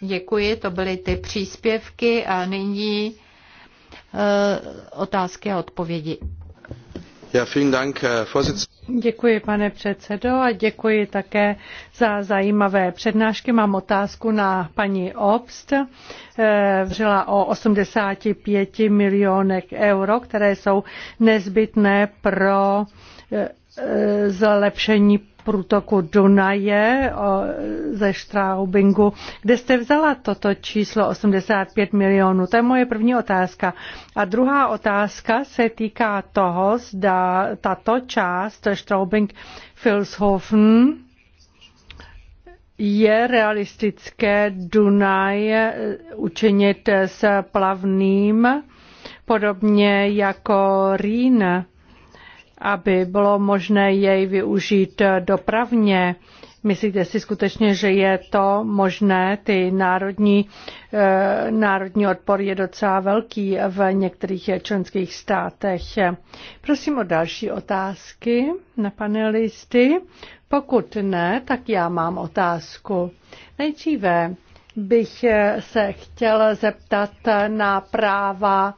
Děkuji, to byly ty příspěvky a nyní otázky a odpovědi. Děkuji, pane předsedo, a děkuji také za zajímavé přednášky. Mám otázku na paní Obst. Eh, vřela o 85 milionech euro, které jsou nezbytné pro eh, eh, zlepšení průtoku Dunaje ze Straubingu, kde jste vzala toto číslo 85 milionů? To je moje první otázka. A druhá otázka se týká toho, zda tato část Straubing Filshofen je realistické Dunaj eh, učinit s plavným, podobně jako Rýn aby bylo možné jej využít dopravně. Myslíte si skutečně, že je to možné? Ty národní, eh, národní odpor je docela velký v některých členských státech. Prosím o další otázky na panelisty. Pokud ne, tak já mám otázku. Nejdříve bych se chtěl zeptat na práva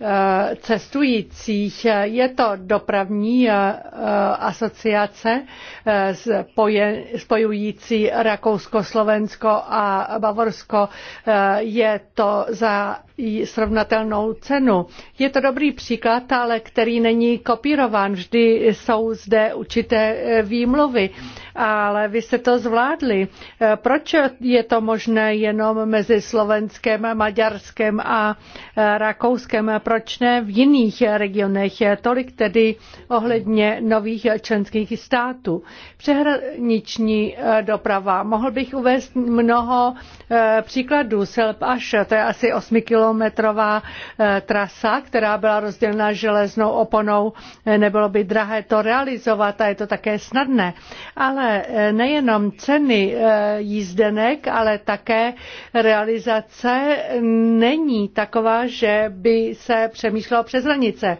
Eh, cestujících. Je to dopravní eh, eh, asociace spojující Rakousko, Slovensko a Bavorsko. Je to za srovnatelnou cenu. Je to dobrý příklad, ale který není kopírován. Vždy jsou zde určité výmluvy ale vy jste to zvládli. Eh, proč je to možné jenom mezi Slovenskem, Maďarskem a eh, Rakouskem? Proč ne v jiných regionech? Tolik tedy ohledně nových členských států. Přehraniční eh, doprava. Mohl bych uvést mnoho příkladů. Selb až, to je asi 8-kilometrová trasa, která byla rozdělena železnou oponou. Nebylo by drahé to realizovat a je to také snadné. Ale ale eh, nejenom ceny eh, jízdenek, ale také realizace není taková, že by se přemýšlelo přes hranice.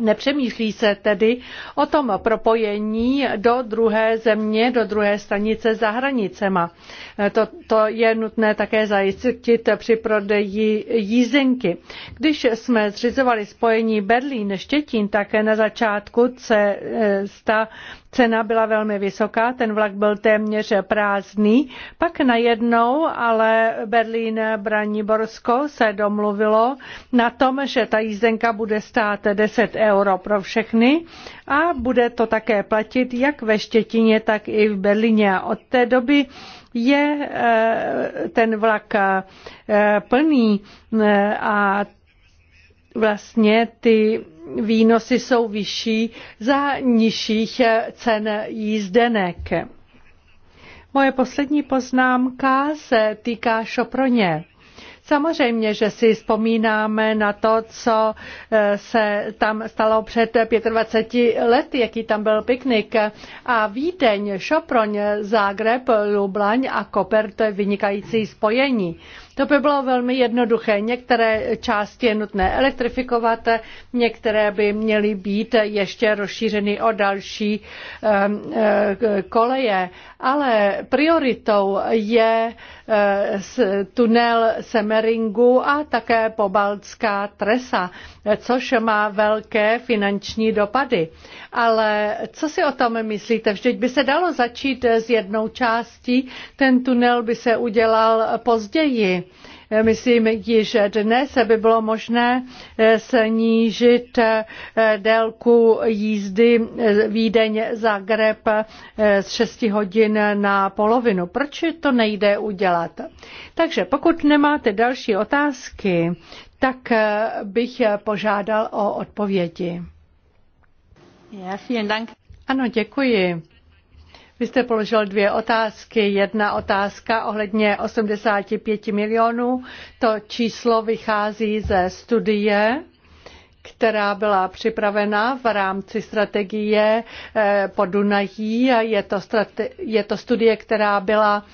Nepřemýšlí se tedy o tom propojení do druhé země, do druhé stanice za hranicema. Eh, to, to je nutné také zajistit při prodeji jízdenky. Když jsme zřizovali spojení Berlín-Štětín, tak na začátku cesta Cena byla velmi vysoká, ten vlak byl téměř prázdný. Pak najednou ale Berlín Braniborsko se domluvilo na tom, že ta jízdenka bude stát 10 euro pro všechny a bude to také platit jak ve Štětině, tak i v Berlíně. Od té doby je eh, ten vlak eh, plný eh, a vlastně ty výnosy jsou vyšší za nižších eh, cen jízdenek. Moje poslední poznámka se týká šoproně. Samozřejmě, že si vzpomínáme na to, co eh, se tam stalo před 25 lety, jaký tam byl piknik. A Vídeň, Šoproň, Zágreb, Lublaň a Koper, to je vynikající spojení. To by bylo velmi jednoduché. Některé části je nutné elektrifikovat, některé by měly být ještě rozšířeny o další eh, eh, koleje, ale prioritou je Eh, tunel Semeringu a také pobaltská tresa, což má velké finanční dopady. Ale co si o tom myslíte? Vždyť by se dalo začít s jednou částí, ten tunel by se udělal později. Myslím, již dnes by bylo možné eh, snížit eh, délku jízdy eh, Vídeň Zagreb z 6 hodin na polovinu. Proč to nejde udělat? Takže pokud nemáte další otázky, tak bych požádal o odpovědi. Ja, vielen Dank. Ano, děkuji. Vy jste položil dvě otázky. Jedna otázka ohledně 85 milionů. To číslo vychází ze studie která byla připravena v rámci strategie eh, Podunají. Je to, strate- je to studie, která byla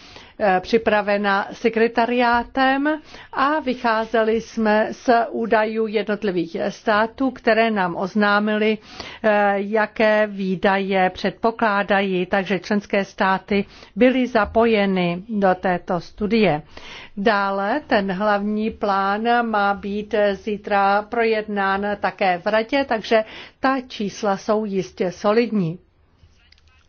Eh, připravena sekretariátem a vycházeli jsme z údajů jednotlivých států, které nám oznámili, eh, jaké výdaje předpokládají, takže členské státy byly zapojeny do této studie. Dále ten hlavní plán má být zítra projednán také v radě, takže ta čísla jsou jistě solidní.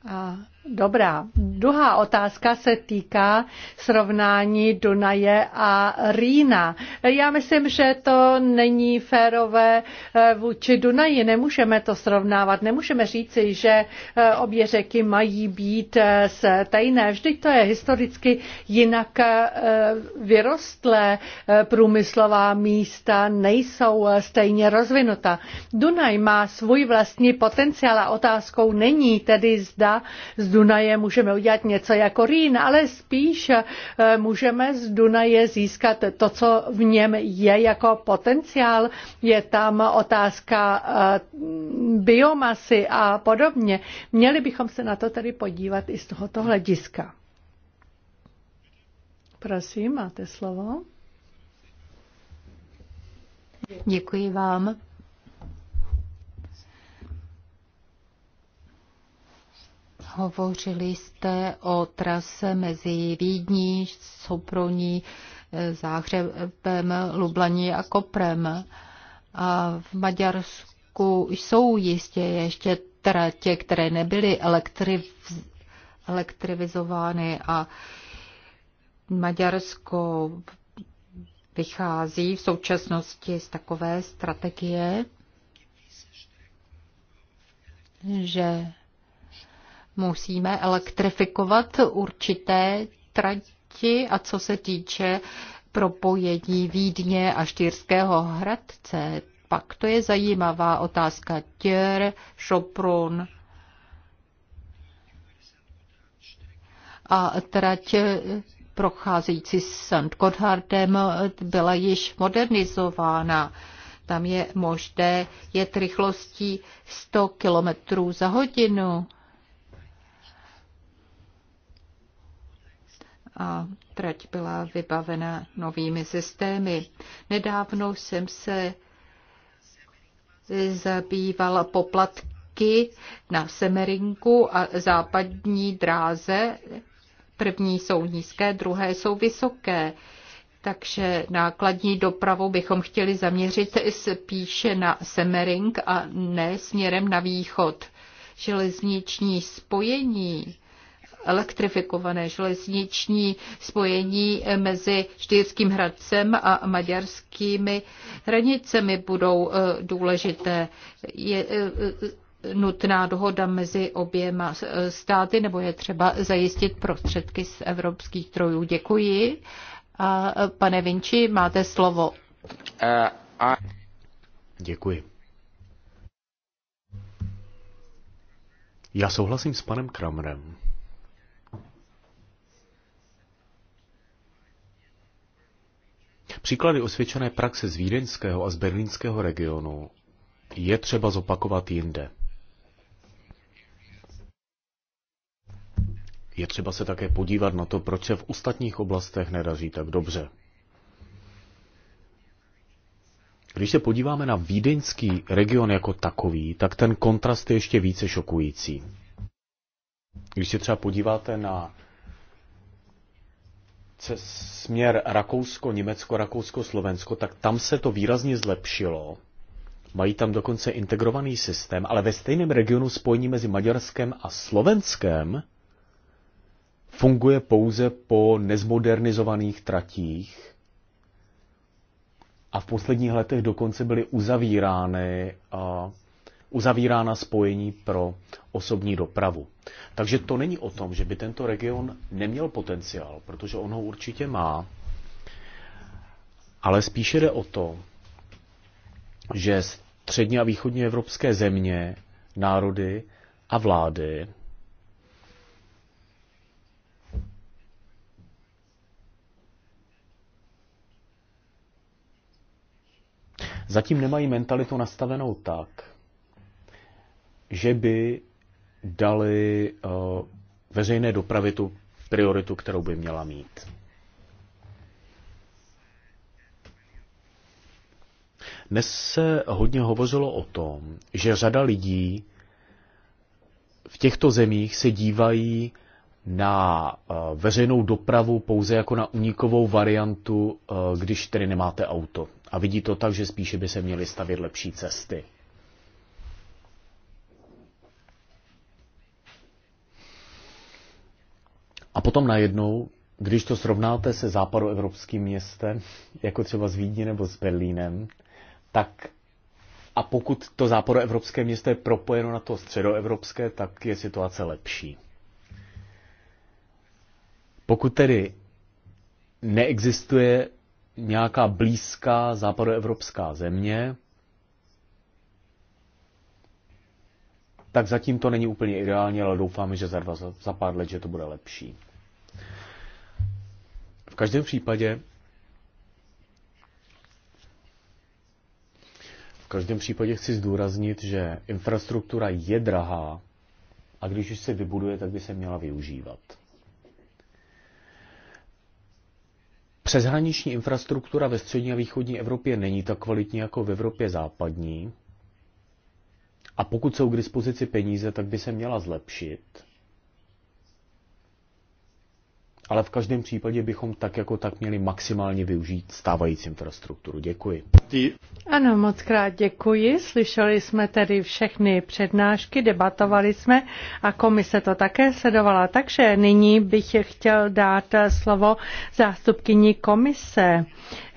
A Dobrá. Druhá otázka se týká srovnání Dunaje a Rýna. Já myslím, že to není férové eh, vůči Dunaji. Nemůžeme to srovnávat. Nemůžeme říci, že eh, obě řeky mají být eh, stejné. Vždyť to je historicky jinak vyrostlé. Průmyslová místa nejsou stejně rozvinuta. Dunaj má svůj vlastní potenciál a otázkou není tedy zda z Dunaje můžeme udělat něco jako Rýn, ale spíš eh, můžeme z Dunaje získat to, co v něm je jako potenciál. Je tam otázka eh, biomasy a podobně. Měli bychom se na to tedy podívat i z tohoto hlediska. Prosím, máte slovo. Děkuji vám. Hovořili jste o trase mezi Vídní, Soproní, eh, Záhřebem, Lublaní a Koprem. A v Maďarsku jsou jistě ještě tratě, které nebyly elektrivizovány a Maďarsko vychází v současnosti z takové strategie, že musíme elektrifikovat určité trati a co se týče propojení Vídně a Štýrského hradce, pak to je zajímavá otázka. Těr, Šoprun a trať procházející St. Gotthardem byla již modernizována. Tam je možné jet rychlostí 100 km za hodinu. a trať byla vybavena novými systémy. Nedávno jsem se zabýval poplatky na Semerinku a západní dráze. První jsou nízké, druhé jsou vysoké. Takže nákladní dopravu bychom chtěli zaměřit spíše na Semering a ne směrem na východ. Železniční spojení elektrifikované železniční spojení mezi Štýrským hradcem a maďarskými hranicemi budou eh, důležité. Je eh, nutná dohoda mezi oběma eh, státy, nebo je třeba zajistit prostředky z evropských trojů. Děkuji. A pane Vinči, máte slovo. Děkuji. Já souhlasím s panem Kramrem. Příklady osvědčené praxe z vídeňského a z berlínského regionu je třeba zopakovat jinde. Je třeba se také podívat na to, proč se v ostatních oblastech nedaří tak dobře. Když se podíváme na vídeňský region jako takový, tak ten kontrast je ještě více šokující. Když se třeba podíváte na směr Rakousko, Německo, Rakousko, Slovensko, tak tam se to výrazně zlepšilo. Mají tam dokonce integrovaný systém, ale ve stejném regionu spojení mezi Maďarskem a Slovenskem funguje pouze po nezmodernizovaných tratích a v posledních letech dokonce byly uzavírány uzavírána spojení pro osobní dopravu. Takže to není o tom, že by tento region neměl potenciál, protože on ho určitě má, ale spíše jde o to, že střední a východní evropské země, národy a vlády zatím nemají mentalitu nastavenou tak, že by dali eh, veřejné dopravy tu prioritu, kterou by měla mít. Dnes se hodně hovořilo o tom, že řada lidí v těchto zemích se dívají na eh, veřejnou dopravu pouze jako na unikovou variantu, eh, když tedy nemáte auto. A vidí to tak, že spíše by se měly stavět lepší cesty. A potom najednou, když to srovnáte se západoevropským městem, jako třeba s Vídní nebo s Berlínem, tak a pokud to západoevropské město je propojeno na to středoevropské, tak je situace lepší. Pokud tedy neexistuje nějaká blízká západoevropská země, tak zatím to není úplně ideální, ale doufáme, že za, dva, za pár let, že to bude lepší. V každém případě V každém případě chci zdůraznit, že infrastruktura je drahá a když už se vybuduje, tak by se měla využívat. Přeshraniční infrastruktura ve střední a východní Evropě není tak kvalitní jako v Evropě západní. A pokud jsou k dispozici peníze, tak by se měla zlepšit ale v každém případě bychom tak jako tak měli maximálně využít stávající infrastrukturu. Děkuji. Ano, moc krát děkuji. Slyšeli jsme tedy všechny přednášky, debatovali jsme a komise to také sledovala. Takže nyní bych chtěl dát slovo zástupkyni komise.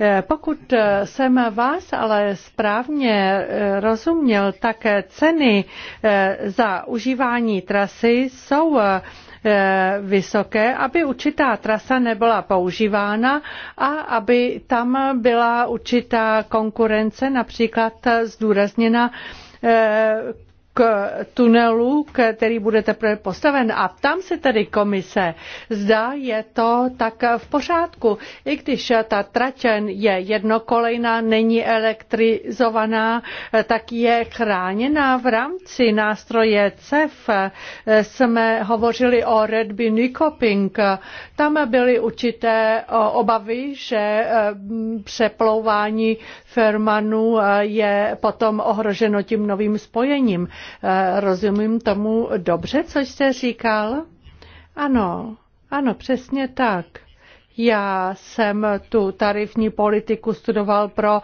Eh, pokud eh, jsem vás ale správně eh, rozuměl, tak ceny za užívání trasy jsou Eh, vysoké, aby určitá trasa nebyla používána a aby tam byla určitá konkurence, například zdůrazněna eh, k tunelu, který bude teprve postaven. A tam se tedy komise, zda je to tak v pořádku. I když ta trať je jednokolejná, není elektrizovaná, tak je chráněná v rámci nástroje CEF. Jsme hovořili o Redby Nykoping. Tam byly určité eh, obavy, že eh, přeplouvání Fermanu eh, je potom ohroženo tím novým spojením. Eh, rozumím tomu dobře, co jste říkal? Ano, ano, přesně tak. Já jsem tu tarifní politiku studoval pro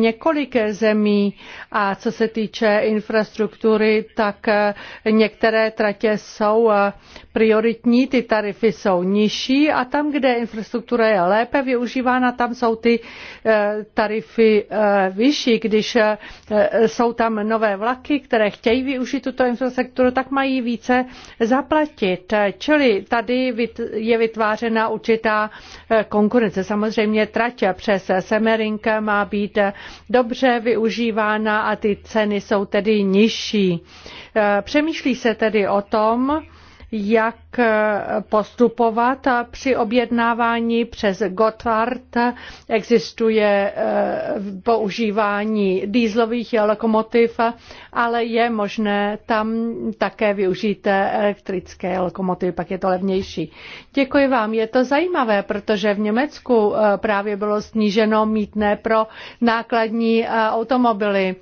několik zemí a co se týče infrastruktury, tak eh, některé tratě jsou eh, prioritní, ty tarify jsou nižší a tam, kde infrastruktura je lépe využívána, tam jsou ty eh, tarify eh, vyšší. Když eh, jsou tam nové vlaky, které chtějí využít tuto infrastrukturu, tak mají více zaplatit. Čili tady je vytvářena určitá konkurence. Samozřejmě trať přes Semering má být dobře využívána a ty ceny jsou tedy nižší. Přemýšlí se tedy o tom, jak postupovat při objednávání přes Gotthard. Existuje eh, používání dýzlových lokomotiv, ale je možné tam také využít elektrické lokomotivy, pak je to levnější. Děkuji vám, je to zajímavé, protože v Německu eh, právě bylo sníženo mítné pro nákladní eh, automobily.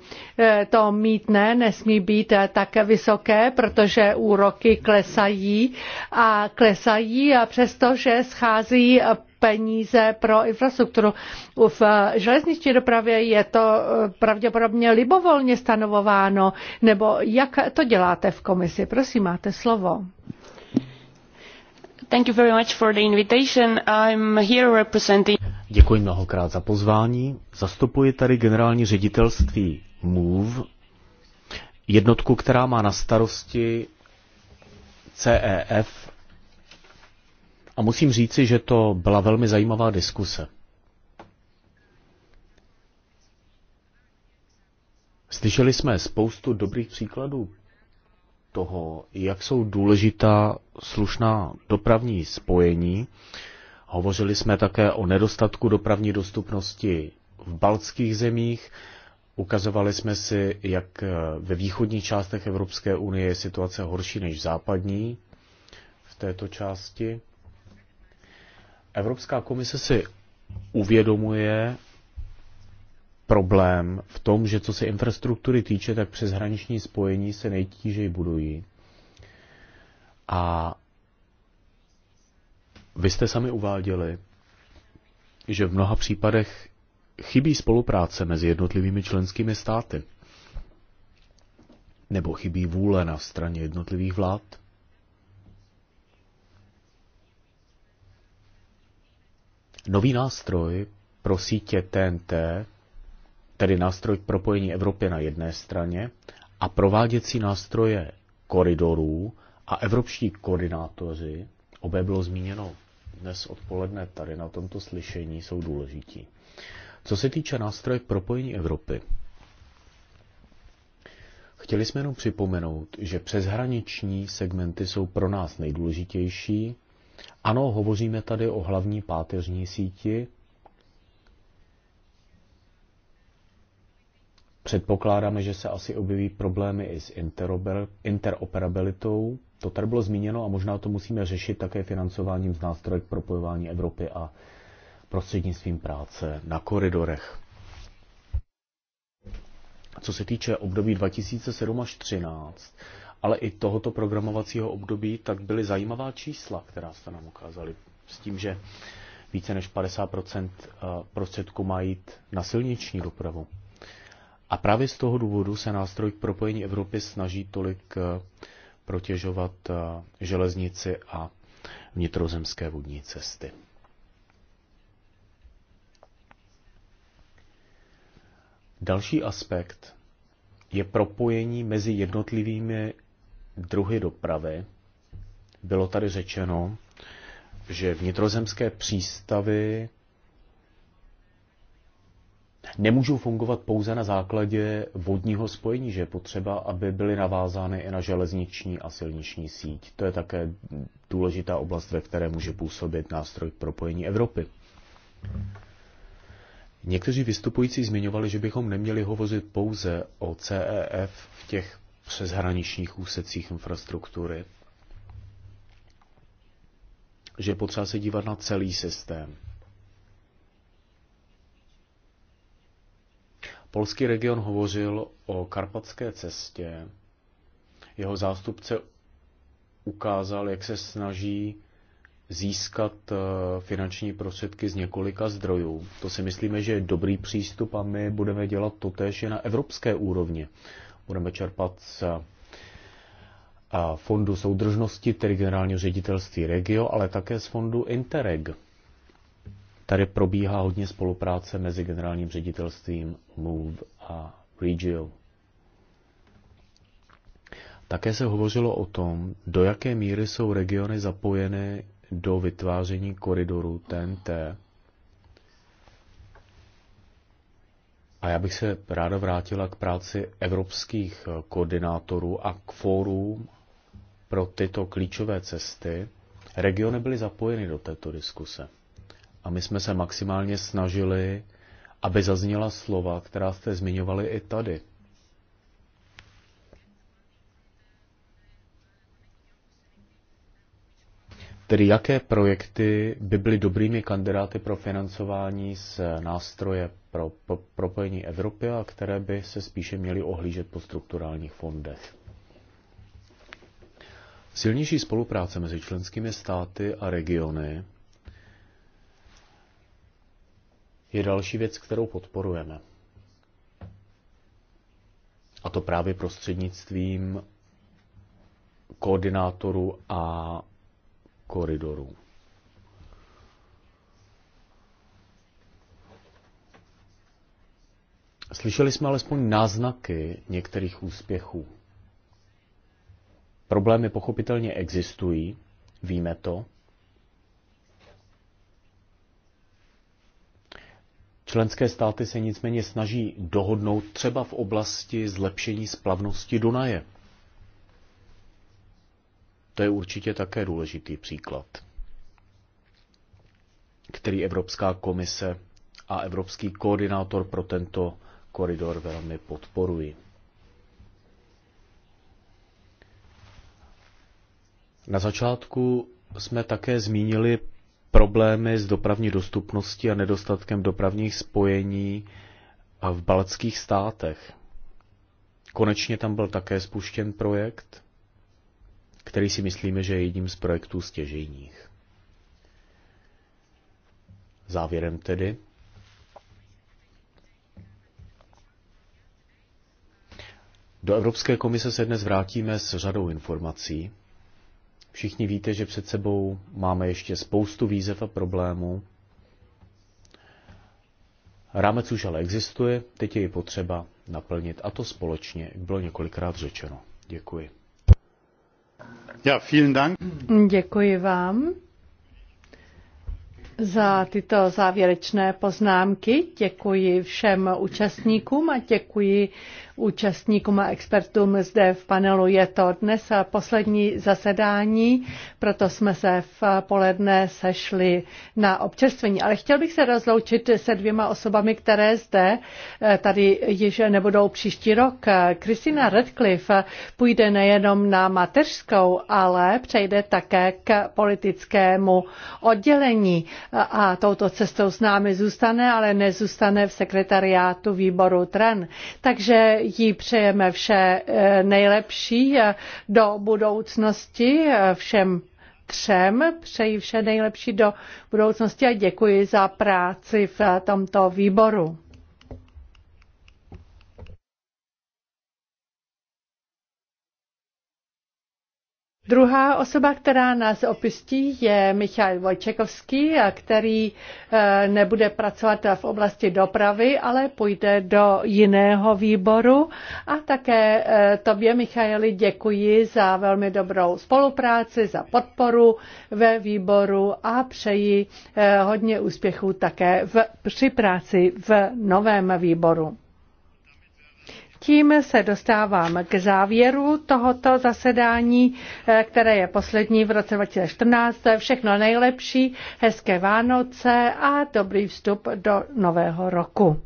To mítné nesmí být tak vysoké, protože úroky klesají klesají a klesají a přestože schází peníze pro infrastrukturu. V železniční dopravě je to eh, pravděpodobně libovolně stanovováno, nebo jak to děláte v komisi? Prosím, máte slovo. Thank you very much for the invitation. I'm here representing... Děkuji mnohokrát za pozvání. Zastupuji tady generální ředitelství MOVE, jednotku, která má na starosti CEF a musím říci, že to byla velmi zajímavá diskuse. Slyšeli jsme spoustu dobrých příkladů toho, jak jsou důležitá slušná dopravní spojení. Hovořili jsme také o nedostatku dopravní dostupnosti v baltských zemích. Ukazovali jsme si, jak eh, ve východních částech Evropské unie je situace horší než v západní v této části. Evropská komise si uvědomuje problém v tom, že co se infrastruktury týče, tak přeshraniční spojení se nejtížej budují. A vy jste sami uváděli, že v mnoha případech chybí spolupráce mezi jednotlivými členskými státy. Nebo chybí vůle na straně jednotlivých vlád. Nový nástroj pro sítě TNT, tedy nástroj k propojení Evropy na jedné straně a prováděcí nástroje koridorů a evropští koordinátoři, obě bylo zmíněno dnes odpoledne tady na tomto slyšení, jsou důležití. Co se týče nástroje propojení Evropy, chtěli jsme jenom připomenout, že přeshraniční segmenty jsou pro nás nejdůležitější. Ano, hovoříme tady o hlavní páteřní síti. Předpokládáme, že se asi objeví problémy i s interoperabilitou. To tady bylo zmíněno a možná to musíme řešit také financováním z nástrojek propojování Evropy a prostřednictvím práce na koridorech. Co se týče období 2007 až 2013, ale i tohoto programovacího období, tak byly zajímavá čísla, která jste nám ukázali. S tím, že více než 50% eh, prostředků má jít na silniční dopravu. A právě z toho důvodu se nástroj k propojení Evropy snaží tolik eh, protěžovat eh, železnici a vnitrozemské vodní cesty. Další aspekt je propojení mezi jednotlivými druhy dopravy. Bylo tady řečeno, že vnitrozemské přístavy nemůžou fungovat pouze na základě vodního spojení, že je potřeba, aby byly navázány i na železniční a silniční síť. To je také důležitá oblast, ve které může působit nástroj propojení Evropy. Někteří vystupující zmiňovali, že bychom neměli hovořit pouze o CEF v těch přeshraničních úsecích infrastruktury, že je potřeba se dívat na celý systém. Polský region hovořil o karpatské cestě. Jeho zástupce ukázal, jak se snaží získat eh, finanční prostředky z několika zdrojů. To si myslíme, že je dobrý přístup a my budeme dělat to též na evropské úrovni. Budeme čerpat z eh, fondu soudržnosti, tedy generálního ředitelství Regio, ale také z fondu Interreg. Tady probíhá hodně spolupráce mezi generálním ředitelstvím MOVE a Regio. Také se hovořilo o tom, do jaké míry jsou regiony zapojeny do vytváření koridoru TNT. A já bych se ráda vrátila k práci evropských koordinátorů a k fórům pro tyto klíčové cesty. Regiony byly zapojeny do této diskuse. A my jsme se maximálně snažili, aby zazněla slova, která jste zmiňovali i tady, Tedy jaké projekty by byly dobrými kandidáty pro financování z nástroje pro propojení Evropy a které by se spíše měly ohlížet po strukturálních fondech? Silnější spolupráce mezi členskými státy a regiony je další věc, kterou podporujeme. A to právě prostřednictvím koordinátorů a koridorů. Slyšeli jsme alespoň náznaky některých úspěchů. Problémy pochopitelně existují, víme to. Členské státy se nicméně snaží dohodnout třeba v oblasti zlepšení splavnosti Dunaje. To je určitě také důležitý příklad, který Evropská komise a Evropský koordinátor pro tento koridor velmi podporují. Na začátku jsme také zmínili problémy s dopravní dostupností a nedostatkem dopravních spojení v baltských státech. Konečně tam byl také spuštěn projekt, který si myslíme, že je jedním z projektů stěžejních. Závěrem tedy. Do Evropské komise se dnes vrátíme s řadou informací. Všichni víte, že před sebou máme ještě spoustu výzev a problémů. Rámec už ale existuje, teď je potřeba naplnit a to společně, jak bylo několikrát řečeno. Děkuji. Ja, vielen Děkuji vám za tyto závěrečné poznámky. Děkuji všem účastníkům a děkuji účastníkům a expertům zde v panelu. Je to dnes poslední zasedání, proto jsme se v poledne sešli na občerstvení. Ale chtěl bych se rozloučit se dvěma osobami, které zde eh, tady již nebudou příští rok. Kristina Radcliffe půjde nejenom na mateřskou, ale přejde také k politickému oddělení a touto cestou s námi zůstane, ale nezůstane v sekretariátu výboru TREN. Takže jí přejeme vše eh, nejlepší eh, do budoucnosti eh, všem třem. Přeji vše nejlepší do budoucnosti a děkuji za práci v tomto výboru. Druhá osoba, která nás opustí, je Michal Vojčekovský, který eh, nebude pracovat v oblasti dopravy, ale půjde do jiného výboru. A také eh, tobě, Michaeli, děkuji za velmi dobrou spolupráci, za podporu ve výboru a přeji eh, hodně úspěchů také v, při práci v novém výboru. Tím se dostávám k závěru tohoto zasedání, eh, které je poslední v roce 2014. Všechno nejlepší, hezké Vánoce a dobrý vstup do nového roku.